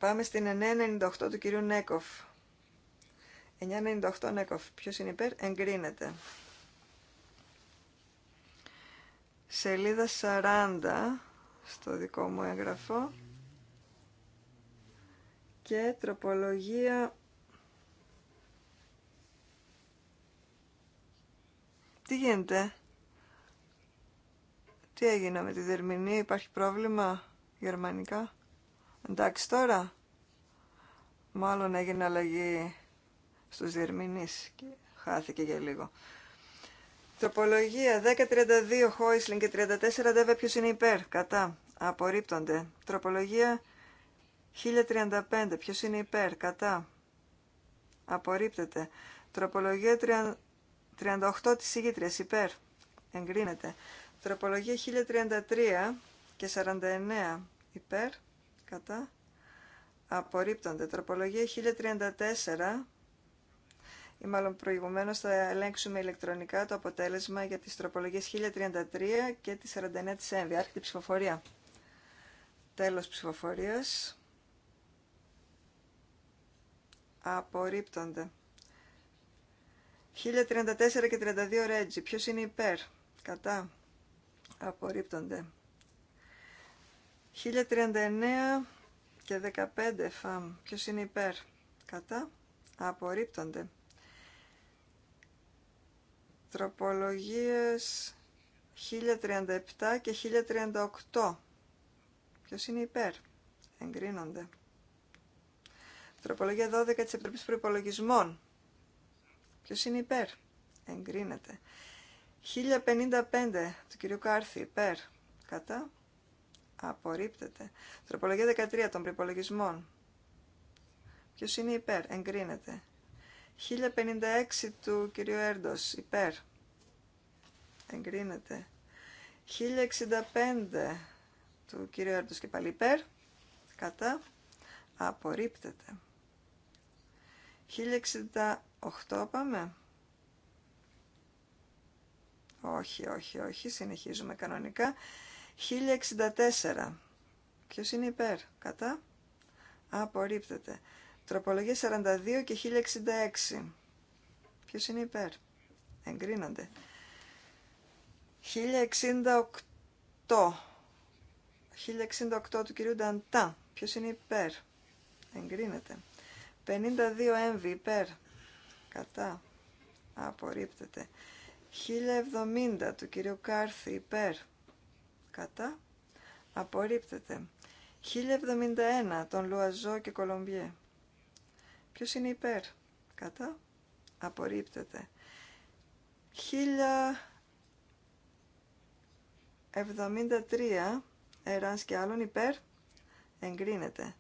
Πάμε στην 998 του κυρίου Νέκοφ. 998 Νέκοφ. Ποιος είναι υπέρ? Εγκρίνεται. Σελίδα 40 στο δικό μου έγγραφο και τροπολογία Τι γίνεται Τι έγινε με τη δερμηνή. Υπάρχει πρόβλημα γερμανικά Εντάξει τώρα. Μάλλον έγινε αλλαγή στους διερμηνείς και χάθηκε για λίγο. Τροπολογία 10.32 Χόισλιν και 34 Δεβε ποιος είναι υπέρ. Κατά. Απορρίπτονται. Τροπολογία 1035 ποιος είναι υπέρ. Κατά. Απορρίπτεται. Τροπολογία 38 της Ήγητριας υπέρ. Εγκρίνεται. Τροπολογία 1033 και 49 υπέρ κατά απορρίπτονται. Τροπολογία 1034 ή μάλλον προηγουμένως θα ελέγξουμε ηλεκτρονικά το αποτέλεσμα για τις τροπολογίες 1033 και τη 49 της ΕΜΒΙ. Άρχεται ψηφοφορία. Τέλος ψηφοφορίας. Απορρίπτονται. 1034 και 32 ρέτζι. Ποιος είναι υπέρ. Κατά. Απορρίπτονται. 1039 και 15 φαμ. Ποιο είναι υπέρ. Κατά. Απορρίπτονται. Τροπολογίες 1037 και 1038. Ποιο είναι υπέρ. Εγκρίνονται. Τροπολογία 12 της Επιτροπής Προϋπολογισμών. Ποιο είναι υπέρ. Εγκρίνεται. 1055 του κυρίου Κάρθη υπέρ. Κατά. Απορρίπτεται. Τροπολογία 13 των προπολογισμών. Ποιο είναι υπέρ. Εγκρίνεται. 1056 του κυρίου Έρντο. Υπέρ. Εγκρίνεται. 1065 του κυρίου Έρντο και πάλι υπέρ. Κατά. Απορρίπτεται. 1068 πάμε. Όχι, όχι, όχι. Συνεχίζουμε κανονικά. 1064. Ποιος είναι υπέρ, κατά. Απορρίπτεται. Τροπολογία 42 και 1066. Ποιος είναι υπέρ. Εγκρίνονται. 1068. 1068 του κυρίου Νταντά. Ποιος είναι υπέρ. Εγκρίνεται. 52 έμβη υπέρ. Κατά. Απορρίπτεται. 1070 του κυρίου Κάρθη υπέρ Κατά. Απορρίπτεται. 1071 Τον Λουαζό και Κολομπιέ. Ποιος είναι υπέρ. Κατά. Απορρίπτεται. 1073 Εράνς και άλλων υπέρ. Εγκρίνεται.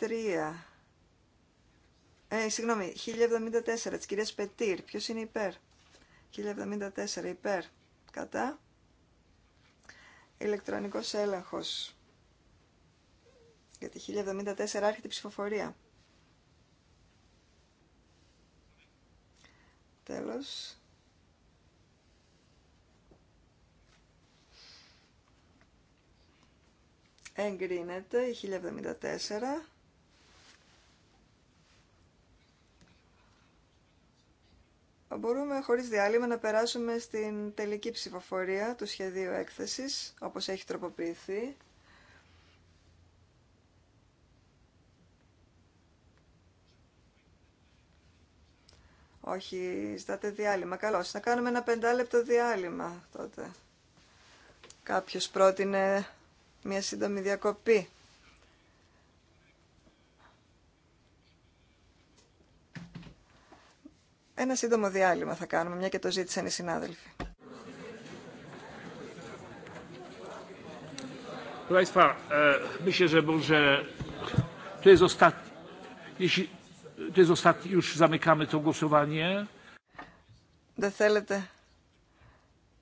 43 ε, συγγνώμη, 1074 της κυρίας Πετήρ. Ποιος είναι υπέρ. 1074 υπέρ. Κατά. Ηλεκτρονικός έλεγχος. Για τη 1074 άρχεται η ψηφοφορία. Τέλος. Εγκρίνεται η 1074. μπορούμε χωρίς διάλειμμα να περάσουμε στην τελική ψηφοφορία του σχεδίου έκθεσης, όπως έχει τροποποιηθεί. Όχι, ζητάτε διάλειμμα. Καλώς, να κάνουμε ένα πεντάλεπτο διάλειμμα τότε. Κάποιος πρότεινε μια σύντομη διακοπή. Ένα σύντομο διάλειμμα θα κάνουμε, μια και το ζήτησαν οι συνάδελφοι. E, Δεν θέλετε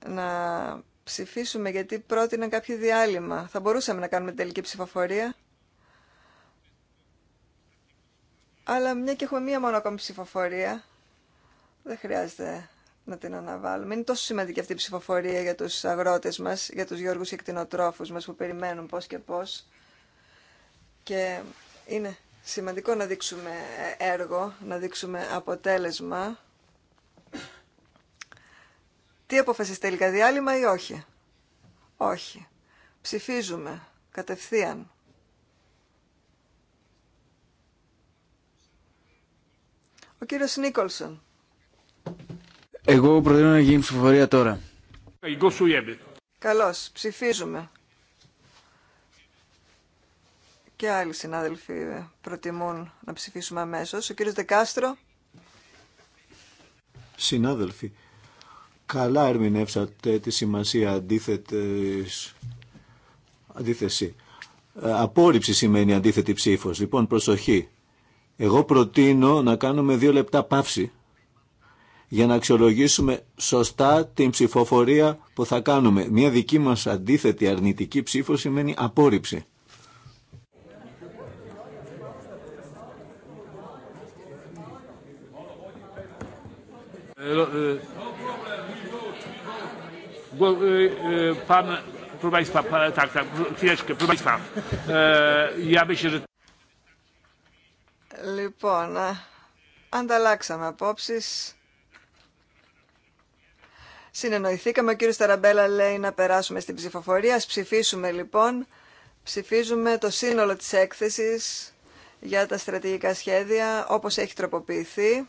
να ψηφίσουμε γιατί πρότεινα κάποιο διάλειμμα. Θα μπορούσαμε να κάνουμε τελική ψηφοφορία. Αλλά μια και έχουμε μία μόνο ακόμη ψηφοφορία, δεν χρειάζεται να την αναβάλουμε. Είναι τόσο σημαντική αυτή η ψηφοφορία για τους αγρότες μας, για τους γιώργους και μας που περιμένουν πώς και πώς. Και είναι σημαντικό να δείξουμε έργο, να δείξουμε αποτέλεσμα. Τι αποφασίστε, τελικά, διάλειμμα ή όχι. Όχι. Ψηφίζουμε κατευθείαν. Ο κύριος Νίκολσον. Εγώ προτείνω να γίνει ψηφοφορία τώρα. Καλώς, ψηφίζουμε. Και άλλοι συνάδελφοι προτιμούν να ψηφίσουμε αμέσως. Ο κύριος Δεκάστρο. Συνάδελφοι, καλά ερμηνεύσατε τη σημασία αντίθετης, αντίθεση. Ε, απόρριψη σημαίνει αντίθετη ψήφος. Λοιπόν, προσοχή. Εγώ προτείνω να κάνουμε δύο λεπτά παύση για να αξιολογήσουμε σωστά την ψηφοφορία που θα κάνουμε. Μια δική μας αντίθετη αρνητική ψήφο σημαίνει απόρριψη. E, λοιπόν, ε, ανταλλάξαμε απόψεις. Συνεννοηθήκαμε, ο κύριος Ταραμπέλα λέει να περάσουμε στην ψηφοφορία. Ας ψηφίσουμε λοιπόν. Ψηφίζουμε το σύνολο της έκθεσης για τα στρατηγικά σχέδια όπως έχει τροποποιηθεί.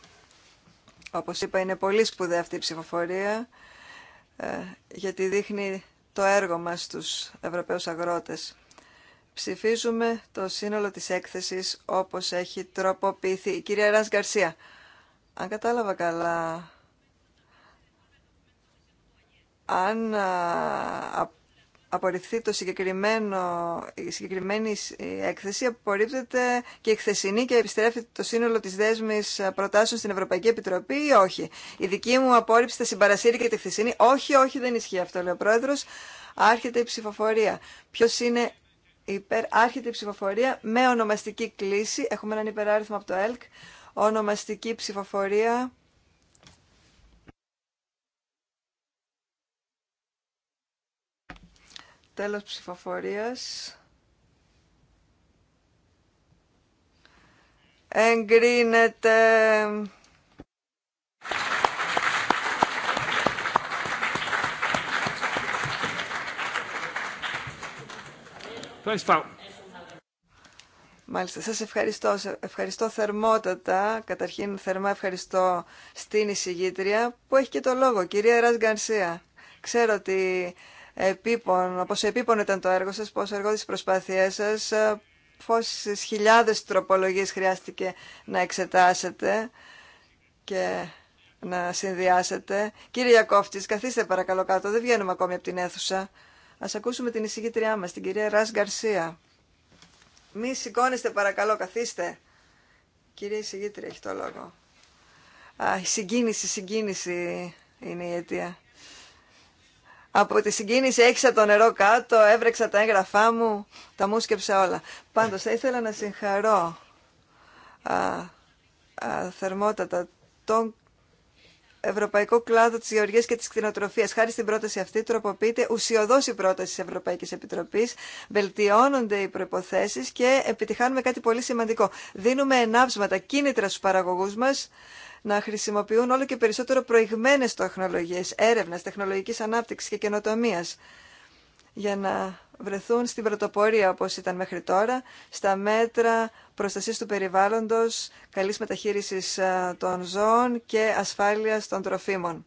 Όπως είπα είναι πολύ σπουδαία αυτή η ψηφοφορία ε, γιατί δείχνει το έργο μας στους Ευρωπαίους αγρότες. Ψηφίζουμε το σύνολο της έκθεσης όπως έχει τροποποιηθεί. Η κυρία Ράς Γκαρσία, αν κατάλαβα καλά αν απορριφθεί το συγκεκριμένο, η συγκεκριμένη έκθεση, απορρίπτεται και η χθεσινή και επιστρέφει το σύνολο της δέσμης προτάσεων στην Ευρωπαϊκή Επιτροπή ή όχι. Η δική μου απόρριψη θα συμπαρασύρει και τη χθεσινή. Όχι, όχι, δεν ισχύει αυτό, λέει ο Πρόεδρος. Άρχεται η ψηφοφορία. Ποιο είναι υπέρ, άρχεται η ψηφοφορία με ονομαστική κλίση. Έχουμε έναν υπεράριθμο από το ΕΛΚ. Ονομαστική ψηφοφορία. Τέλος ψηφοφορίας. Εγκρίνεται. Μάλιστα, σας ευχαριστώ. Ευχαριστώ θερμότατα. Καταρχήν θερμά ευχαριστώ στην εισηγήτρια που έχει και το λόγο, κυρία Ρας Γκανσία. Ξέρω ότι επίπονο, πόσο επίπονο ήταν το έργο σας, πόσο εργό τις προσπάθειές σας, πόσες χιλιάδες τροπολογίες χρειάστηκε να εξετάσετε και να συνδυάσετε. Κύριε Ιακώφτης, καθίστε παρακαλώ κάτω, δεν βγαίνουμε ακόμη από την αίθουσα. Ας ακούσουμε την εισηγήτριά μας, την κυρία Ράς Γκαρσία. Μη σηκώνεστε παρακαλώ, καθίστε. Κυρία εισηγήτρια έχει το λόγο. η συγκίνηση, η συγκίνηση είναι η αιτία. Από τη συγκίνηση έχισα το νερό κάτω, έβρεξα τα έγγραφά μου, τα μουσκεψα όλα. Πάντως θα ήθελα να συγχαρώ α, α, θερμότατα τον Ευρωπαϊκό κλάδο τη Γεωργία και τη Κτηνοτροφία. Χάρη στην πρόταση αυτή, τροποποιείται ουσιοδό η πρόταση τη Ευρωπαϊκή Επιτροπή, βελτιώνονται οι προποθέσει και επιτυχάνουμε κάτι πολύ σημαντικό. Δίνουμε ενάψματα, κίνητρα στου παραγωγού μα να χρησιμοποιούν όλο και περισσότερο προηγμένες τεχνολογίες, έρευνας, τεχνολογικής ανάπτυξης και καινοτομίας για να βρεθούν στην πρωτοπορία όπως ήταν μέχρι τώρα, στα μέτρα προστασίας του περιβάλλοντος, καλής μεταχείρισης των ζώων και ασφάλειας των τροφίμων.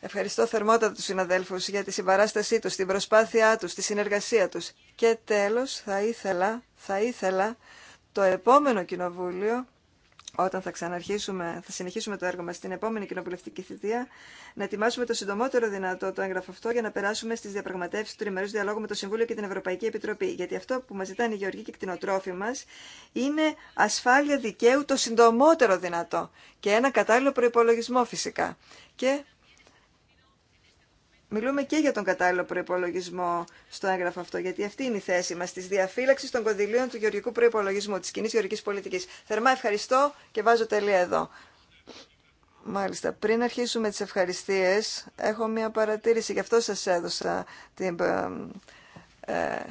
Ευχαριστώ θερμότατα τους συναδέλφους για τη συμπαράστασή τους, την προσπάθειά τους, τη συνεργασία τους. Και τέλος θα ήθελα, θα ήθελα το επόμενο κοινοβούλιο όταν θα ξαναρχίσουμε, θα συνεχίσουμε το έργο μας στην επόμενη κοινοβουλευτική θητεία, να ετοιμάσουμε το συντομότερο δυνατό το έγγραφο αυτό για να περάσουμε στις διαπραγματεύσεις του τριμερούς διαλόγου με το Συμβούλιο και την Ευρωπαϊκή Επιτροπή. Γιατί αυτό που μας ζητάνε οι γεωργοί και οι κτηνοτρόφοι μας είναι ασφάλεια δικαίου το συντομότερο δυνατό και ένα κατάλληλο προϋπολογισμό φυσικά. Και Μιλούμε και για τον κατάλληλο προπολογισμό στο έγγραφο αυτό, γιατί αυτή είναι η θέση μα, τη διαφύλαξη των κονδυλίων του γεωργικού προπολογισμού, τη κοινή γεωργική πολιτική. Θερμά ευχαριστώ και βάζω τελεία εδώ. Μάλιστα. Πριν αρχίσουμε τις ευχαριστίες, έχω μία παρατήρηση. Γι' αυτό σας έδωσα την... Ε, ε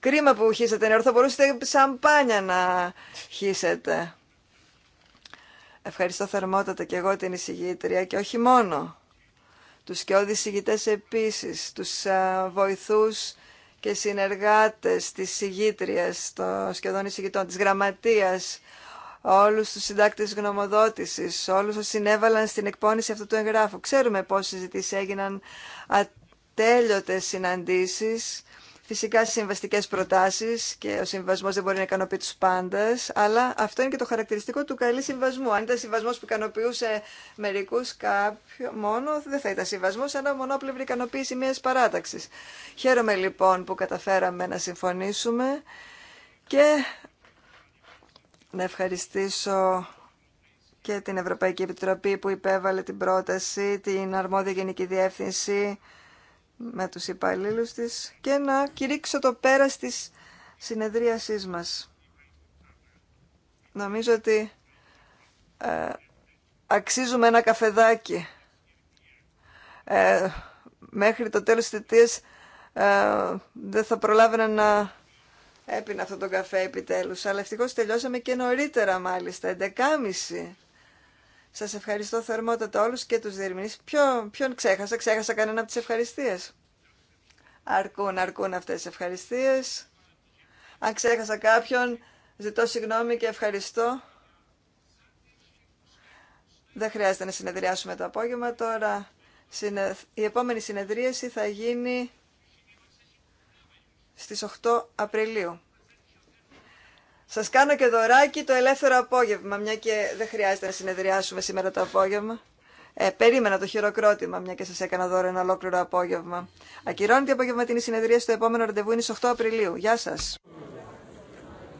κρίμα που χύσατε νερό. Θα μπορούσατε σαμπάνια να χύσετε. Ευχαριστώ θερμότατα και εγώ την εισηγήτρια και όχι μόνο τους και ηγητές επίσης, τους βοηθούς και συνεργάτες της ηγήτριας, των σχεδόν εισηγητών, της γραμματείας, όλους τους συντάκτες γνωμοδότησης, όλους όσοι συνέβαλαν στην εκπόνηση αυτού του εγγράφου. Ξέρουμε πόσες συζητήσεις έγιναν ατέλειωτες συναντήσεις Φυσικά στι συμβαστικέ προτάσει και ο συμβασμό δεν μπορεί να ικανοποιεί του πάντε, αλλά αυτό είναι και το χαρακτηριστικό του καλή συμβασμού. Αν ήταν συμβασμό που ικανοποιούσε μερικού κάποιο μόνο, δεν θα ήταν συμβασμό αλλά μονόπλευρη ικανοποίηση μια παράταξη. Χαίρομαι λοιπόν που καταφέραμε να συμφωνήσουμε και να ευχαριστήσω και την Ευρωπαϊκή Επιτροπή που υπέβαλε την πρόταση, την αρμόδια Γενική Διεύθυνση με τους υπαλλήλους της και να κηρύξω το πέρας της συνεδρίασής μας. Νομίζω ότι ε, αξίζουμε ένα καφεδάκι. Ε, μέχρι το τέλος της θητείας ε, δεν θα προλάβαινα να έπινα αυτό τον καφέ επιτέλους. Αλλά ευτυχώς τελειώσαμε και νωρίτερα μάλιστα, 11.30. Σας ευχαριστώ θερμότατα όλους και τους διερμηνείς. Ποιον, ποιον ξέχασα, ξέχασα κανένα από τις ευχαριστίες. Αρκούν, αρκούν αυτές τις ευχαριστίες. Αν ξέχασα κάποιον, ζητώ συγγνώμη και ευχαριστώ. Δεν χρειάζεται να συνεδριάσουμε το απόγευμα. Τώρα η επόμενη συνεδρίαση θα γίνει στις 8 Απριλίου. Σας κάνω και δωράκι το ελεύθερο απόγευμα, μια και δεν χρειάζεται να συνεδριάσουμε σήμερα το απόγευμα. Ε, περίμενα το χειροκρότημα, μια και σας έκανα δώρο ένα ολόκληρο απόγευμα. Ακυρώνεται η απογευματινή συνεδρία στο επόμενο ραντεβού είναι στι 8 Απριλίου. Γεια σας.